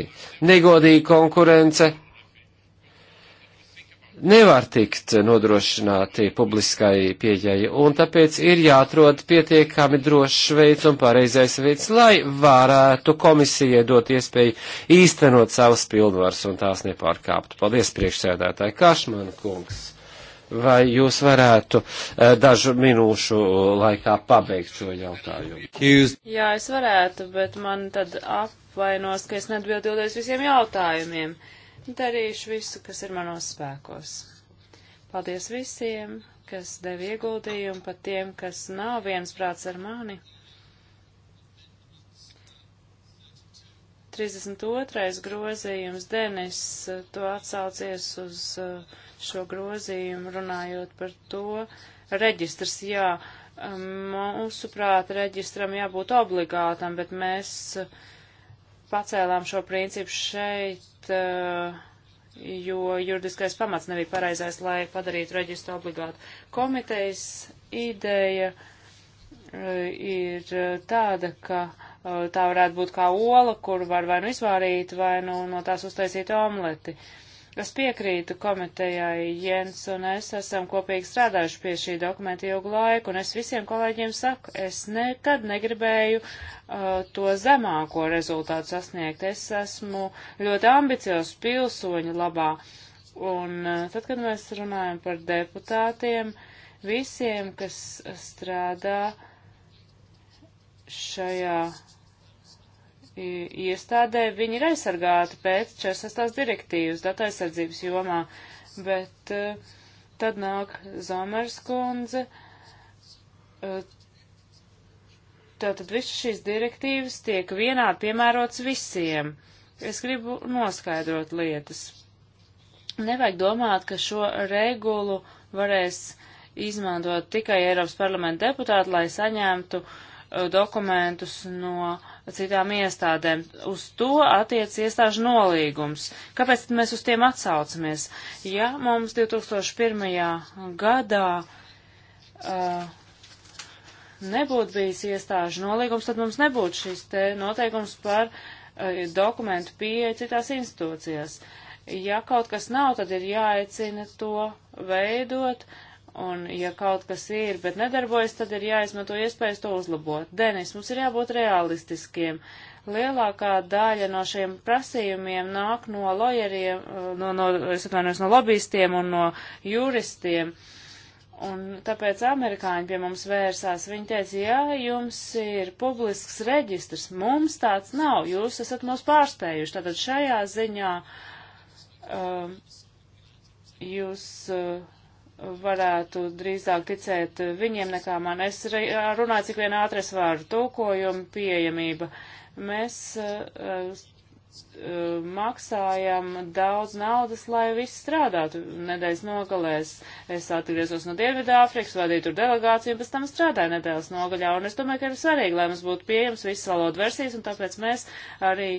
negodīga konkurence nevar tikt nodrošināti publiskai pieejai, un tāpēc ir jāatrod pietiekami drošs veids un pareizais veids, lai varētu komisijai dot iespēju īstenot savas pilnvaras un tās nepārkāpt. Paldies, priekšsēdētāji Kašman kungs! Vai jūs varētu eh, dažu minūšu laikā pabeigt šo jautājumu? Jā, es varētu, bet man tad apvainos, ka es neatbildēju visiem jautājumiem. Uh, Darīšu visu, kas ir manos spēkos. Paldies visiem, kas deva ieguldījumu, pat tiem, kas nav viensprāts ar mani. 32. grozījums, Denis, tu atsaucies uz uh, šo grozījumu, runājot par to. Reģistrs, jā, um, mūsuprāt, reģistram jābūt obligātam, bet mēs uh, pacēlām šo principu šeit, eh, jo juridiskais pamats nebija pareizais, lai padarītu reģistru obligātu. Komitejas ideja eh, ir eh, tāda, ka tā varētu būt kā ola, kur var vai nu izvārīt, vai nu no tās uztaisīt omleti. Uh, Es piekrītu komitejai, Jens un es esam kopīgi strādājuši pie šī dokumenta ilgu laiku, un es visiem kolēģiem saku, es nekad negribēju uh, to zemāko rezultātu sasniegt. Es esmu ļoti ambiciozs pilsoņu labā, un uh, tad, kad mēs runājam par deputātiem, visiem, kas strādā šajā iestādē, viņi ir aizsargāti pēc 46. direktīvas datu aizsardzības jomā, bet eh, tad nāk Zomers kundze. Eh, tātad visas šīs direktīvas tiek vienādi piemērots visiem. Es gribu noskaidrot lietas. Nevajag domāt, ka šo regulu varēs izmantot tikai Eiropas parlamenta deputāti, lai saņemtu uh, dokumentus no uh, citām iestādēm. Uz to attiec iestāžu nolīgums. Kāpēc mēs uz tiem atsaucamies? Ja mums 2001. gadā uh, nebūtu bijis iestāžu nolīgums, tad mums nebūtu šis te noteikums par uh, dokumentu pieeja citās institūcijās. Ja kaut kas nav, tad ir jāaicina to veidot, Un, ja kaut kas ir, bet nedarbojas, tad ir jāizmanto iespējas to uzlabot. Denis, mums ir jābūt realistiskiem. Lielākā daļa no šiem prasījumiem nāk no lojeriem, eh, no, no, es atvainojos, no lobbyistiem un no juristiem. Un tāpēc amerikāņi pie mums vērsās. Viņi teica, jā, jums ir publisks reģistrs, mums tāds nav, jūs esat mūs pārspējuši. Tātad šajā ziņā uh, jūs. Uh, varētu drīzāk ticēt viņiem nekā man. Es runāju, cik vien ātri es varu. Tūkojumi, pieejamība. Mēs uh, maksājam daudz naudas, lai viss strādātu. Nedēļas nogalēs es atgriezos no Dienvidāfrikas, vadīju tur delegāciju, pēc tam strādāju nedēļas nogaļā, un es domāju, ka ir svarīgi, lai mums būtu pieejams visas valodu versijas, un tāpēc mēs arī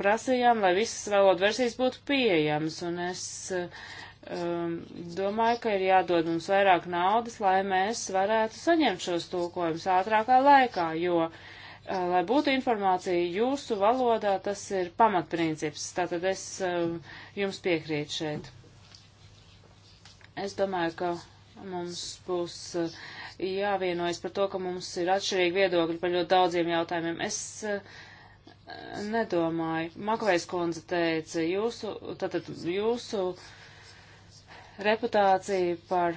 prasījām, lai visas valodu versijas būtu pieejamas, un es uh, um, domāju, ka ir jādod mums vairāk naudas, lai mēs varētu saņemt šos tulkojumus ātrākā laikā, jo, uh, lai būtu informācija jūsu valodā, tas ir pamatprincips. Tātad es um, jums piekrītu šeit. Es domāju, ka mums būs uh, jāvienojas par to, ka mums ir atšķirīgi viedokļi par ļoti daudziem jautājumiem. Es, uh, Nedomāju. Makvejs kundze teica, jūsu, tātad jūsu uh, reputāciju par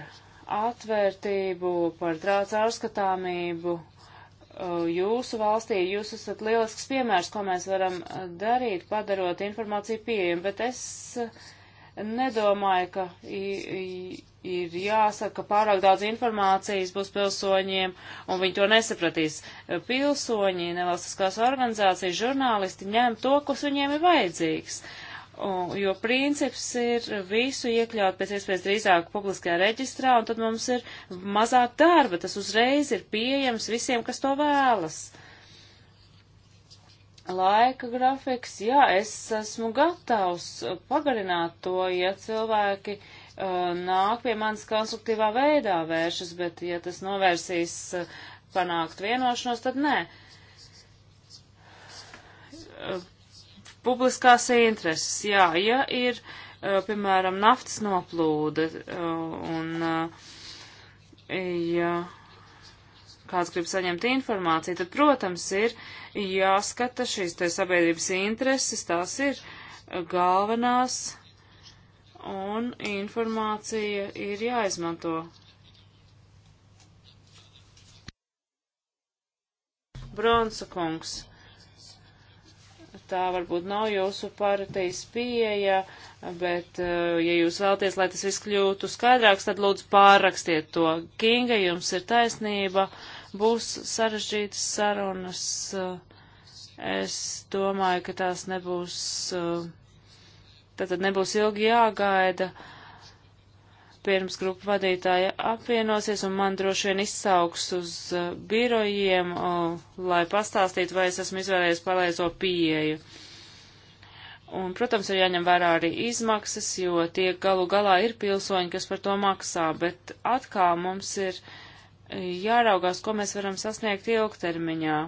atvērtību, par drauc ārskatāmību uh, jūsu valstī. Jūs esat lielisks piemērs, ko mēs varam uh, darīt, padarot informāciju pieejamu, bet es uh, nedomāju, ka ir jāsaka, ka pārāk daudz informācijas būs pilsoņiem, un viņi to nesapratīs. Pilsoņi, nevalstiskās organizācijas, žurnālisti ņem to, kas viņiem ir vajadzīgs. Uh, Un, jo princips ir visu iekļaut pēc iespējas drīzāk publiskajā reģistrā, un tad mums ir mazāk darba, tas uzreiz ir pieejams visiem, kas to vēlas. Laika grafiks, jā, es esmu gatavs pagarināt to, ja cilvēki uh, nāk pie manis konstruktīvā veidā vēršas, bet ja tas novērsīs uh, panākt vienošanos, tad nē. Uh, publiskās intereses. Jā, ja ir, eh, piemēram, naftas noplūde eh, un, eh, ja kāds grib saņemt informāciju, tad, protams, ir jāskata šīs te sabiedrības intereses, tās ir galvenās un informācija ir jāizmanto. Bronsa kungs tā varbūt nav jūsu partijas pieeja, bet, eh, ja jūs vēlaties, lai tas viss kļūtu skaidrāks, tad lūdzu pārrakstiet to. Kinga, jums ir taisnība, būs sarežģītas sarunas. Eh, es domāju, ka tās nebūs, eh, tad nebūs ilgi jāgaida. Uh, pirms grupu vadītāja apvienosies un man droši vien izsauks uz uh, birojiem, uh, lai pastāstītu, vai es esmu izvēlējies pareizo pieeju. Un, protams, ir jāņem vērā arī izmaksas, jo tie galu galā ir pilsoņi, kas par to maksā, bet atkal mums ir jāraugās, ko mēs varam sasniegt ilgtermiņā.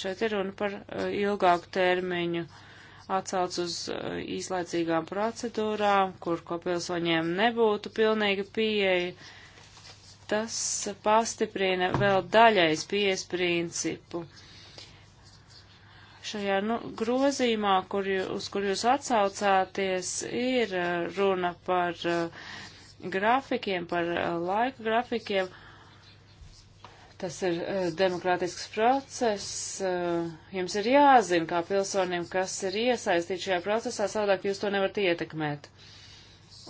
Šeit ir runa par uh, ilgāku termiņu. Uh, atsauc uz eh, īslaicīgām procedūrām, kur kopilsoņiem nebūtu pilnīga pieeja. Tas pastiprina vēl daļais pieejas principu. Šajā nu, grozījumā, kur, jū, uz kur jūs atsaucāties, ir eh, runa par uh, grafikiem, par uh, laika grafikiem Tas ir uh, demokrātisks process. Uh, jums ir jāzina, kā pilsonim, kas ir iesaistīts šajā procesā, savādāk jūs to nevarat ietekmēt.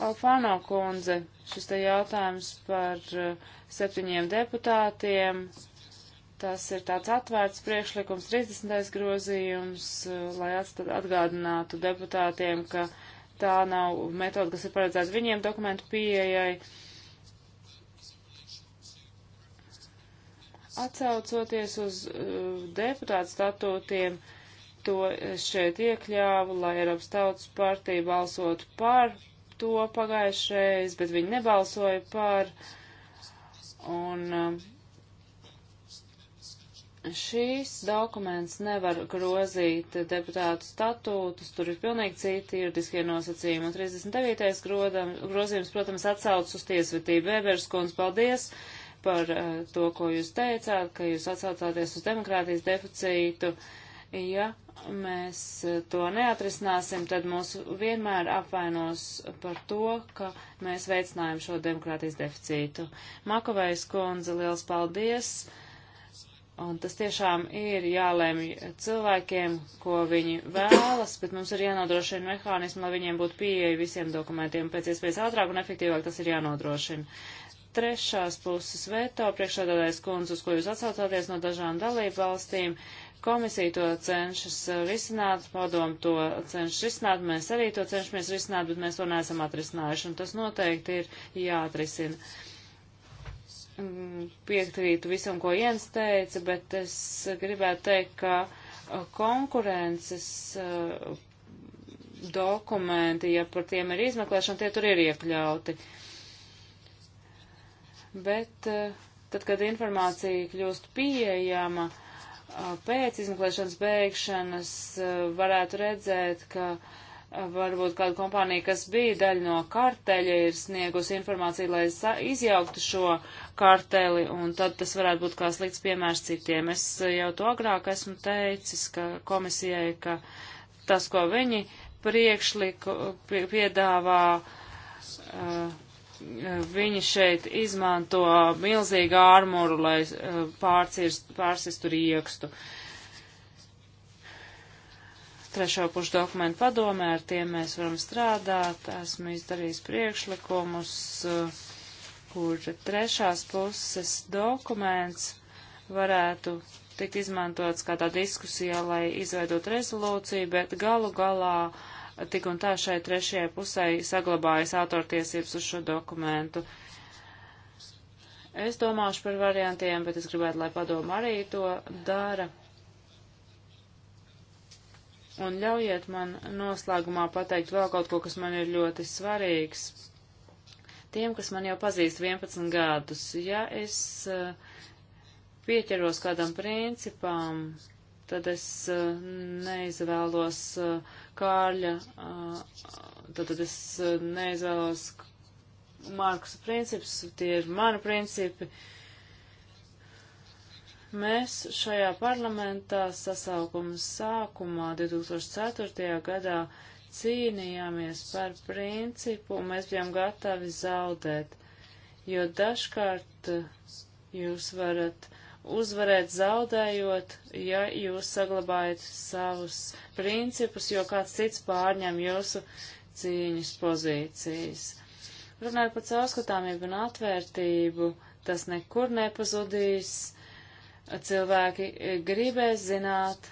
Alfāno kundze, šis te jautājums par uh, septiņiem deputātiem. Tas ir tāds atvērts priekšlikums, 30. grozījums, uh, lai atgādinātu deputātiem, ka tā nav metoda, kas ir paredzēta viņiem dokumentu pieejai. Uh, Atcaucoties uz uh, deputātu statūtiem, to šeit iekļāvu, lai Eiropas tautas partija balsotu par to pagājušreiz, bet viņi nebalsoja par. Un uh, šīs dokuments nevar grozīt deputātu statūtus, tur ir pilnīgi citi juridiskie nosacījumi. Un 39. Grodam, grozījums, protams, atsauc uz tiesvedību. Vēbers kundz, paldies! Uh, par eh, to, ko jūs teicāt, ka jūs atsaucāties uz demokrātijas deficītu. Ja mēs eh, to neatrisināsim, tad mūs vienmēr apvainos par to, ka mēs veicinājam šo demokrātijas deficītu. Makovējs kundze, liels paldies! Un tas tiešām ir jālēmj cilvēkiem, ko viņi vēlas, bet mums ir jānodrošina mehānismi, lai viņiem būtu pieeja visiem dokumentiem. Pēc iespējas ātrāk un efektīvāk tas ir jānodrošina trešās puses veto priekšādādājas kundze, uz ko jūs atsaucāties no dažām dalību valstīm. Komisija to cenšas eh, risināt, padomu to cenšas risināt, mēs arī to cenšamies risināt, bet mēs to neesam atrisinājuši, un tas noteikti ir jāatrisina. Mm, piekrītu visam, ko Jens teica, bet es gribētu teikt, ka eh, konkurences eh, dokumenti, ja par tiem ir izmeklēšana, tie tur ir iekļauti. Uh, bet eh, tad, kad informācija kļūst pieejama eh, pēc izmeklēšanas beigšanas, eh, varētu redzēt, ka varbūt kāda kompānija, kas bija daļa no karteļa, ir sniegusi informāciju, lai izjauktu šo karteli, un tad tas varētu būt kā slikts piemērs citiem. Es jau to agrāk esmu teicis, ka komisijai, ka tas, ko viņi priekšliku piedāvā, uh, viņi šeit izmanto milzīgu ārmuru, lai eh, pārcirst, pārsistu riekstu. Trešo pušu dokumentu padomē, ar tiem mēs varam strādāt. Esmu izdarījis priekšlikumus, eh, kur trešās puses dokuments varētu tikt izmantots kādā diskusijā, lai izveidot rezolūciju, bet galu galā uh, tik un tā šai trešajai pusē saglabājas autortiesības uz šo dokumentu. Es domāšu par variantiem, bet es gribētu, lai padomu arī to dara. Un ļaujiet man noslēgumā pateikt vēl kaut ko, kas man ir ļoti svarīgs. Tiem, kas man jau pazīst 11 gadus, ja es eh, pieķeros kādam principam, tad es eh, neizvēlos eh, Kārļa, eh, tad, tad es neizvēlos Mārkusa principus, tie ir mani principi. Mēs šajā parlamentā sasaukuma sākumā 2004. gadā cīnījāmies par principu, un mēs bijām gatavi zaudēt, jo dažkārt jūs varat uh, uzvarēt zaudējot, ja jūs saglabājat savus principus, jo kāds cits pārņem jūsu cīņas pozīcijas. Runājot par caurskatāmību un atvērtību, tas nekur nepazudīs. Cilvēki gribēs zināt,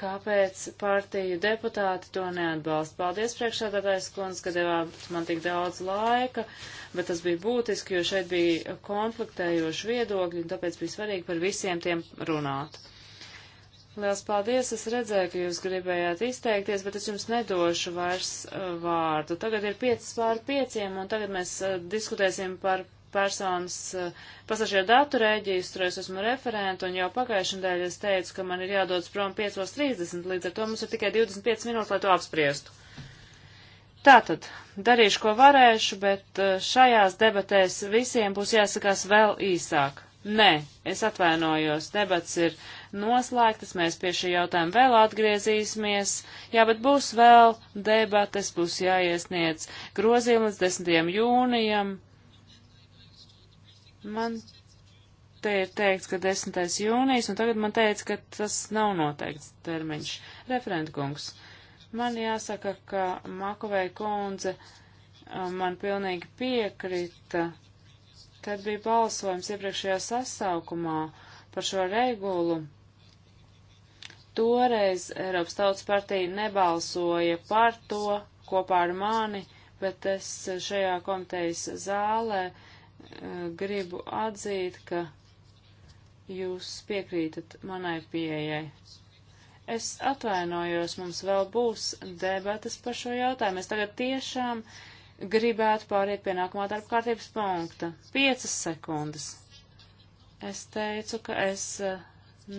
kāpēc partiju deputāti to neatbalsta. Paldies priekšādātājs kundz, ka devāt man tik daudz laika, bet tas bija būtiski, jo šeit bija konfliktējoši viedokļi, un tāpēc bija svarīgi par visiem tiem runāt. Liels paldies, es redzēju, ka jūs gribējāt izteikties, bet es jums nedošu vairs uh, vārdu. Tagad ir 5 pār 5, un tagad mēs uh, diskutēsim par personas eh, pasažieru datu reģistru, es esmu referenta, un jau pagājušajā nedēļā es teicu, ka man ir jādodas prom 5.30, līdz ar to mums ir tikai 25 minūtes, lai to apspriestu. Tātad, darīšu, ko varēšu, bet eh, šajās debatēs visiem būs jāsakās vēl īsāk. Nē, es atvainojos, debats ir noslēgtas, mēs pie šī jautājuma vēl atgriezīsimies. Jā, bet būs vēl debates, būs jāiesniedz grozījums 10. jūnijam. Man te ir teikts, ka 10. jūnijas, un tagad man teica, ka tas nav noteikts termiņš. Referentkungs, man jāsaka, ka Makovei kundze man pilnīgi piekrita. Tad bija balsojums iepriekšējā sasaukumā par šo regulu. Toreiz Eiropas Tautas partija nebalsoja par to kopā ar mani, bet es šajā komitejas zālē uh, Eh, gribu atzīt, ka jūs piekrītat manai pieejai. Es atvainojos, mums vēl būs debatas par šo jautājumu. Es tagad tiešām gribētu pāriet pie nākamā darba kārtības punkta. Piecas sekundes. Es teicu, ka es uh,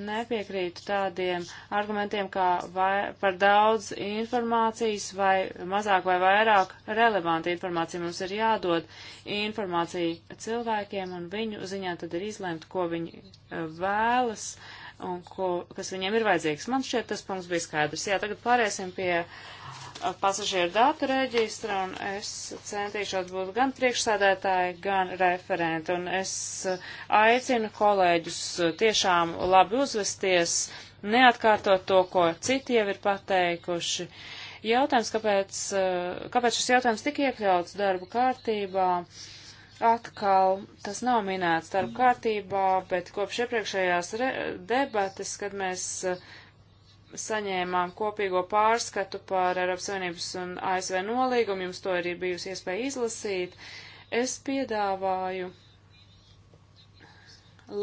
nepiekrītu tādiem argumentiem kā vai, par daudz informācijas vai mazāk vai vairāk relevanta informācija. Mums ir jādod informācija cilvēkiem un viņu ziņā tad ir izlemt, ko viņi eh, vēlas un ko, kas viņiem ir vajadzīgs. Man šķiet, tas punkts bija skaidrs. Jā, tagad pārēsim pie uh, Uh, pasažieru datu reģistra, un es centīšos būt gan priekšsēdētāji, gan referenti. Un es uh, aicinu kolēģus uh, tiešām labi uzvesties, neatkārtot to, ko citi jau ir pateikuši. Jautājums, kāpēc, kāpēc šis jautājums tika iekļauts darba kārtībā? Atkal tas nav minēts darba kārtībā, bet kopš iepriekšējās debates, kad mēs uh, saņēmām kopīgo pārskatu par Eiropas Savienības un ASV nolīgumu, jums to arī bijusi iespēja izlasīt. Es piedāvāju,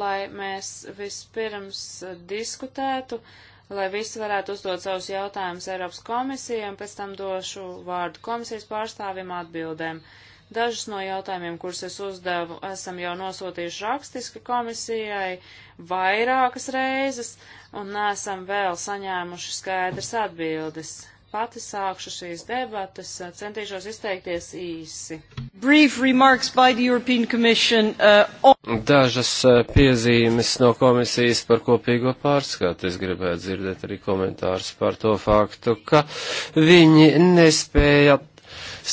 lai mēs vispirms diskutētu, lai visi varētu uzdot savus jautājumus Eiropas komisijai, un pēc tam došu vārdu komisijas pārstāvim atbildēm. Uh, Dažus no jautājumiem, kurus es uzdevu, esam jau nosūtījuši rakstiski komisijai vairākas reizes un neesam vēl saņēmuši skaidras atbildes. Pati sākšu šīs debatas, centīšos izteikties īsi. Uh, on... Dažas uh, piezīmes no komisijas par kopīgo pārskatu. Es gribētu dzirdēt arī komentārus par to faktu, ka viņi nespēja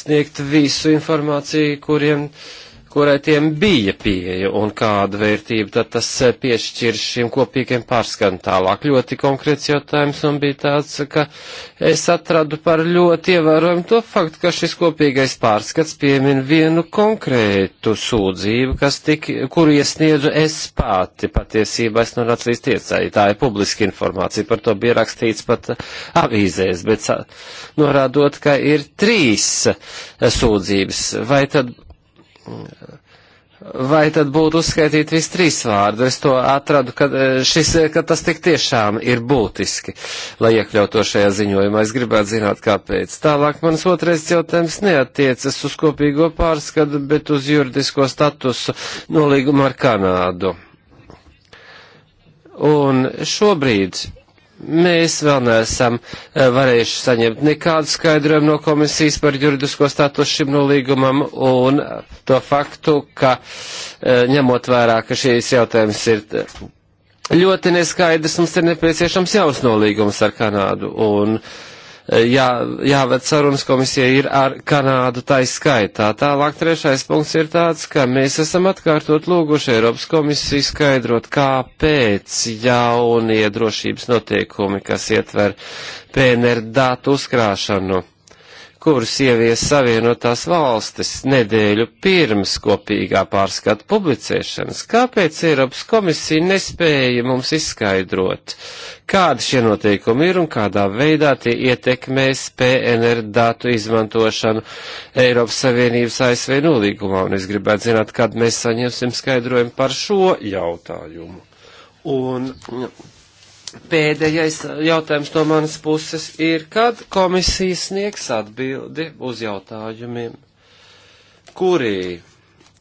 sniegt visu informāciju, kuriem uh, kurai tiem bija pieeja un kāda vērtība tad tas eh, piešķir šiem kopīgiem pārskan tālāk. Ļoti konkrēts jautājums un bija tāds, ka es atradu par ļoti ievērojumu to faktu, ka šis kopīgais pārskats piemin vienu konkrētu sūdzību, kas tik, kuru iesniedzu es pati patiesībā, es nonācu līdz tiecai. Tā ir publiska informācija, par to bija rakstīts pat avīzēs, bet norādot, ka ir trīs eh, sūdzības. Vai tad Vai tad būtu uzskaitīt visi trīs vārdi? Es to atradu, ka, e, šis, e, ka tas tik tiešām ir būtiski, lai iekļautu šajā ziņojumā. Es gribētu zināt, kāpēc. Tālāk manas otrais jautājums neatiecas uz kopīgo pārskatu, bet uz juridisko statusu nolīgumu ar Kanādu. Un šobrīd Mēs vēl neesam eh, varējuši saņemt nekādu skaidrojumu no komisijas par juridisko statusu šim nolīgumam un to faktu, ka eh, ņemot vērā, ka šīs jautājums ir eh, ļoti neskaidrs, mums ir nepieciešams jauns nolīgums ar Kanādu. Un uh, Eh, jā, jāved sarunas komisija ir ar Kanādu taiskaitā. Tālāk trešais punkts ir tāds, ka mēs esam atkārtot lūguši Eiropas komisiju skaidrot, kāpēc jaunie drošības noteikumi, kas ietver PNR datu uzkrāšanu kurus ievies Savienotās valstis nedēļu pirms kopīgā pārskata publicēšanas, kāpēc Eiropas komisija nespēja mums izskaidrot, kādi šie noteikumi ir un kādā veidā tie ietekmēs PNR datu izmantošanu Eiropas Savienības ASV nolīgumā, un es gribētu zināt, kad mēs saņemsim skaidrojumu par šo jautājumu. Un, ja. Pēdējais jautājums no manas puses ir, kad komisija sniegs atbildi uz jautājumiem, kuri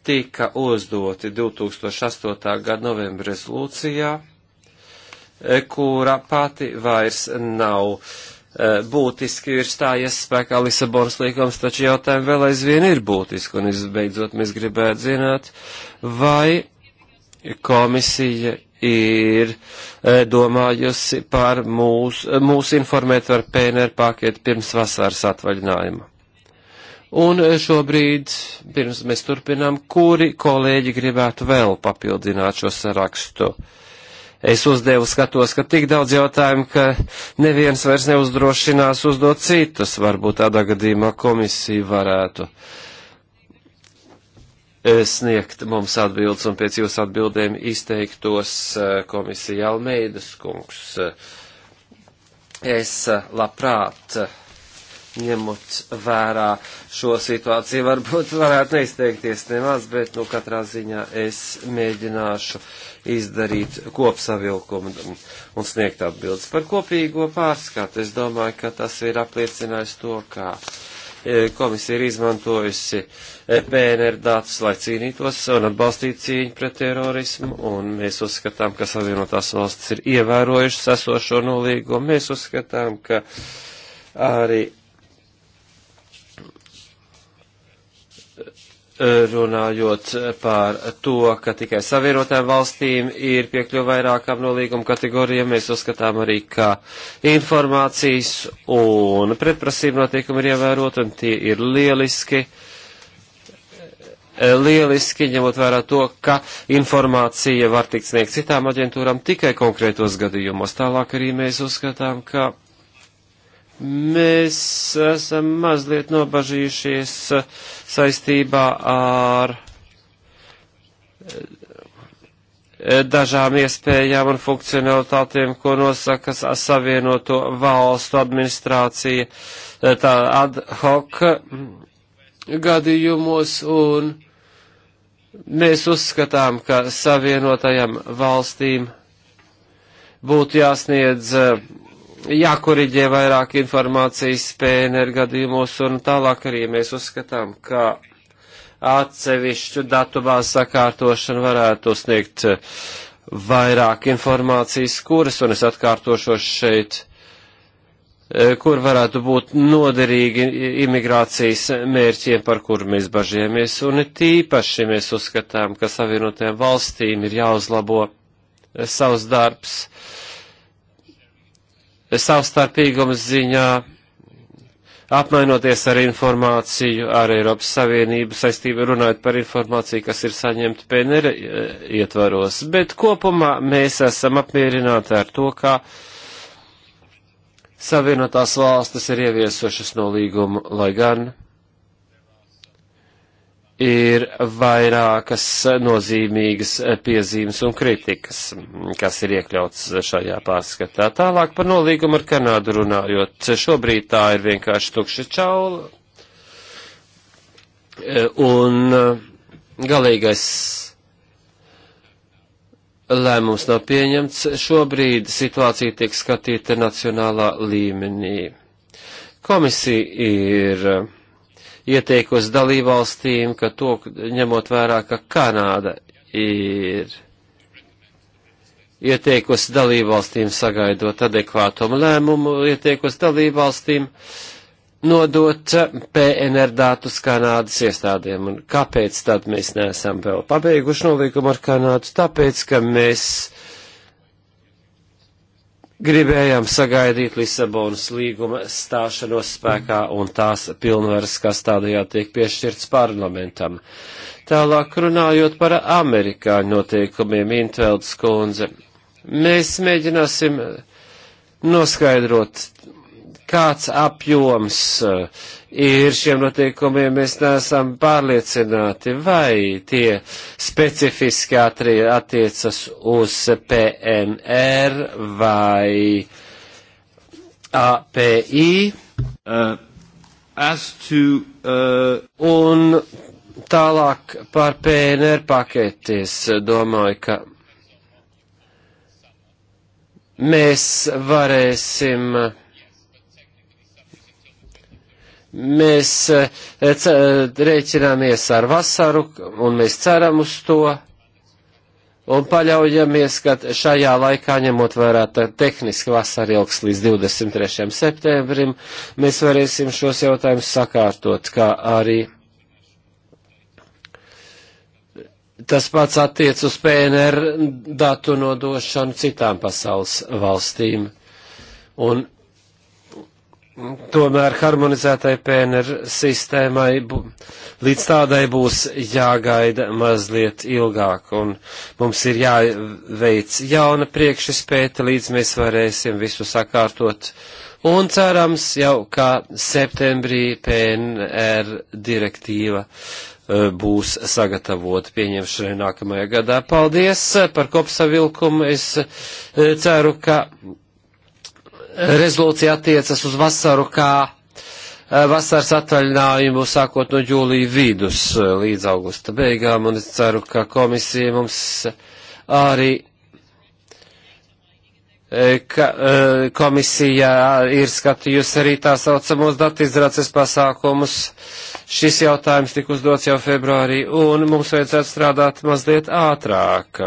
tika uzdoti 2008. gada novembra rezolūcijā, e, kura pati vairs nav e, būtiski ir stājies spēkā Lisabonas līgums, taču jautājumi vēl aizvien ir būtiski, un visbeidzot mēs gribētu zināt, vai komisija ir e, domājusi par mūsu, e, mūs informēt par PNR paketu pirms vasaras atvaļinājuma. Un e, šobrīd, pirms mēs turpinām, kuri kolēģi gribētu vēl papildināt šo sarakstu? Es uzdevu skatos, ka tik daudz jautājumu, ka neviens vairs neuzdrošinās uzdot citus, varbūt tādā gadījumā komisija varētu uh, E, sniegt mums atbildes, un pēc jūsu atbildēm izteiktos e, komisija Almeidas kungs. E, es labprāt, ņemot vērā šo situāciju, varbūt varētu neizteikties nemaz, bet, nu, katrā ziņā es mēģināšu izdarīt kopsavilkumu un sniegt atbildes par kopīgo pārskatu. Es domāju, ka tas ir apliecinājis to, kā. Ka E, komisija ir izmantojusi e PNR datus, lai cīnītos un atbalstītu cīņu pret terorismu, un mēs uzskatām, ka Savienotās valstis ir ievērojušas esošo nolīgumu. Mēs uzskatām, ka arī runājot par to, ka tikai savienotēm valstīm ir piekļuva vairākām nolīguma kategorijām, mēs uzskatām arī, ka informācijas un pretprasību notiekumi ir ievērot, un tie ir lieliski. Lieliski, ņemot vērā to, ka informācija var tikt sniegt citām aģentūrām tikai konkrētos gadījumos. Tālāk arī mēs uzskatām, ka Mēs esam mazliet nobažījušies eh, saistībā ar eh, dažām iespējām un funkcionalitātiem, ko nosaka savienoto valstu administrācija eh, tā ad hoc gadījumos, un mēs uzskatām, ka savienotajām valstīm būtu jāsniedz jākoriģē vairāk informācijas PNR gadījumos, un tālāk arī mēs uzskatām, ka atsevišķu datubāzu sakārtošana varētu sniegt eh, vairāk informācijas, kuras, un es atkārtošos šeit, eh, kur varētu būt noderīgi imigrācijas mērķiem, par kur mēs bažiemies, un tīpaši mēs uzskatām, ka savienotajām valstīm ir jāuzlabo eh, savs darbs, uh, savstarpīgums ziņā, apmainoties ar informāciju ar Eiropas Savienību saistību runājot par informāciju, kas ir saņemta PNR e, ietvaros. Bet kopumā mēs esam apmierināti ar to, kā Savienotās valstis ir ieviesušas no līguma, lai gan ir vairākas nozīmīgas piezīmes un kritikas, kas ir iekļauts šajā pārskatā. Tālāk par nolīgumu ar Kanādu runājot, šobrīd tā ir vienkārši tukša čaula. Un galīgais lēmums nav pieņemts. Šobrīd situācija tiek skatīta nacionālā līmenī. Komisija ir ieteikos dalībvalstīm, ka to ņemot vērā, ka Kanāda ir ieteikusi dalībvalstīm sagaidot adekvātumu lēmumu, ieteikusi dalībvalstīm nodot PNR datus Kanādas iestādēm. Un kāpēc tad mēs neesam vēl pabeiguši nolīgumu ar Kanādu? Tāpēc, ka mēs gribējām sagaidīt Lisabonas līguma stāšanos spēkā un tās pilnvaras, kas tādajā tiek piešķirts parlamentam. Tālāk runājot par amerikāņu noteikumiem, Intvelds kundze, mēs mēģināsim noskaidrot, kāds apjoms uh, ir šiem noteikumiem, mēs neesam pārliecināti, vai tie specifiski attiecas uz PNR vai API. Uh, to, uh... Un tālāk par PNR paketies domāju, ka mēs varēsim Mēs eh, rēķināmies ar vasaru un mēs ceram uz to un paļaujamies, ka šajā laikā, ņemot vērā tehniski vasara ilgs līdz 23. septembrim, mēs varēsim šos jautājumus sakārtot, kā arī tas pats attiec uz PNR datu nodošanu citām pasaules valstīm. Un tomēr harmonizētai PNR sistēmai bū, līdz tādai būs jāgaida mazliet ilgāk, un mums ir jāveic jauna priekšspēta, līdz mēs varēsim visu sakārtot. Un cerams jau, ka septembrī PNR direktīva e, būs sagatavota pieņemšanai nākamajā gadā. Paldies par kopsavilkumu. Es e, ceru, ka rezolūcija attiecas uz vasaru kā eh, vasaras atvaļinājumu sākot no jūlija vidus eh, līdz augusta beigām, un es ceru, ka komisija mums eh, arī ka komisija ir skatījusi arī tā saucamos datizrāces pasākumus. Šis jautājums tika uzdots jau februārī, un mums vajadzētu strādāt mazliet ātrāk.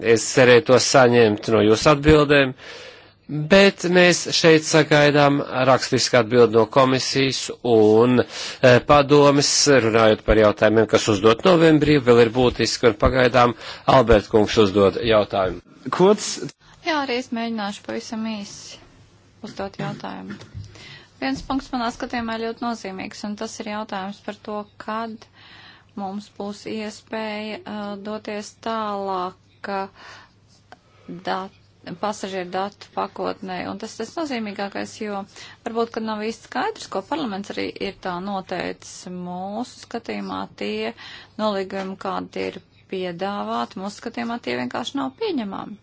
Es cerēju to saņemt no jūsu atbildēm. Uh, Bet mēs šeit sagaidām rakstisku atbildi no komisijas un e, padomis, runājot par jautājumiem, kas uzdot novembrī, vēl ir būtiski, un pagaidām Alberta kungs uzdod jautājumu. Kods? Jā, arī es mēģināšu pavisam īsi uzdot jautājumu. Viens punkts manā skatījumā ļoti nozīmīgs, un tas ir jautājums par to, kad mums būs iespēja uh, doties tālāk uh, datu pasažieru datu pakotnē. Un tas tas nozīmīgākais, jo varbūt, ka nav īsti skaidrs, ko parlaments arī ir tā noteicis mūsu skatījumā tie nolīgumi, kādi tie ir piedāvāti, mūsu skatījumā tie vienkārši nav pieņemami.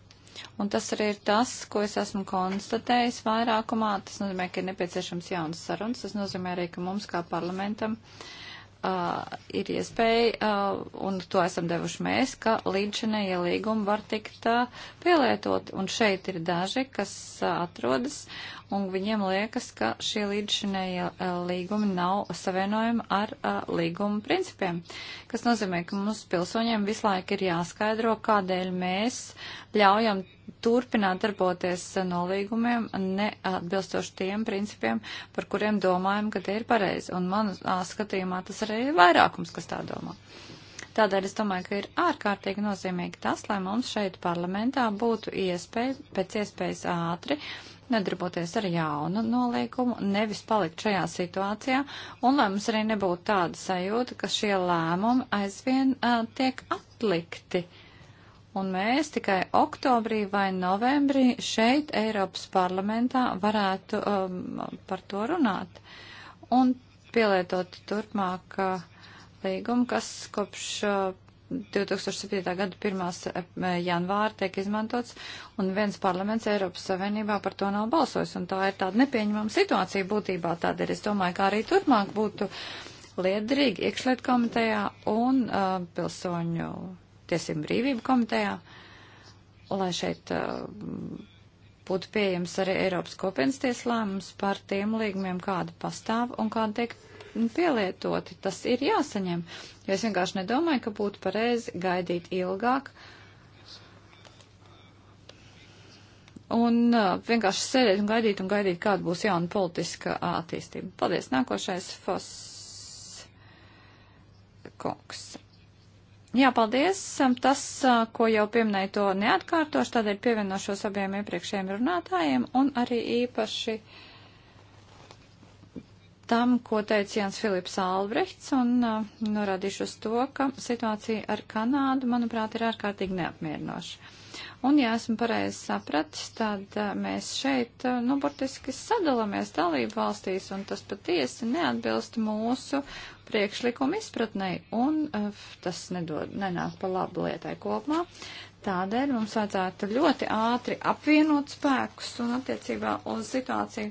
Un tas arī ir tas, ko es esmu konstatējis vairākumā. Tas nozīmē, ka ir nepieciešams jaunas sarunas. Tas nozīmē arī, ka mums kā parlamentam uh, uh, ir iespēja, uh, un to esam devuši mēs, ka līdšanējie līgumi var tikt uh, pielietot. Un šeit ir daži, kas uh, atrodas un viņiem liekas, ka šie līdzšinēja eh, līgumi nav savienojumi ar a, eh, līguma principiem, kas nozīmē, ka mums pilsoņiem visu laiku ir jāskaidro, kādēļ mēs ļaujam turpināt darboties eh, nolīgumiem neatbilstoši tiem principiem, par kuriem domājam, ka tie ir pareizi. Un man ah, skatījumā tas arī ir vairākums, kas tā domā. Tādēļ es domāju, ka ir ārkārtīgi nozīmīgi tas, lai mums šeit parlamentā būtu iespēja pēc iespējas ātri uh, nedarboties ar jaunu nolīgumu, nevis palikt šajā situācijā, un lai mums arī nebūtu tāda sajūta, ka šie lēmumi aizvien uh, tiek atlikti. Un mēs tikai oktobrī vai novembrī šeit Eiropas parlamentā varētu um, par to runāt. Un pielietot turpmāk uh, līgumu, kas kopš uh, 2007. gada 1. Eh, janvāra tiek izmantots, un viens parlaments Eiropas Savienībā par to nav balsojis, un tā ir tāda nepieņemama situācija būtībā. Tādēļ es domāju, kā arī turpmāk būtu liederīgi iekšliet komitejā un uh, pilsoņu tiesību brīvību komitejā, lai šeit. Uh, būtu pieejams arī Eiropas kopienas tieslēmums par tiem līgumiem, kāda pastāv un kāda tiek pielietoti, tas ir jāsaņem. Jo es vienkārši nedomāju, ka būtu pareizi gaidīt ilgāk. Un uh, vienkārši sēdēt un gaidīt un gaidīt, kāda būs jauna politiska attīstība. Paldies. Nākošais Fos Kungs. Jā, paldies. Tas, ko jau pieminēju, to neatkārtošu, tādēļ pievienošos abiem iepriekšējiem runātājiem un arī īpaši uh, tam, ko teica Jans Filips Albrechts, un uh, norādīšu uz to, ka situācija ar Kanādu, manuprāt, ir ārkārtīgi neapmierinoša. Un, ja esmu pareizi sapratis, tad uh, mēs šeit, uh, nu, burtiski sadalāmies dalību valstīs, un tas patiesi neatbilst mūsu priekšlikumu izpratnei, un uh, tas nedod, nenāk pa labu lietai kopumā. Tādēļ mums vajadzētu ļoti ātri apvienot spēkus un attiecībā uz situāciju,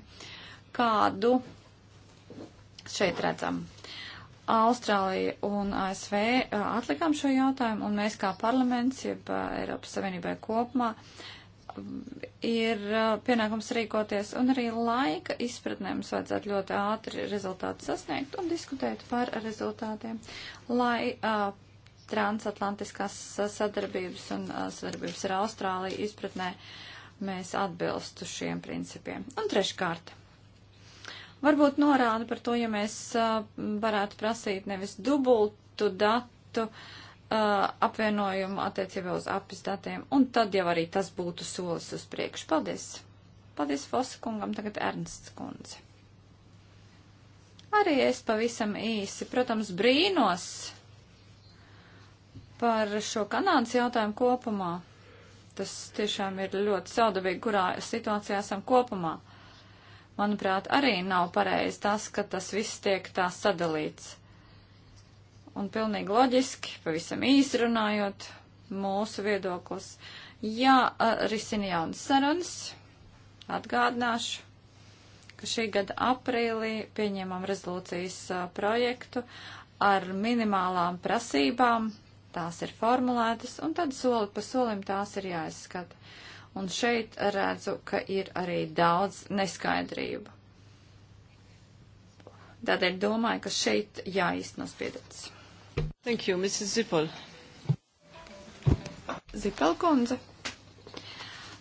kādu šeit redzam. Austrālija un ASV atlikām šo jautājumu, un mēs kā parlaments, jeb Eiropas Savienībai kopumā, ir pienākums rīkoties, un arī laika izpratnē mums vajadzētu ļoti ātri rezultātu sasniegt un diskutēt par rezultātiem, lai uh, transatlantiskās sadarbības un uh, sadarbības ar Austrāliju izpratnē mēs atbilstu šiem principiem. Un treškārt. Varbūt norāda par to, ja mēs varētu prasīt nevis dubultu datu apvienojumu attiecībā uz apis datiem, un tad jau arī tas būtu solis uz priekšu. Paldies! Paldies Fosa kungam, tagad Ernsts kundze. Arī es pavisam īsi, protams, brīnos par šo Kanādas jautājumu kopumā. Tas tiešām ir ļoti saudabīgi, kurā situācijā esam kopumā manuprāt, arī nav pareizi tas, ka tas viss tiek tā sadalīts. Un pilnīgi loģiski, pavisam īsi runājot, mūsu viedoklis. Jā, risina jaunas sarunas. Atgādināšu, ka šī gada aprīlī pieņēmām rezolūcijas projektu ar minimālām prasībām. Tās ir formulētas, un tad soli pa solim tās ir jāizskata. Uh, Un šeit redzu, ka ir arī daudz neskaidrību. Tādēļ domāju, ka šeit jāizno spiedats. Thank you, Mrs. Zipol. Zipelkundze.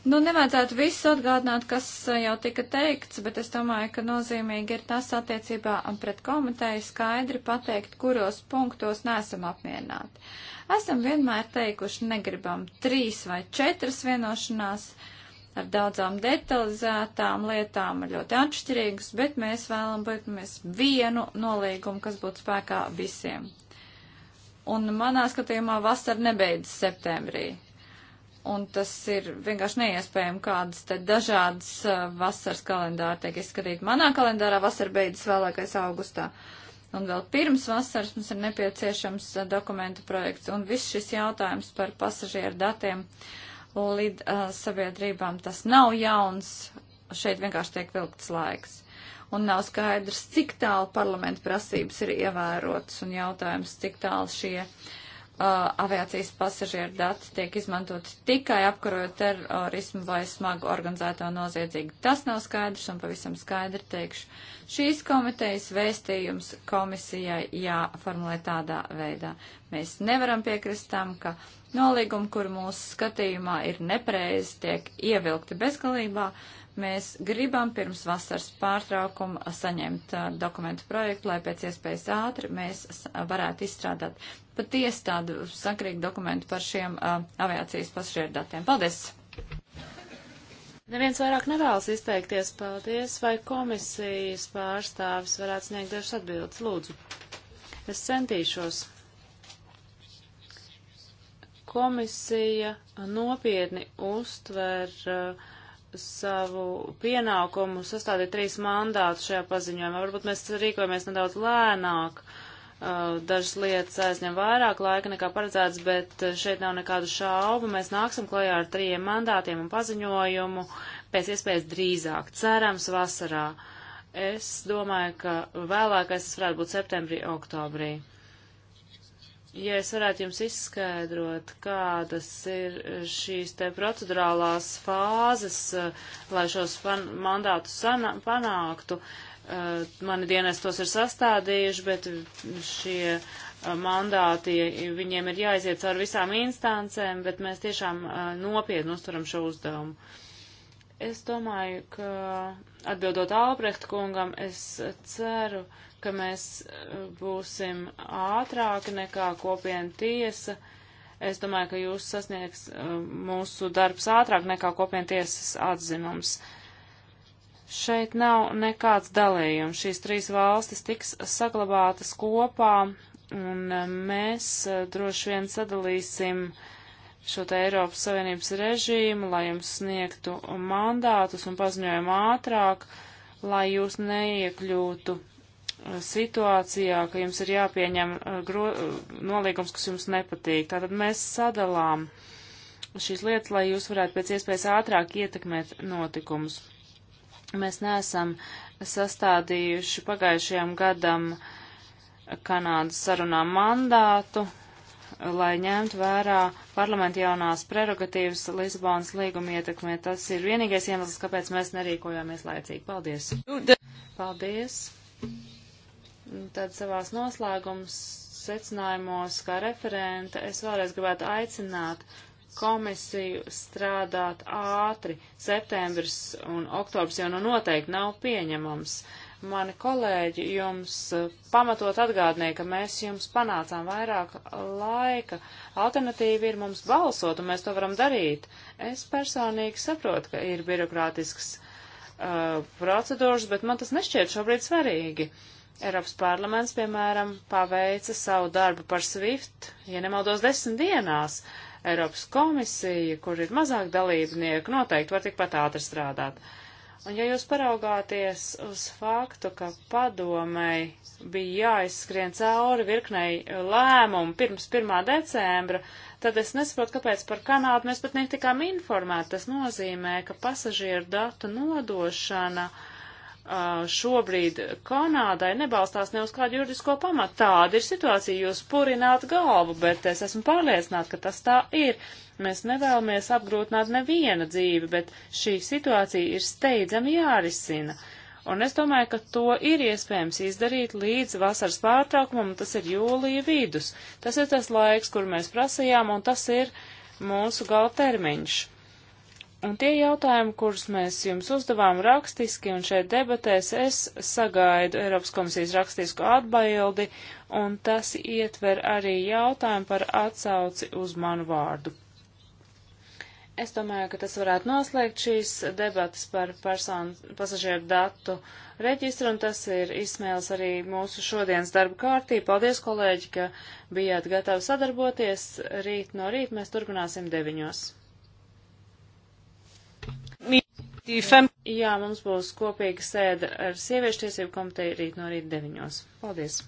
Nu, nevajadzētu visu atgādināt, kas eh, jau tika teikts, bet es domāju, ka nozīmīgi ir tas attiecībā pret komiteju skaidri pateikt, kuros punktos nesam apmierināti. Esam vienmēr teikuši, negribam trīs vai četras vienošanās ar daudzām detalizētām lietām, ļoti atšķirīgas, bet mēs vēlam beigties vienu nolīgumu, kas būtu spēkā visiem. Un manā skatījumā vasara nebeidzas septembrī un tas ir vienkārši neiespējami, kādas te dažādas uh, vasaras kalendāri tiek izskatīt. Manā kalendārā vasara beidzas vēlākais augustā. Un vēl pirms vasaras mums ir nepieciešams uh, dokumentu projekts, un viss šis jautājums par pasažieru datiem līdz uh, sabiedrībām tas nav jauns, šeit vienkārši tiek vilkts laiks. Un nav skaidrs, cik tālu parlamenta prasības ir ievērotas, un jautājums, cik tālu šie uh, Uh, aviācijas pasažieru dati tiek izmantot tikai apkarojot terorismu vai smagu organizēto noziedzību. Tas nav skaidrs un pavisam skaidri teikšu. Šīs komitejas vēstījums komisijai jāformulē tādā veidā. Mēs nevaram piekrist tam, ka nolīgumi, kur mūsu skatījumā ir nepareizi, tiek ievilkti bezgalībā. Uh, Mēs gribam pirms vasaras pārtraukuma saņemt uh, dokumentu projektu, lai pēc iespējas ātri mēs uh, varētu izstrādāt patiesi tādu sakrīgu dokumentu par šiem uh, aviācijas pasažieru datiem. Paldies! Neviens vairāk nevēlas izteikties. Paldies! Vai komisijas pārstāvis varētu sniegt dažas atbildes? Lūdzu! Es centīšos komisija nopietni uztver uh, savu pienākumu sastādīt trīs mandātus šajā paziņojumā. Varbūt mēs rīkojamies nedaudz lēnāk, uh, dažas lietas aizņem vairāk laika nekā paredzēts, bet uh, šeit nav nekādu šaubu. Mēs nāksim klajā ar trījiem mandātiem un paziņojumu pēc iespējas drīzāk, cerams, vasarā. Es domāju, ka vēlākais tas varētu būt septembrī, oktobrī ja es varētu jums izskaidrot, kādas ir šīs te procedurālās fāzes, eh, lai šos mandātus panāktu, eh, mani dienas tos ir sastādījuši, bet šie eh, mandāti, viņiem ir jāiziet caur visām instancēm, bet mēs tiešām nopietni uzturam šo uzdevumu. Es domāju, ka atbildot Albrecht kungam, es ceru, ka mēs e, būsim ātrāki nekā kopiena tiesa. Es domāju, ka jūs sasniegs e, mūsu darbs ātrāk nekā kopiena tiesas atzinums. Šeit nav nekāds dalījums. Šīs trīs valstis tiks saglabātas kopā, un e, mēs droši vien sadalīsim šo te Eiropas Savienības režīmu, lai jums sniegtu mandātus un paziņojumu ātrāk, lai jūs neiekļūtu situācijā, ka jums ir jāpieņem uh, gro, uh, nolīgums, kas jums nepatīk. Tātad mēs sadalām šīs lietas, lai jūs varētu pēc iespējas ātrāk ietekmēt notikumus. Mēs neesam sastādījuši pagājušajam gadam Kanādas sarunām mandātu, lai ņemtu vērā parlamenta jaunās prerogatīvas Lisabonas līguma ietekmē. Tas ir vienīgais iemesls, kāpēc mēs nerīkojāmies laicīgi. Paldies! Paldies! tad savās noslēgums secinājumos kā referente es vēlreiz gribētu aicināt komisiju strādāt ātri. Septembris un oktobris jau nu noteikti nav pieņemams. Mani kolēģi jums eh, pamatot atgādināja, ka mēs jums panācām vairāk laika. Alternatīva ir mums balsot, un mēs to varam darīt. Es personīgi saprotu, ka ir birokrātisks uh, procedūras, bet man tas nešķiet šobrīd svarīgi. Uh, Eiropas parlaments, piemēram, paveica savu darbu par SWIFT, ja nemaldos desmit dienās. Eiropas komisija, kur ir mazāk dalībnieku, noteikti var tikpat ātri strādāt. Un ja jūs paraugāties uz faktu, ka padomei bija jāizskrien cauri virknei lēmumu pirms 1. decembra, tad es nesaprotu, kāpēc par Kanādu mēs pat netikām informēti. Tas nozīmē, ka pasažieru datu nodošana uh, šobrīd Kanādai nebalstās ne uz kādu juridisko pamatu. Tāda ir situācija, jūs purināt galvu, bet es esmu pārliecināta, ka tas tā ir. Mēs nevēlamies apgrūtināt neviena dzīvi, bet šī situācija ir steidzami jārisina. Un es domāju, ka to ir iespējams izdarīt līdz vasaras pārtraukumam, un tas ir jūlija vidus. Tas ir tas laiks, kur mēs prasījām, un tas ir mūsu gala termiņš. Un tie jautājumi, kurus mēs jums uzdevām rakstiski un šeit debatēs, es sagaidu Eiropas komisijas rakstisku atbildi, un tas ietver arī jautājumu par atsauci uz manu vārdu. Es domāju, ka tas varētu noslēgt šīs debatas par personu pasažieru datu reģistru, un tas ir izsmēls arī mūsu šodienas darba kārtī. Paldies, kolēģi, ka bijāt gatavi sadarboties. Rīt no rīta mēs turpināsim deviņos. Jā, mums būs kopīga sēde ar sieviešu tiesību komiteju rīt no rīta deviņos. Paldies!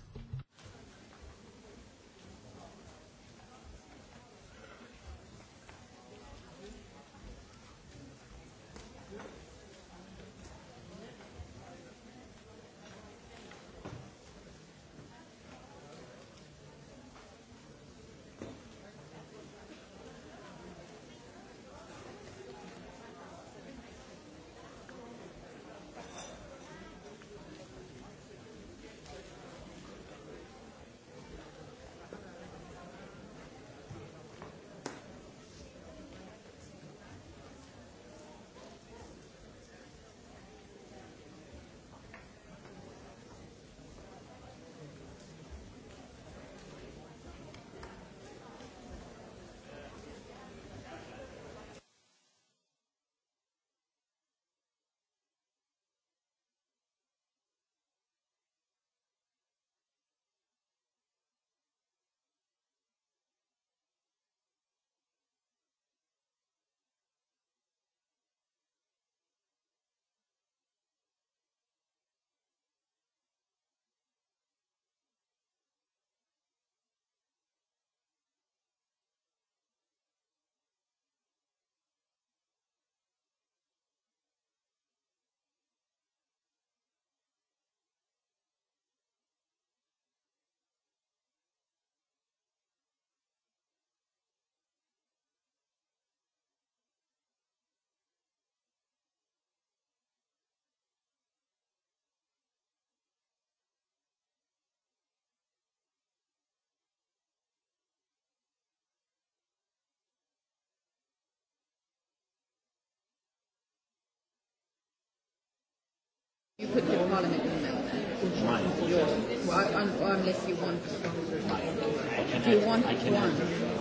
You put your parliament in there. Mine. Yours. Well, I, I'm, unless you want one. Mine. If you want I can one. Have,